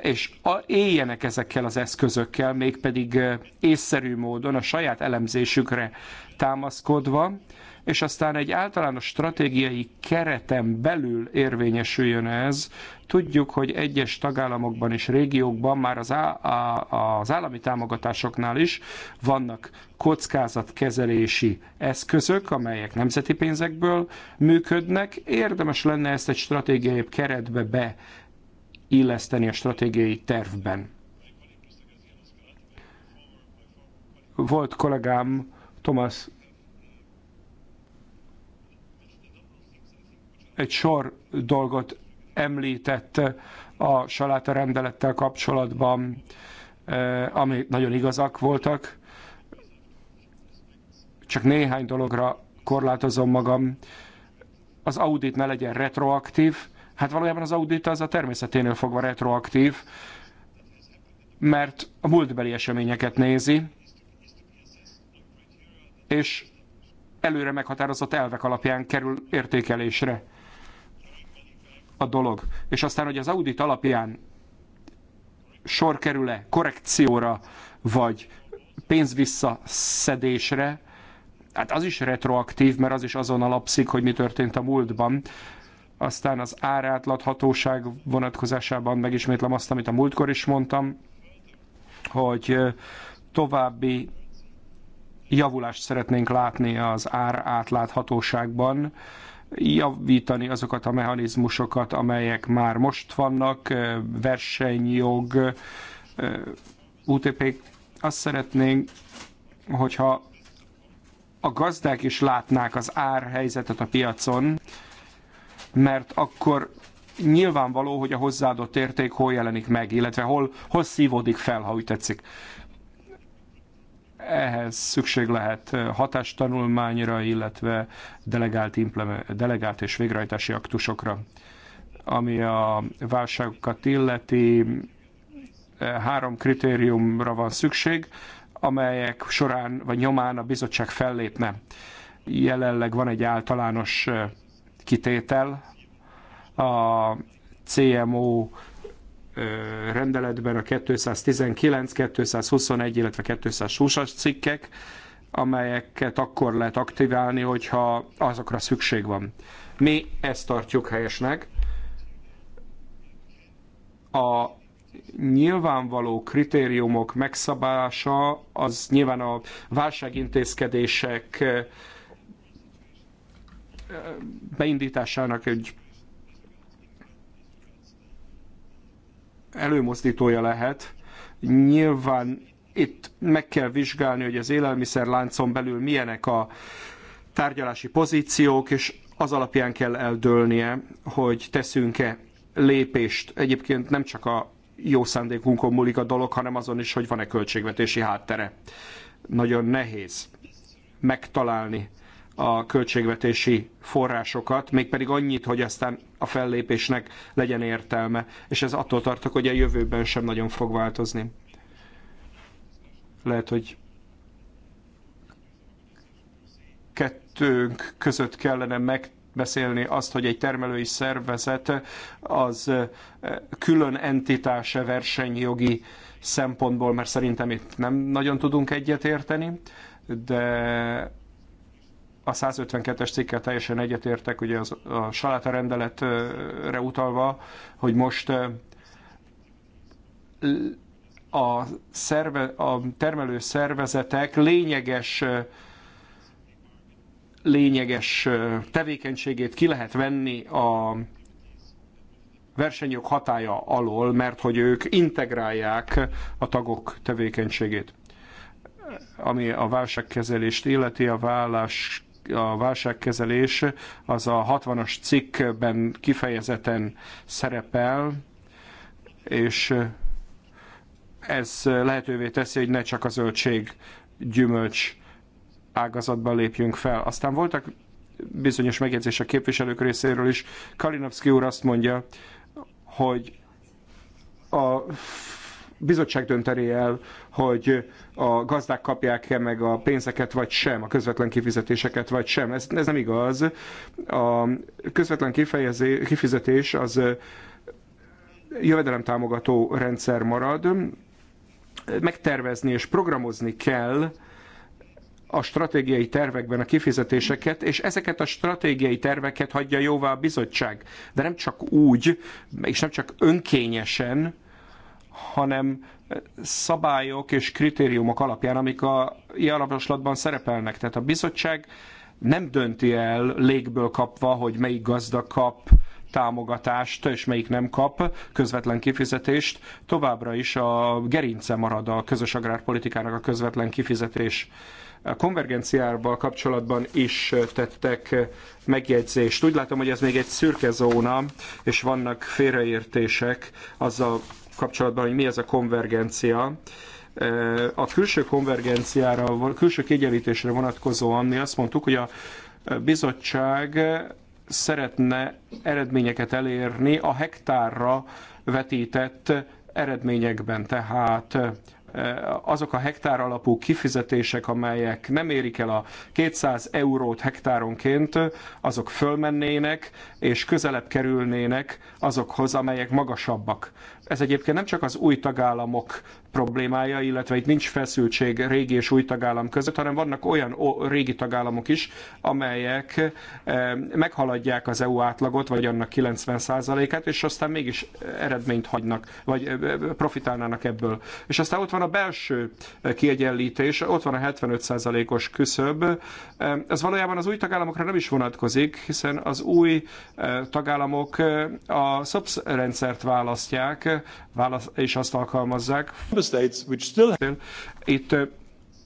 és éljenek ezekkel az eszközökkel, mégpedig észszerű módon a saját elemzésükre támaszkodva, és aztán egy általános stratégiai kereten belül érvényesüljön ez. Tudjuk, hogy egyes tagállamokban és régiókban már az, á, a, az állami támogatásoknál is vannak kockázatkezelési eszközök, amelyek nemzeti pénzekből működnek. Érdemes lenne ezt egy stratégiai keretbe beilleszteni a stratégiai tervben. Volt kollégám Thomas egy sor dolgot említett a saláta rendelettel kapcsolatban, e, ami nagyon igazak voltak. Csak néhány dologra korlátozom magam. Az audit ne legyen retroaktív. Hát valójában az audit az a természeténél fogva retroaktív, mert a múltbeli eseményeket nézi, és előre meghatározott elvek alapján kerül értékelésre a dolog. És aztán, hogy az audit alapján sor kerül-e korrekcióra, vagy pénzvisszaszedésre, hát az is retroaktív, mert az is azon alapszik, hogy mi történt a múltban. Aztán az árátlathatóság vonatkozásában megismétlem azt, amit a múltkor is mondtam, hogy további javulást szeretnénk látni az ár átláthatóságban, javítani azokat a mechanizmusokat, amelyek már most vannak, versenyjog, UTP. Azt szeretnénk, hogyha a gazdák is látnák az árhelyzetet a piacon, mert akkor nyilvánvaló, hogy a hozzáadott érték hol jelenik meg, illetve hol, hol szívódik fel, ha úgy tetszik ehhez szükség lehet eh, hatástanulmányra, illetve delegált, delegált és végrehajtási aktusokra. Ami a válságokat illeti, eh, három kritériumra van szükség, amelyek során vagy nyomán a bizottság fellépne. Jelenleg van egy általános eh, kitétel, a CMO rendeletben a 219, 221, illetve 220-as cikkek, amelyeket akkor lehet aktiválni, hogyha azokra szükség van. Mi ezt tartjuk helyesnek. A nyilvánvaló kritériumok megszabása az nyilván a válságintézkedések beindításának egy előmozdítója lehet. Nyilván itt meg kell vizsgálni, hogy az élelmiszerláncon belül milyenek a tárgyalási pozíciók, és az alapján kell eldőlnie, hogy teszünk-e lépést. Egyébként nem csak a jó szándékunkon múlik a dolog, hanem azon is, hogy van-e költségvetési háttere. Nagyon nehéz megtalálni a költségvetési forrásokat, mégpedig annyit, hogy aztán a fellépésnek legyen értelme. És ez attól tartok, hogy a jövőben sem nagyon fog változni. Lehet, hogy kettőnk között kellene megbeszélni azt, hogy egy termelői szervezet az eh, külön entitása versenyjogi szempontból, mert szerintem itt nem nagyon tudunk egyetérteni, de a 152-es cikkel teljesen egyetértek, ugye az, a saláta rendeletre utalva, hogy most a, szerve, a termelő szervezetek lényeges lényeges tevékenységét ki lehet venni a versenyok hatája alól, mert hogy ők integrálják a tagok tevékenységét. Ami a válságkezelést illeti, a vállás a válságkezelés az a 60-as cikkben kifejezetten szerepel, és ez lehetővé teszi, hogy ne csak a zöldség, gyümölcs ágazatban lépjünk fel. Aztán voltak bizonyos megjegyzések képviselők részéről is. Kalinowski úr azt mondja, hogy a bizottság dönteni el, hogy a gazdák kapják-e meg a pénzeket, vagy sem, a közvetlen kifizetéseket, vagy sem. Ez, ez nem igaz. A közvetlen kifizetés az jövedelemtámogató rendszer marad, megtervezni és programozni kell a stratégiai tervekben a kifizetéseket, és ezeket a stratégiai terveket hagyja jóvá a bizottság. De nem csak úgy, és nem csak önkényesen, hanem eh, szabályok és kritériumok alapján, amik a javaslatban szerepelnek. Tehát a bizottság nem dönti el légből kapva, hogy melyik gazda kap támogatást, és melyik nem kap közvetlen kifizetést. Továbbra is a gerince marad a közös agrárpolitikának a közvetlen kifizetés. A konvergenciával kapcsolatban is tettek megjegyzést. Úgy látom, hogy ez még egy szürke zóna, és vannak félreértések azzal kapcsolatban, hogy mi ez a konvergencia. E, a külső konvergenciára, a külső kiegyenlítésre vonatkozóan mi azt mondtuk, hogy a bizottság szeretne eredményeket elérni a hektárra vetített eredményekben. Tehát e, azok a hektár alapú kifizetések, amelyek nem érik el a 200 eurót hektáronként, azok fölmennének és közelebb kerülnének azokhoz, amelyek magasabbak. Ez egyébként nem csak az új tagállamok problémája, illetve itt nincs feszültség régi és új tagállam között, hanem vannak olyan régi tagállamok is, amelyek eh, meghaladják az EU átlagot, vagy annak 90%-át, és aztán mégis eh, eredményt hagynak, vagy eh, profitálnának ebből. És aztán ott van a belső kiegyenlítés, ott van a 75%-os küszöb. Ez valójában az új tagállamokra nem is vonatkozik, hiszen az új tagállamok a SZOPS rendszert választják, és azt alkalmazzák. Itt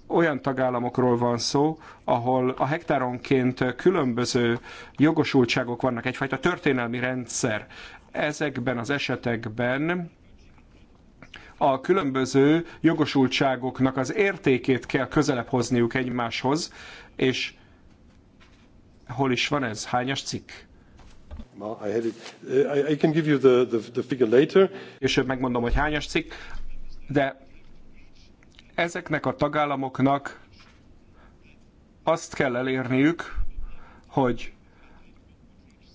olyan tagállamokról van szó, ahol a hektáronként különböző jogosultságok vannak, egyfajta történelmi rendszer. Ezekben az esetekben a különböző jogosultságoknak az értékét kell közelebb hozniuk egymáshoz, és hol is van ez? Hányas cikk? I uh, Később megmondom, hogy hányas cikk, de ezeknek a tagállamoknak azt kell elérniük, hogy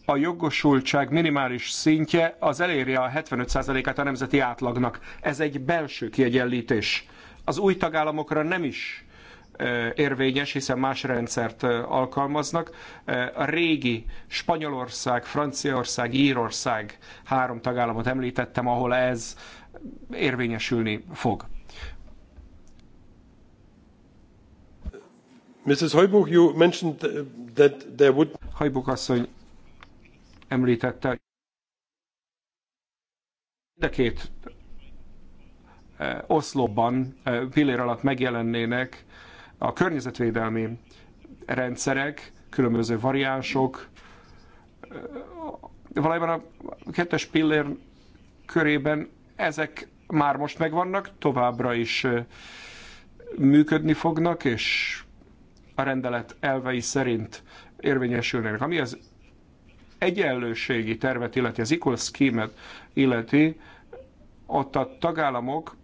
a jogosultság minimális szintje az elérje a 75%-át a nemzeti átlagnak. Ez egy belső kiegyenlítés. Az új tagállamokra nem is érvényes, hiszen más rendszert alkalmaznak. A régi Spanyolország, Franciaország, Írország három tagállamot említettem, ahol ez érvényesülni fog. Mrs. Heubuch, you mentioned that there would... Heubuch asszony említette, De mind a két oszlopban pillér alatt megjelennének a környezetvédelmi rendszerek, különböző variánsok, valójában a kettes pillér körében ezek már most megvannak, továbbra is működni fognak, és a rendelet elvei szerint érvényesülnek. Ami az egyenlőségi tervet illeti, az equal scheme illeti, ott a tagállamok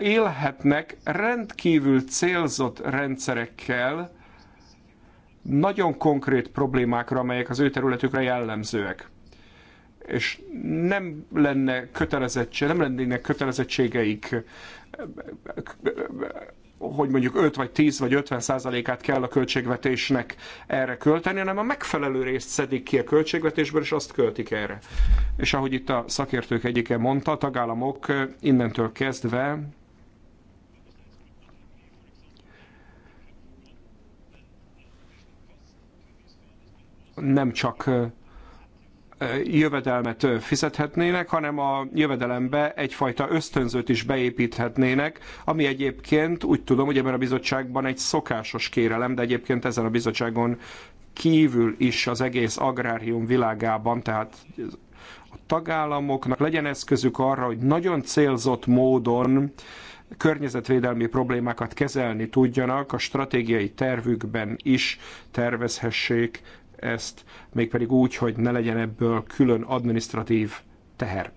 élhetnek rendkívül célzott rendszerekkel, nagyon konkrét problémákra, amelyek az ő területükre jellemzőek. És nem lenne kötelezettség, nem lennének kötelezettségeik, hogy mondjuk 5 vagy 10 vagy 50 százalékát kell a költségvetésnek erre költeni, hanem a megfelelő részt szedik ki a költségvetésből, és azt költik erre. És ahogy itt a szakértők egyike mondta, a tagállamok innentől kezdve nem csak jövedelmet fizethetnének, hanem a jövedelembe egyfajta ösztönzőt is beépíthetnének, ami egyébként úgy tudom, hogy ebben a bizottságban egy szokásos kérelem, de egyébként ezen a bizottságon kívül is az egész agrárium világában, tehát a tagállamoknak legyen eszközük arra, hogy nagyon célzott módon környezetvédelmi problémákat kezelni tudjanak, a stratégiai tervükben is tervezhessék ezt, mégpedig úgy, hogy ne legyen ebből külön administratív teher.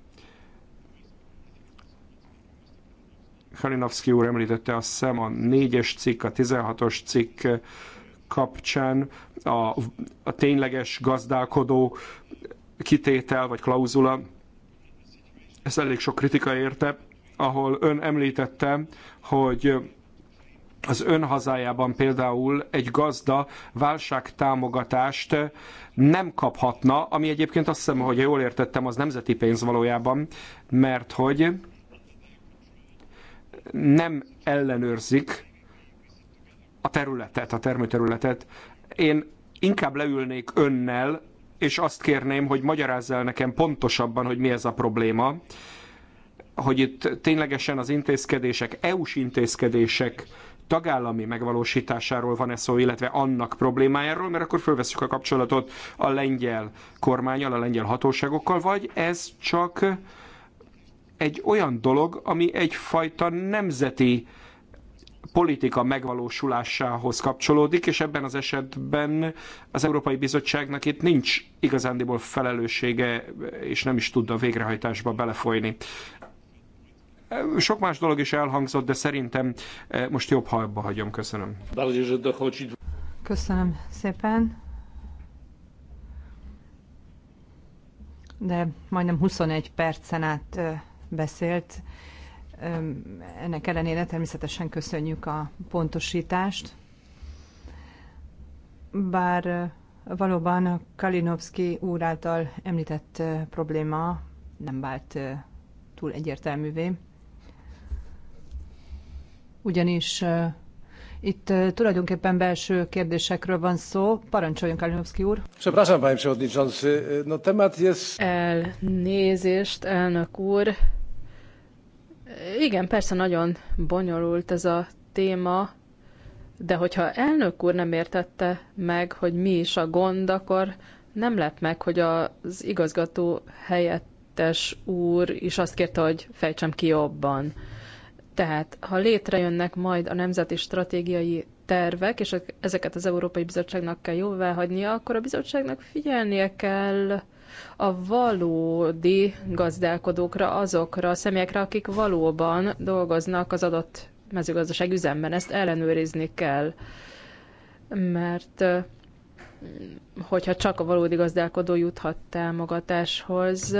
Kalinowski úr említette azt hiszem a 4-es cikk, a 16-os cikk kapcsán a, a tényleges gazdálkodó kitétel vagy klauzula, ez elég sok kritika érte, ahol ön említette, hogy az ön hazájában például egy gazda válságtámogatást nem kaphatna, ami egyébként azt hiszem, hogy jól értettem, az nemzeti pénz valójában, mert hogy nem ellenőrzik a területet, a termőterületet. Én inkább leülnék önnel, és azt kérném, hogy magyarázz el nekem pontosabban, hogy mi ez a probléma, hogy itt ténylegesen az intézkedések, EU-s intézkedések tagállami megvalósításáról van-e szó, illetve annak problémájáról, mert akkor fölveszük a kapcsolatot a lengyel kormányal, a lengyel hatóságokkal, vagy ez csak egy olyan dolog, ami egyfajta nemzeti politika megvalósulásához kapcsolódik, és ebben az esetben az Európai Bizottságnak itt nincs igazándiból felelőssége, és nem is tud a végrehajtásba belefolyni. Sok más dolog is elhangzott, de szerintem eh, most jobb, ha ebbe hagyom. Köszönöm. Köszönöm szépen. De majdnem 21 percen át eh, beszélt. Ennek ellenére természetesen köszönjük a pontosítást. Bár eh, valóban a Kalinowski úr által említett probléma nem vált túl egyértelművé ugyanis itt tulajdonképpen belső kérdésekről van szó. Parancsoljon, Kalinowski úr. Przepraszam, panie przewodniczący. No temat jest... Elnézést, elnök úr. Igen, persze nagyon bonyolult ez a téma, de hogyha elnök úr nem értette meg, hogy mi is a gond, akkor nem lett meg, hogy az igazgató helyettes úr is azt kérte, hogy fejtsem ki jobban. Tehát, ha létrejönnek majd a nemzeti stratégiai tervek, és ezeket az Európai Bizottságnak kell jóvá hagynia, akkor a bizottságnak figyelnie kell a valódi gazdálkodókra, azokra a személyekre, akik valóban dolgoznak az adott mezőgazdaság üzemben. Ezt ellenőrizni kell, mert hogyha csak a valódi gazdálkodó juthat támogatáshoz.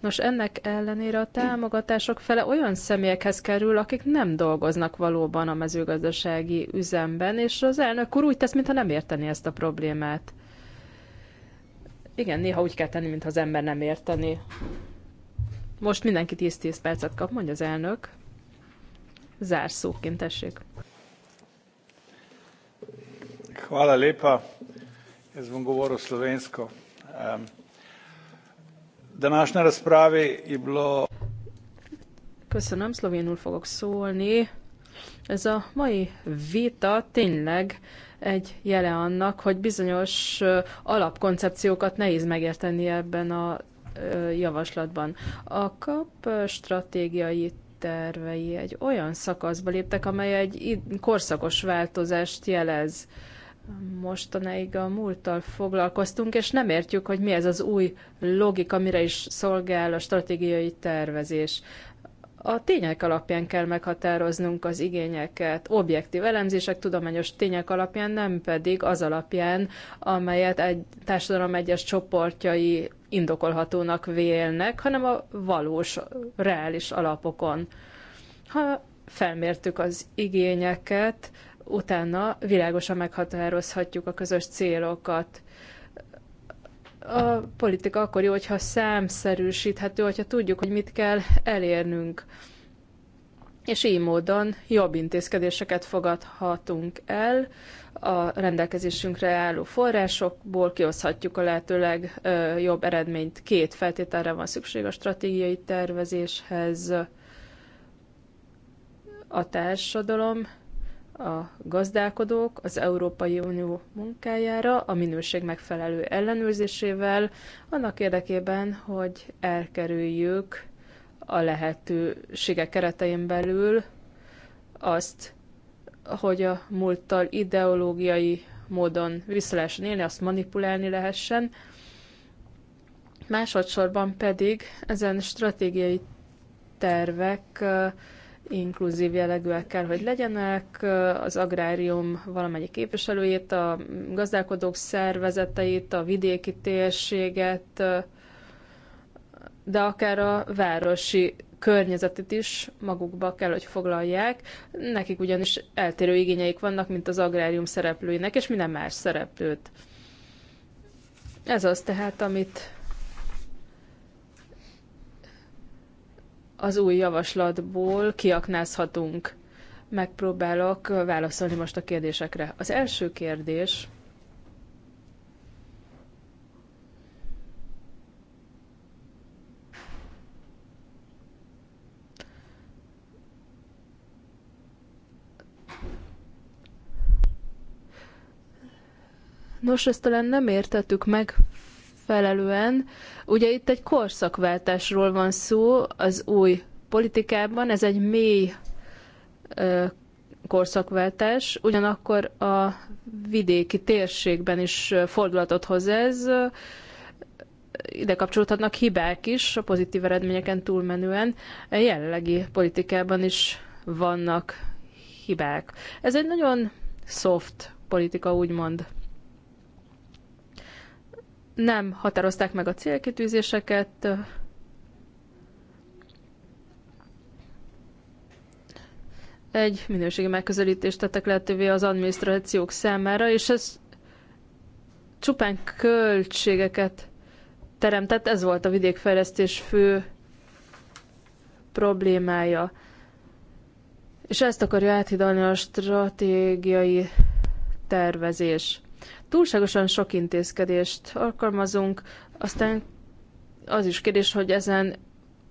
Nos, ennek ellenére a támogatások fele olyan személyekhez kerül, akik nem dolgoznak valóban a mezőgazdasági üzemben, és az elnök úr úgy tesz, mintha nem érteni ezt a problémát. Igen, néha úgy kell tenni, mintha az ember nem érteni. Most mindenki 10-10 percet kap, mondja az elnök. Zárszóként tessék. Hvala lepa. Jaz bom govoril slovensko. Um, današnja razprava je bilo... Köszönöm, szlovénul fogok szólni. Ez a mai vita tényleg egy jele annak, hogy bizonyos alapkoncepciókat nehéz megérteni ebben a javaslatban. A kap stratégiai tervei egy olyan szakaszba léptek, amely egy korszakos változást jelez mostanáig a múlttal foglalkoztunk, és nem értjük, hogy mi ez az új logika, mire is szolgál a stratégiai tervezés. A tények alapján kell meghatároznunk az igényeket, objektív elemzések, tudományos tények alapján, nem pedig az alapján, amelyet egy társadalom egyes csoportjai indokolhatónak vélnek, hanem a valós, reális alapokon. Ha felmértük az igényeket, utána világosan meghatározhatjuk a közös célokat. A politika akkor jó, hogyha számszerűsíthető, hogyha tudjuk, hogy mit kell elérnünk. És így módon jobb intézkedéseket fogadhatunk el, a rendelkezésünkre álló forrásokból kihozhatjuk a lehetőleg jobb eredményt. Két feltételre van szükség a stratégiai tervezéshez. A társadalom a gazdálkodók az Európai Unió munkájára, a minőség megfelelő ellenőrzésével, annak érdekében, hogy elkerüljük a lehetőségek keretein belül azt, hogy a múlttal ideológiai módon vissza lehessen élni, azt manipulálni lehessen. Másodszorban pedig ezen stratégiai tervek uh, inkluzív jellegűek kell, hogy legyenek, az agrárium valamelyik képviselőjét, a gazdálkodók szervezeteit, a vidéki térséget, de akár a városi környezetet is magukba kell, hogy foglalják. Nekik ugyanis eltérő igényeik vannak, mint az agrárium szereplőinek, és minden más szereplőt. Ez az tehát, amit az új javaslatból kiaknázhatunk. Megpróbálok válaszolni most a kérdésekre. Az első kérdés, Nos, ezt talán nem értettük meg megfelelően. Ugye itt egy korszakváltásról van szó az új politikában, ez egy mély ö, korszakváltás, ugyanakkor a vidéki térségben is fordulatot hoz ez, ide kapcsolódhatnak hibák is a pozitív eredményeken túlmenően. A jelenlegi politikában is vannak hibák. Ez egy nagyon soft politika, úgymond nem határozták meg a célkitűzéseket, egy minőségi megközelítést tettek lehetővé az adminisztrációk számára, és ez csupán költségeket teremtett, ez volt a vidékfejlesztés fő problémája. És ezt akarja áthidalni a stratégiai tervezés túlságosan sok intézkedést alkalmazunk, aztán az is kérdés, hogy ezen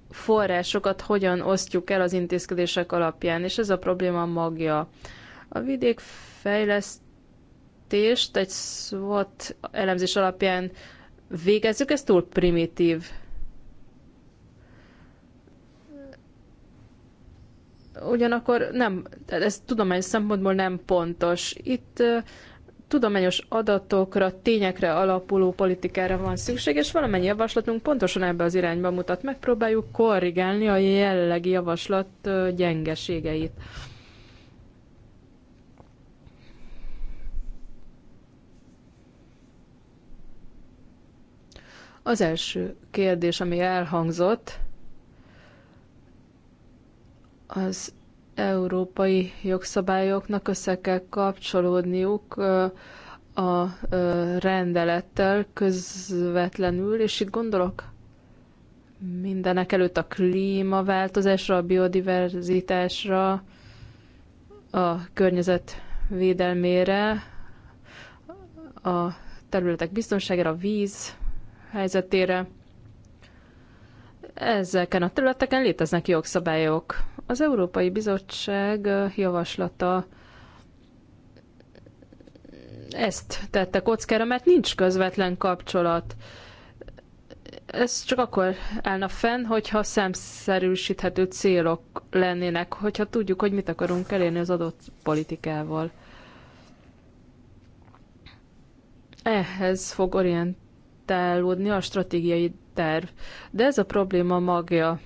forrásokat hogyan osztjuk el az intézkedések alapján, és ez a probléma magja. A vidékfejlesztést egy SWOT elemzés alapján végezzük, ez túl primitív. Ugyanakkor nem, ez tudomány szempontból nem pontos. Itt tudományos adatokra, tényekre alapuló politikára van szükség, és valamennyi javaslatunk pontosan ebbe az irányba mutat. Megpróbáljuk korrigálni a jellegi javaslat gyengeségeit. Az első kérdés, ami elhangzott, az európai jogszabályoknak össze kell kapcsolódniuk a rendelettel közvetlenül, és itt gondolok mindenek előtt a klímaváltozásra, a biodiverzitásra, a környezet védelmére, a területek biztonságára, a víz helyzetére. Ezeken a területeken léteznek jogszabályok. Az Európai Bizottság javaslata ezt tette kockára, mert nincs közvetlen kapcsolat. Ez csak akkor állna fenn, hogyha szemszerűsíthető célok lennének, hogyha tudjuk, hogy mit akarunk elérni az adott politikával. Ehhez fog orientálódni a stratégiai terv. De ez a probléma magja.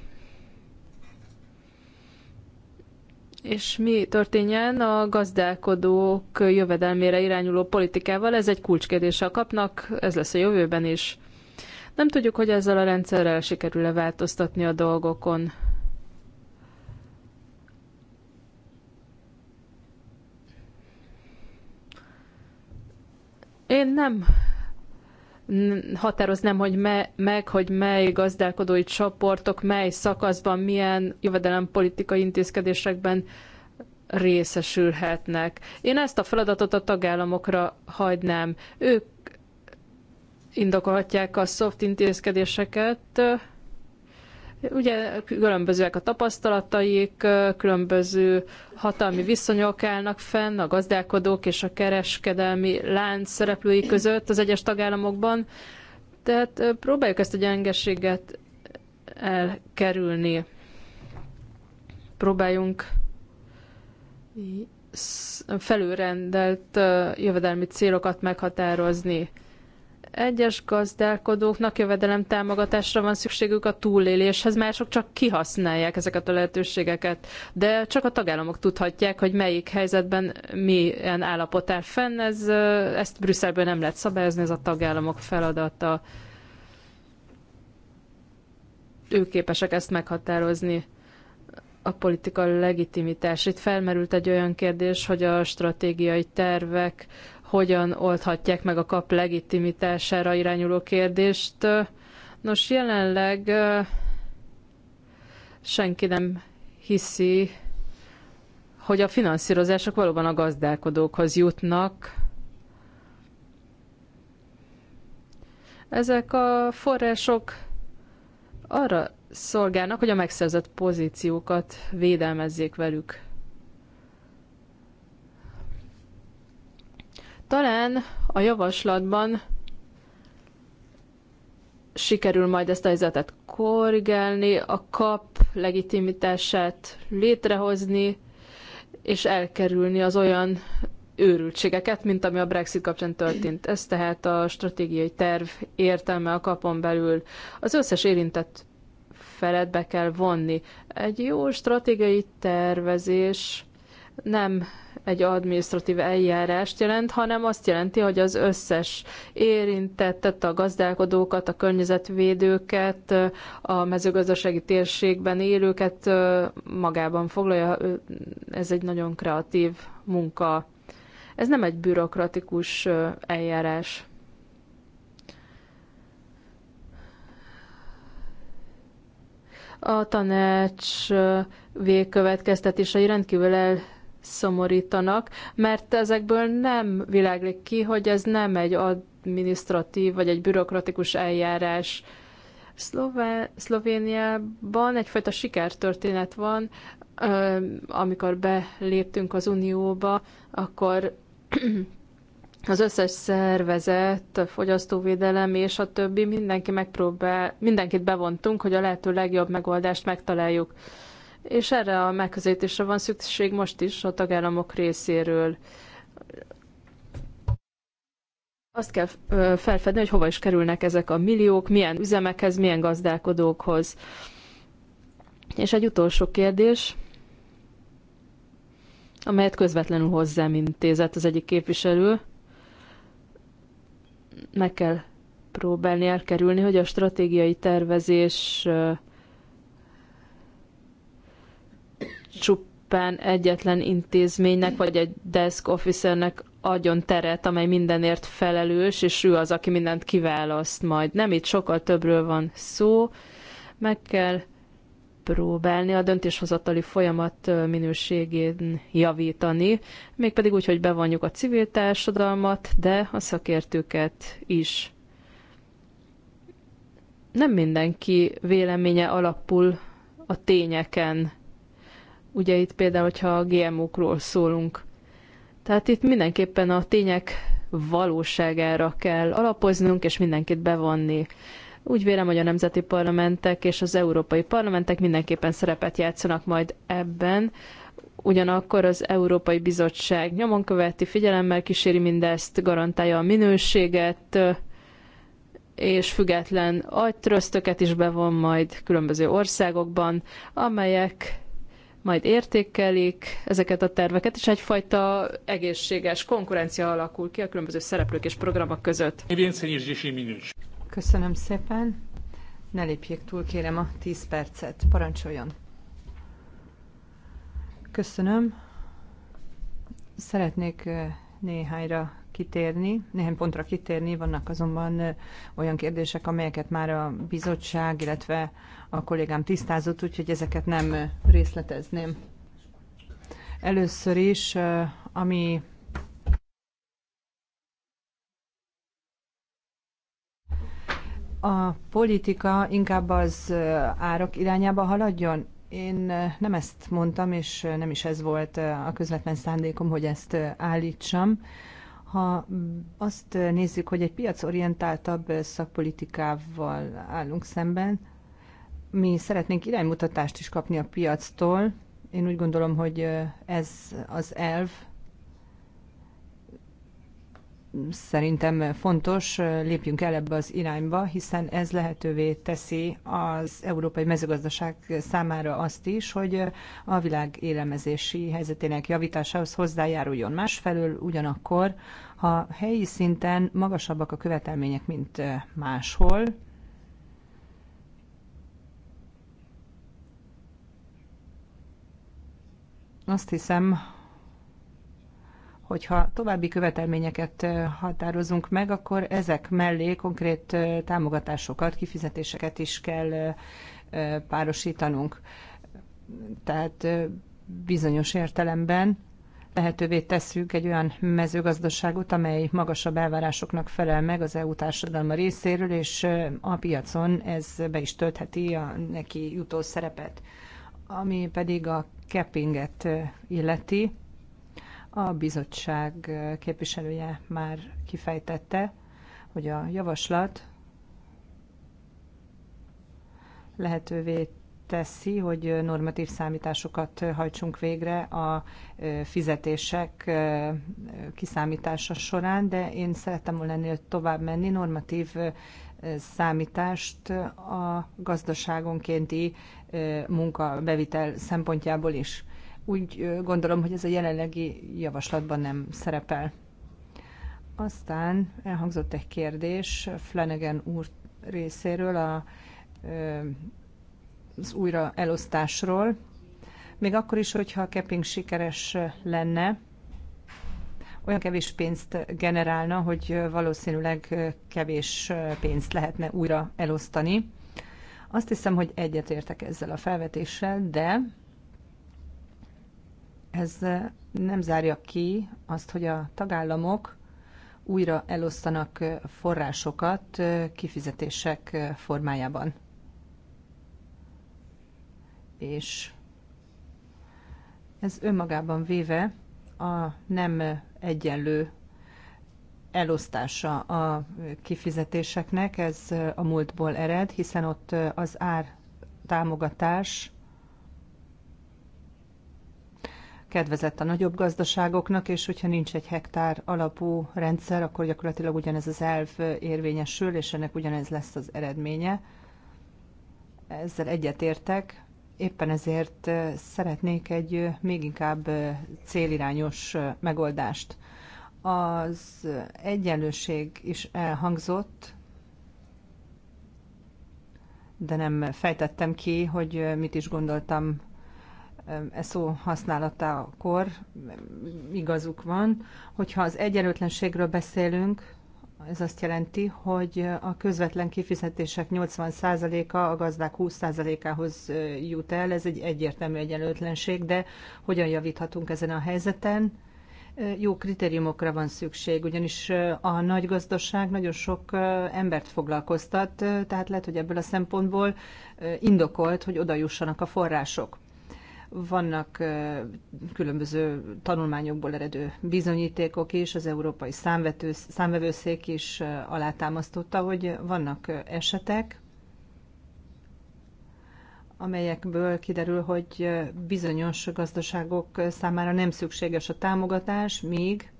És mi történjen a gazdálkodók jövedelmére irányuló politikával? Ez egy kulcskérdéssel kapnak, ez lesz a jövőben is. Nem tudjuk, hogy ezzel a rendszerrel sikerül-e változtatni a dolgokon. Én nem határoznám hogy me, meg, hogy mely gazdálkodói csoportok mely szakaszban milyen jövedelempolitikai intézkedésekben részesülhetnek. Én ezt a feladatot a tagállamokra hagynám. Ők indokolhatják a soft intézkedéseket, Ugye különbözőek a tapasztalataik, különböző hatalmi viszonyok állnak fenn a gazdálkodók és a kereskedelmi lánc szereplői között az egyes tagállamokban. Tehát próbáljuk ezt a gyengeséget elkerülni. Próbáljunk felülrendelt jövedelmi célokat meghatározni. Egyes gazdálkodóknak jövedelem támogatásra van szükségük a túléléshez, mások csak kihasználják ezeket a lehetőségeket, de csak a tagállamok tudhatják, hogy melyik helyzetben milyen állapot áll fenn, ez, ezt Brüsszelből nem lehet szabályozni, ez a tagállamok feladata. Ők képesek ezt meghatározni a politika legitimitás. Itt felmerült egy olyan kérdés, hogy a stratégiai tervek hogyan oldhatják meg a kap legitimitására irányuló kérdést. Nos, jelenleg senki nem hiszi, hogy a finanszírozások valóban a gazdálkodókhoz jutnak. Ezek a források arra szolgálnak, hogy a megszerzett pozíciókat védelmezzék velük. Talán a javaslatban sikerül majd ezt a helyzetet korrigálni, a kap legitimitását létrehozni, és elkerülni az olyan őrültségeket, mint ami a Brexit kapcsán történt. Ez tehát a stratégiai terv értelme a kapon belül. Az összes érintett felet be kell vonni. Egy jó stratégiai tervezés nem egy adminisztratív eljárást jelent, hanem azt jelenti, hogy az összes érintettet, a gazdálkodókat, a környezetvédőket, a mezőgazdasági térségben élőket magában foglalja. Ez egy nagyon kreatív munka. Ez nem egy bürokratikus eljárás. A tanács végkövetkeztetései rendkívül el szomorítanak, mert ezekből nem világlik ki, hogy ez nem egy administratív vagy egy bürokratikus eljárás. Szlová- Szlovéniában egyfajta sikertörténet van, amikor beléptünk az Unióba, akkor az összes szervezet, a fogyasztóvédelem és a többi, mindenki megpróbál, mindenkit bevontunk, hogy a lehető legjobb megoldást megtaláljuk és erre a megközelítésre van szükség most is a tagállamok részéről. Azt kell felfedni, hogy hova is kerülnek ezek a milliók, milyen üzemekhez, milyen gazdálkodókhoz. És egy utolsó kérdés, amelyet közvetlenül hozzám intézett az egyik képviselő. Meg kell próbálni elkerülni, hogy a stratégiai tervezés csupán egyetlen intézménynek vagy egy desk officernek adjon teret, amely mindenért felelős, és ő az, aki mindent kiválaszt majd. Nem itt sokkal többről van szó, meg kell próbálni a döntéshozatali folyamat minőségén javítani, mégpedig úgy, hogy bevonjuk a civil társadalmat, de a szakértőket is. Nem mindenki véleménye alapul a tényeken Ugye itt például, hogyha a GMO-król szólunk. Tehát itt mindenképpen a tények valóságára kell alapoznunk, és mindenkit bevonni. Úgy vélem, hogy a nemzeti parlamentek és az európai parlamentek mindenképpen szerepet játszanak majd ebben, ugyanakkor az Európai Bizottság nyomon követi, figyelemmel kíséri mindezt, garantálja a minőséget, és független agytröztöket is bevon majd különböző országokban, amelyek majd értékelik ezeket a terveket, és egyfajta egészséges konkurencia alakul ki a különböző szereplők és programok között. Köszönöm szépen. Ne lépjék túl, kérem, a 10 percet. Parancsoljon. Köszönöm. Szeretnék néhányra kitérni, néhány pontra kitérni, vannak azonban olyan kérdések, amelyeket már a bizottság, illetve a kollégám tisztázott, úgyhogy ezeket nem részletezném. Először is, ami a politika inkább az árak irányába haladjon? Én nem ezt mondtam, és nem is ez volt a közvetlen szándékom, hogy ezt állítsam. Ha mm, azt nézzük, hogy egy piacorientáltabb szakpolitikával állunk szemben, mi szeretnénk iránymutatást is kapni a piactól. Én úgy gondolom, hogy ez az elv, szerintem fontos, lépjünk el ebbe az irányba, hiszen ez lehetővé teszi az európai mezőgazdaság számára azt is, hogy a világ élelmezési helyzetének javításához hozzájáruljon. Másfelől ugyanakkor, ha helyi szinten magasabbak a követelmények, mint máshol, azt hiszem, hogyha további követelményeket határozunk meg, akkor ezek mellé konkrét támogatásokat, kifizetéseket is kell párosítanunk. Tehát bizonyos értelemben lehetővé tesszük egy olyan mezőgazdaságot, amely magasabb elvárásoknak felel meg az EU társadalma részéről, és a piacon ez be is töltheti a neki jutó szerepet. Ami pedig a cappinget illeti, a bizottság képviselője már kifejtette, hogy a javaslat lehetővé teszi, hogy normatív számításokat hajtsunk végre a fizetések kiszámítása során, de én szerettem volna ennél tovább menni, normatív számítást a gazdaságonkénti munkabevitel szempontjából is úgy gondolom, hogy ez a jelenlegi javaslatban nem szerepel. Aztán elhangzott egy kérdés Flanagan úr részéről a, az újra elosztásról. Még akkor is, hogyha a keping sikeres lenne, olyan kevés pénzt generálna, hogy valószínűleg kevés pénzt lehetne újra elosztani. Azt hiszem, hogy egyetértek ezzel a felvetéssel, de ez nem zárja ki azt, hogy a tagállamok újra elosztanak forrásokat kifizetések formájában. És ez önmagában véve a nem egyenlő elosztása a kifizetéseknek, ez a múltból ered, hiszen ott az ár támogatás kedvezett a nagyobb gazdaságoknak, és hogyha nincs egy hektár alapú rendszer, akkor gyakorlatilag ugyanez az elv érvényesül, és ennek ugyanez lesz az eredménye. Ezzel egyetértek. Éppen ezért szeretnék egy még inkább célirányos megoldást. Az egyenlőség is elhangzott, de nem fejtettem ki, hogy mit is gondoltam e szó használatakor igazuk van. Hogyha az egyenlőtlenségről beszélünk, ez azt jelenti, hogy a közvetlen kifizetések 80%-a a gazdák 20%-ához e, jut el. Ez egy egyértelmű egyenlőtlenség, de hogyan javíthatunk ezen a helyzeten? E, jó kritériumokra van szükség, ugyanis e, a nagy gazdaság nagyon sok embert foglalkoztat, tehát lehet, hogy ebből a szempontból indokolt, hogy oda jussanak a források. Vannak különböző tanulmányokból eredő bizonyítékok is, az Európai Számvető, Számvevőszék is alátámasztotta, hogy vannak esetek, amelyekből kiderül, hogy bizonyos gazdaságok számára nem szükséges a támogatás, míg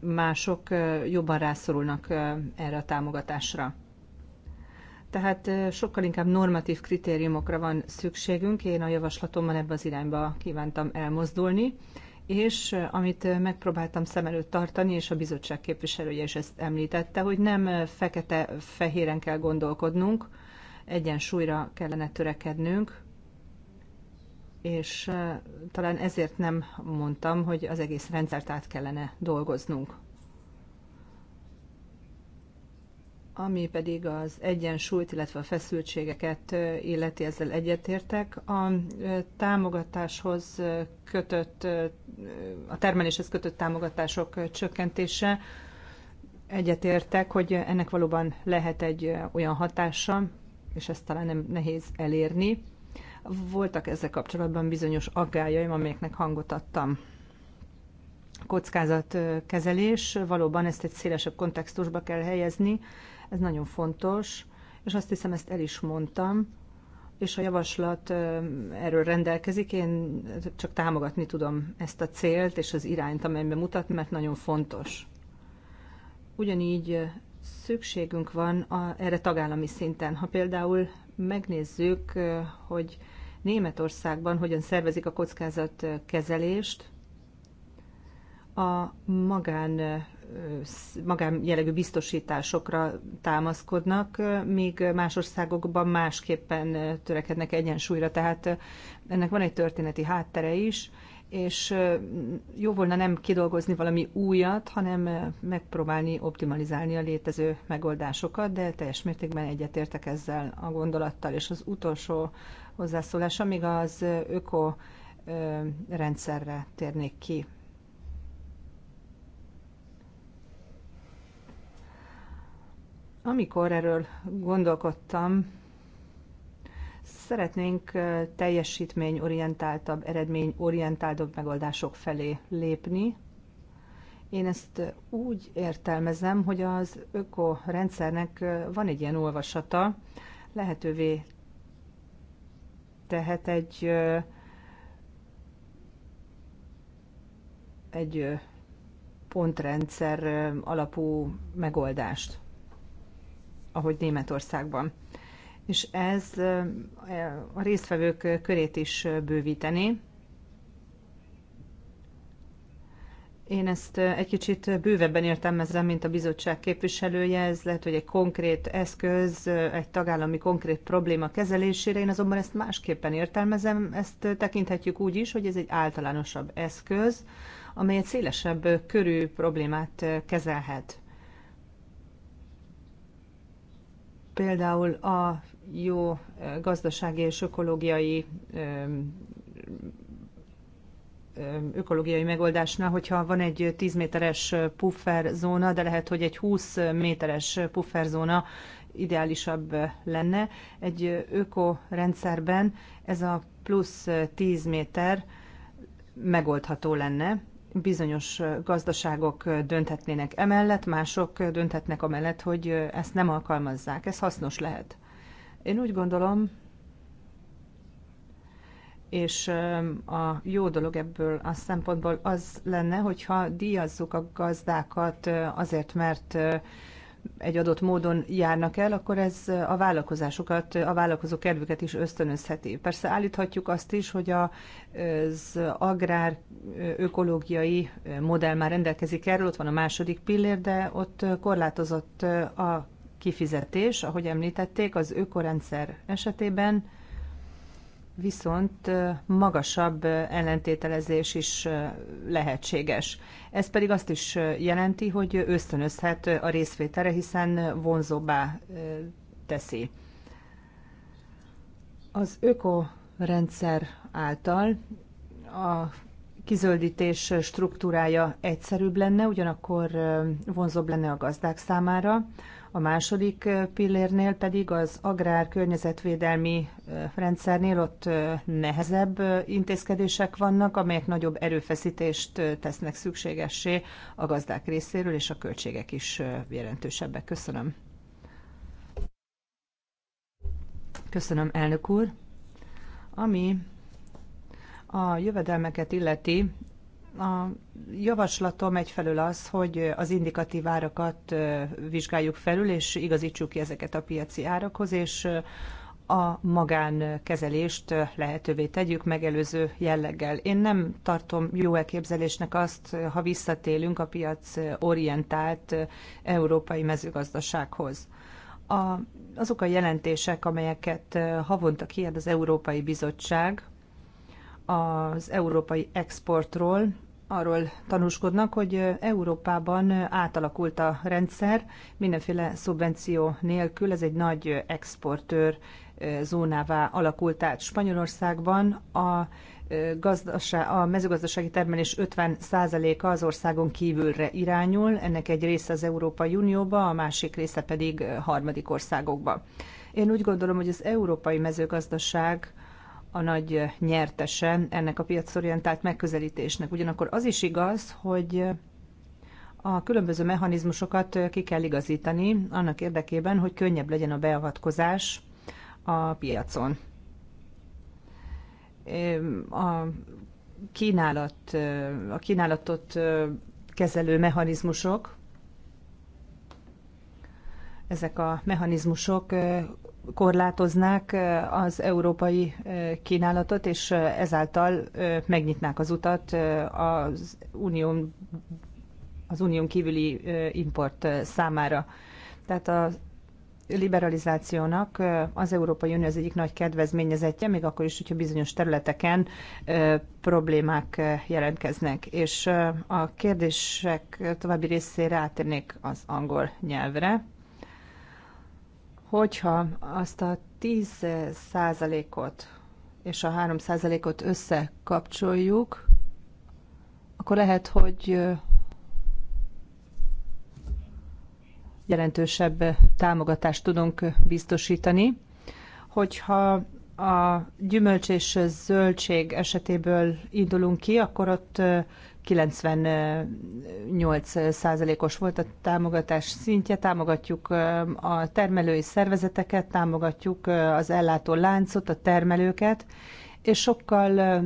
mások jobban rászorulnak erre a támogatásra. Tehát sokkal inkább normatív kritériumokra van szükségünk. Én a javaslatommal ebbe az irányba kívántam elmozdulni, és amit megpróbáltam szem előtt tartani, és a bizottság képviselője is ezt említette, hogy nem fekete-fehéren kell gondolkodnunk, egyensúlyra kellene törekednünk, és talán ezért nem mondtam, hogy az egész rendszert át kellene dolgoznunk. Ami pedig az egyensúlyt, illetve a feszültségeket illeti, ezzel egyetértek. A támogatáshoz kötött, a termeléshez kötött támogatások csökkentése egyetértek, hogy ennek valóban lehet egy olyan hatása, és ezt talán nem nehéz elérni. Voltak ezzel kapcsolatban bizonyos aggájaim, amelyeknek hangot adtam. Kockázatkezelés, valóban ezt egy szélesebb kontextusba kell helyezni, ez nagyon fontos, és azt hiszem ezt el is mondtam, és a javaslat erről rendelkezik. Én csak támogatni tudom ezt a célt és az irányt, amelyben mutat, mert nagyon fontos. Ugyanígy szükségünk van a, erre tagállami szinten. Ha például megnézzük, hogy Németországban hogyan szervezik a kockázatkezelést, a magán magánjellegű biztosításokra támaszkodnak, míg más országokban másképpen törekednek egyensúlyra. Tehát ennek van egy történeti háttere is, és jó volna nem kidolgozni valami újat, hanem megpróbálni optimalizálni a létező megoldásokat, de teljes mértékben egyetértek ezzel a gondolattal. És az utolsó hozzászólás, amíg az öko rendszerre térnék ki. Amikor erről gondolkodtam, szeretnénk teljesítményorientáltabb, eredményorientáltabb megoldások felé lépni. Én ezt úgy értelmezem, hogy az ökorendszernek van egy ilyen olvasata, lehetővé tehet egy egy pontrendszer alapú megoldást ahogy Németországban. És ez a résztvevők körét is bővíteni. Én ezt egy kicsit bővebben értelmezem, mint a bizottság képviselője. Ez lehet, hogy egy konkrét eszköz, egy tagállami konkrét probléma kezelésére. Én azonban ezt másképpen értelmezem. Ezt tekinthetjük úgy is, hogy ez egy általánosabb eszköz, amely egy szélesebb körű problémát kezelhet. például a jó gazdasági és ökológiai ökológiai megoldásnál, hogyha van egy 10 méteres pufferzóna, de lehet, hogy egy 20 méteres pufferzóna ideálisabb lenne. Egy ökorendszerben ez a plusz 10 méter megoldható lenne, bizonyos gazdaságok dönthetnének emellett, mások dönthetnek amellett, hogy ezt nem alkalmazzák. Ez hasznos lehet. Én úgy gondolom, és a jó dolog ebből a szempontból az lenne, hogyha díjazzuk a gazdákat azért, mert egy adott módon járnak el, akkor ez a vállalkozásokat, a vállalkozó kedvüket is ösztönözheti. Persze állíthatjuk azt is, hogy az agrár ökológiai modell már rendelkezik erről, ott van a második pillér, de ott korlátozott a kifizetés, ahogy említették, az ökorendszer esetében viszont magasabb ellentételezés is lehetséges. Ez pedig azt is jelenti, hogy ösztönözhet a részvételre, hiszen vonzóbbá teszi. Az ökorendszer által a kizöldítés struktúrája egyszerűbb lenne, ugyanakkor vonzóbb lenne a gazdák számára, a második pillérnél pedig az agrár környezetvédelmi rendszernél ott nehezebb intézkedések vannak, amelyek nagyobb erőfeszítést tesznek szükségessé a gazdák részéről, és a költségek is jelentősebbek. Köszönöm. Köszönöm, elnök úr. Ami a jövedelmeket illeti, a javaslatom egyfelől az, hogy az indikatív árakat vizsgáljuk felül, és igazítsuk ki ezeket a piaci árakhoz, és a magánkezelést lehetővé tegyük megelőző jelleggel. Én nem tartom jó elképzelésnek azt, ha visszatélünk a piac orientált európai mezőgazdasághoz. A, azok a jelentések, amelyeket havonta kiad az Európai Bizottság az európai exportról, arról tanúskodnak, hogy Európában átalakult a rendszer, mindenféle szubvenció nélkül ez egy nagy exportőr eh, zónává alakult át. Spanyolországban a, eh, gazdaság, a mezőgazdasági termelés 50%-a az országon kívülre irányul, ennek egy része az Európai Unióba, a másik része pedig harmadik országokba. Én úgy gondolom, hogy az európai mezőgazdaság a nagy nyertese ennek a piacorientált megközelítésnek. Ugyanakkor az is igaz, hogy a különböző mechanizmusokat ki kell igazítani annak érdekében, hogy könnyebb legyen a beavatkozás a piacon. A kínálat, a kínálatot kezelő mechanizmusok, ezek a mechanizmusok korlátoznák az európai kínálatot, és ezáltal megnyitnák az utat az unión, az unión kívüli import számára. Tehát a liberalizációnak az Európai Unió az egyik nagy kedvezményezetje, még akkor is, hogyha bizonyos területeken problémák jelentkeznek. És a kérdések további részére átérnék az angol nyelvre hogyha azt a 10 százalékot és a 3 százalékot összekapcsoljuk, akkor lehet, hogy jelentősebb támogatást tudunk biztosítani. Hogyha a gyümölcs és zöldség esetéből indulunk ki, akkor ott 98%-os volt a támogatás szintje, támogatjuk a termelői szervezeteket, támogatjuk az ellátó láncot, a termelőket, és sokkal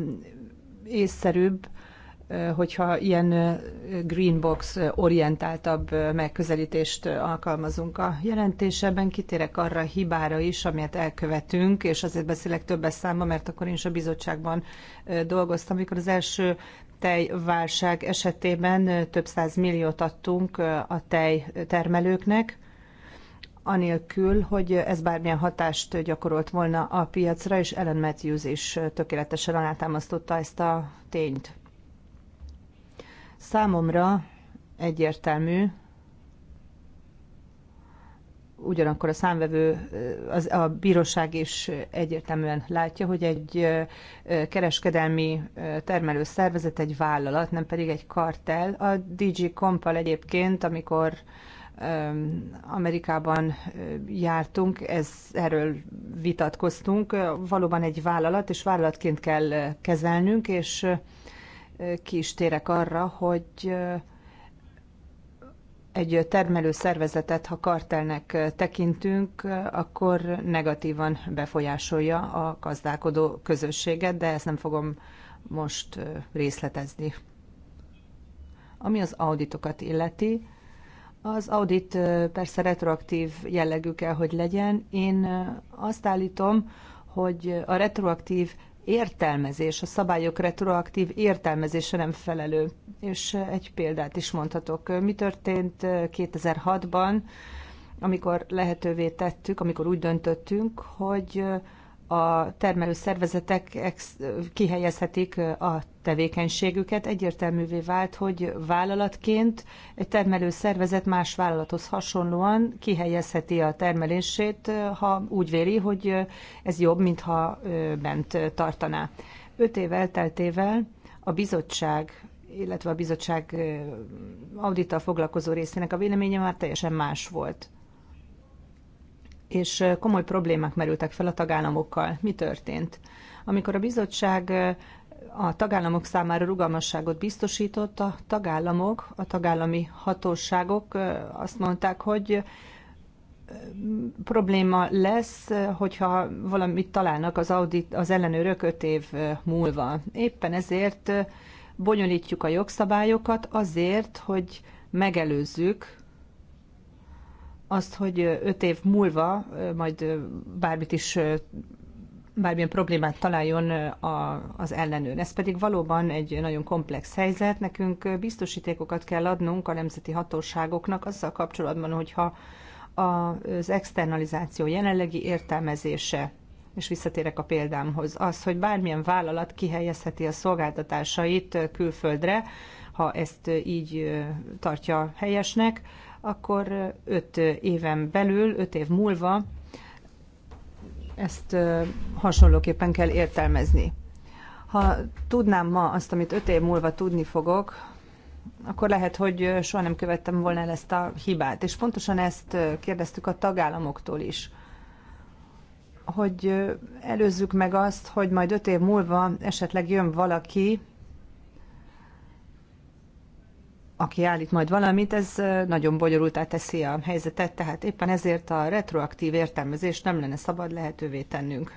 észszerűbb, hogyha ilyen greenbox orientáltabb megközelítést alkalmazunk a jelentésben Kitérek arra a hibára is, amit elkövetünk, és azért beszélek többes számba, mert akkor én is a bizottságban dolgoztam, amikor az első tejválság esetében több száz milliót adtunk a tejtermelőknek, anélkül, hogy ez bármilyen hatást gyakorolt volna a piacra, és Ellen Matthews is tökéletesen alátámasztotta ezt a tényt. Számomra egyértelmű, ugyanakkor a számvevő, az, a bíróság is egyértelműen látja, hogy egy kereskedelmi termelő szervezet egy vállalat, nem pedig egy kartel. A DG Compal egyébként, amikor Amerikában jártunk, ez, erről vitatkoztunk. Valóban egy vállalat, és vállalatként kell kezelnünk, és ki is térek arra, hogy egy termelő szervezetet, ha kartelnek tekintünk, akkor negatívan befolyásolja a gazdálkodó közösséget, de ezt nem fogom most részletezni. Ami az auditokat illeti, az audit persze retroaktív jellegű kell, hogy legyen. Én azt állítom, hogy a retroaktív értelmezés, a szabályok retroaktív értelmezése nem felelő. És egy példát is mondhatok. Mi történt 2006-ban, amikor lehetővé tettük, amikor úgy döntöttünk, hogy a termelő szervezetek kihelyezhetik a tevékenységüket, egyértelművé vált, hogy vállalatként egy termelő szervezet más vállalathoz hasonlóan kihelyezheti a termelését, ha úgy véli, hogy ez jobb, mintha bent tartaná. Öt év elteltével a bizottság illetve a bizottság audittal foglalkozó részének a véleménye már teljesen más volt. És komoly problémák merültek fel a tagállamokkal. Mi történt? Amikor a bizottság a tagállamok számára rugalmasságot biztosított, a tagállamok, a tagállami hatóságok azt mondták, hogy probléma lesz, hogyha valamit találnak az, audit, az ellenőrök öt év múlva. Éppen ezért bonyolítjuk a jogszabályokat azért, hogy megelőzzük azt, hogy öt év múlva majd bármit is bármilyen problémát találjon a, az ellenőr. Ez pedig valóban egy nagyon komplex helyzet. Nekünk biztosítékokat kell adnunk a nemzeti hatóságoknak azzal kapcsolatban, hogyha az externalizáció jelenlegi értelmezése, és visszatérek a példámhoz, az, hogy bármilyen vállalat kihelyezheti a szolgáltatásait külföldre, ha ezt így tartja helyesnek, akkor öt éven belül, öt év múlva ezt hasonlóképpen kell értelmezni. Ha tudnám ma azt, amit öt év múlva tudni fogok, akkor lehet, hogy soha nem követtem volna el ezt a hibát. És pontosan ezt kérdeztük a tagállamoktól is, hogy előzzük meg azt, hogy majd öt év múlva esetleg jön valaki, aki állít majd valamit, ez nagyon bonyolultá teszi a helyzetet, tehát éppen ezért a retroaktív értelmezést nem lenne szabad lehetővé tennünk.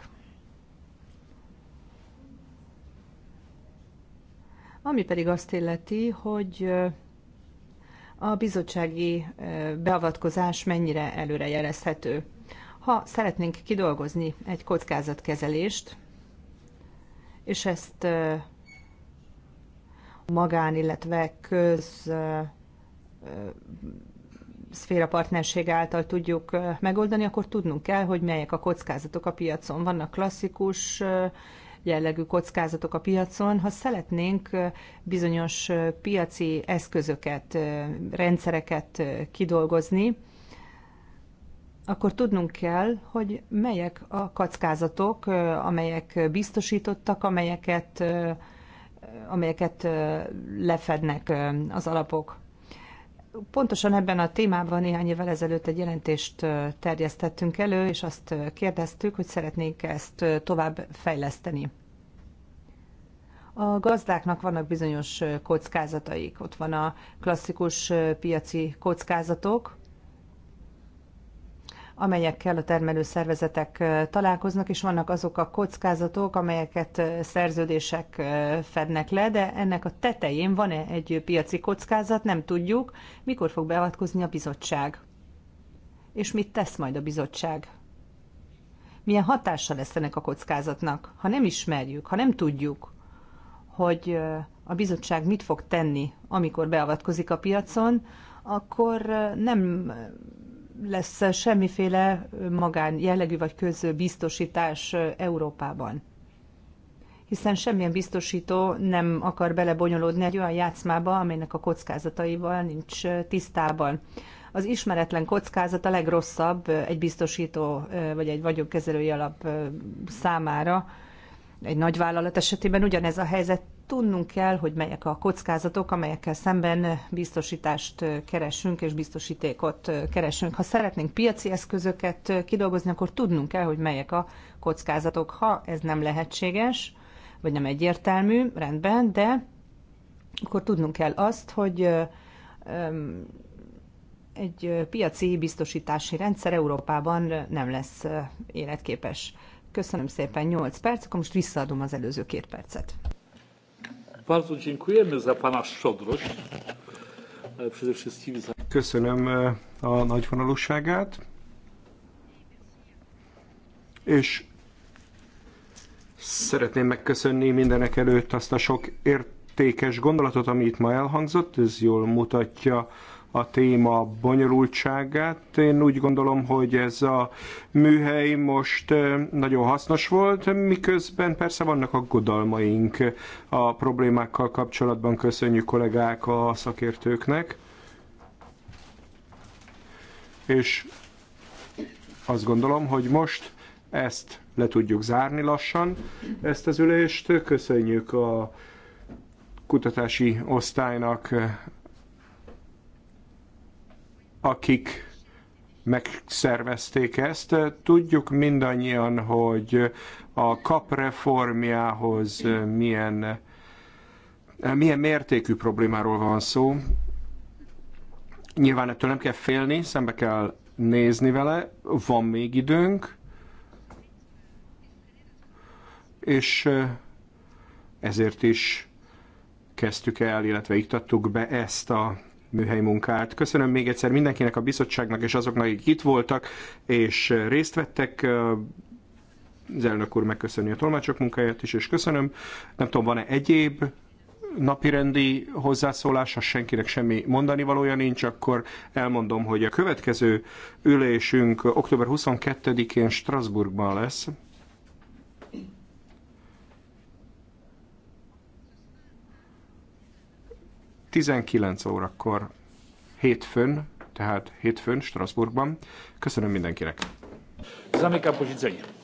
Ami pedig azt illeti, hogy a bizottsági beavatkozás mennyire előrejelezhető. Ha szeretnénk kidolgozni egy kockázatkezelést, és ezt magán, illetve köz szféra partnerség által tudjuk megoldani, akkor tudnunk kell, hogy melyek a kockázatok a piacon. Vannak klasszikus jellegű kockázatok a piacon. Ha szeretnénk bizonyos piaci eszközöket, rendszereket kidolgozni, akkor tudnunk kell, hogy melyek a kockázatok, amelyek biztosítottak, amelyeket amelyeket lefednek az alapok. Pontosan ebben a témában néhány évvel ezelőtt egy jelentést terjesztettünk elő, és azt kérdeztük, hogy szeretnénk ezt tovább fejleszteni. A gazdáknak vannak bizonyos kockázataik. Ott van a klasszikus piaci kockázatok, amelyekkel a termelő szervezetek találkoznak, és vannak azok a kockázatok, amelyeket szerződések fednek le, de ennek a tetején van-e egy piaci kockázat, nem tudjuk, mikor fog beavatkozni a bizottság. És mit tesz majd a bizottság? Milyen hatása lesz ennek a kockázatnak, ha nem ismerjük, ha nem tudjuk, hogy a bizottság mit fog tenni, amikor beavatkozik a piacon, akkor nem lesz semmiféle magán jellegű vagy közbiztosítás Európában. Hiszen semmilyen biztosító nem akar belebonyolódni egy olyan játszmába, amelynek a kockázataival nincs tisztában. Az ismeretlen kockázat a legrosszabb egy biztosító vagy egy vagyonkezelői alap számára, egy nagy vállalat esetében ugyanez a helyzet. Tudnunk kell, hogy melyek a kockázatok, amelyekkel szemben biztosítást keresünk és biztosítékot keresünk. Ha szeretnénk piaci eszközöket kidolgozni, akkor tudnunk kell, hogy melyek a kockázatok. Ha ez nem lehetséges, vagy nem egyértelmű, rendben, de akkor tudnunk kell azt, hogy egy piaci biztosítási rendszer Európában nem lesz életképes. Köszönöm szépen, 8 perc, akkor most visszaadom az előző két percet. Bardzo dziękujemy za Pana szczodrość. Przede wszystkim za... Köszönöm e, a nagyvonalúságát. És szeretném megköszönni mindenek előtt azt a sok értékes gondolatot, ami itt ma elhangzott. Ez jól mutatja, a téma bonyolultságát. Én úgy gondolom, hogy ez a műhely most nagyon hasznos volt, miközben persze vannak aggodalmaink a problémákkal kapcsolatban. Köszönjük kollégák a szakértőknek. És azt gondolom, hogy most ezt le tudjuk zárni lassan, ezt az ülést. Köszönjük a kutatási osztálynak akik megszervezték ezt. Tudjuk mindannyian, hogy a kap reformjához milyen, milyen mértékű problémáról van szó. Nyilván ettől nem kell félni, szembe kell nézni vele, van még időnk, és ezért is kezdtük el, illetve iktattuk be ezt a műhely munkát. Köszönöm még egyszer mindenkinek, a bizottságnak és azoknak, akik itt voltak és részt vettek. Az elnök úr megköszöni a tolmácsok munkáját is, és köszönöm. Nem tudom, van-e egyéb napirendi hozzászólás, ha senkinek semmi mondani valója nincs, akkor elmondom, hogy a következő ülésünk október 22-én Strasbourgban lesz. 19 órakor hétfőn, tehát hétfőn Strasbourgban. Köszönöm mindenkinek! Zamykam posiedzenie.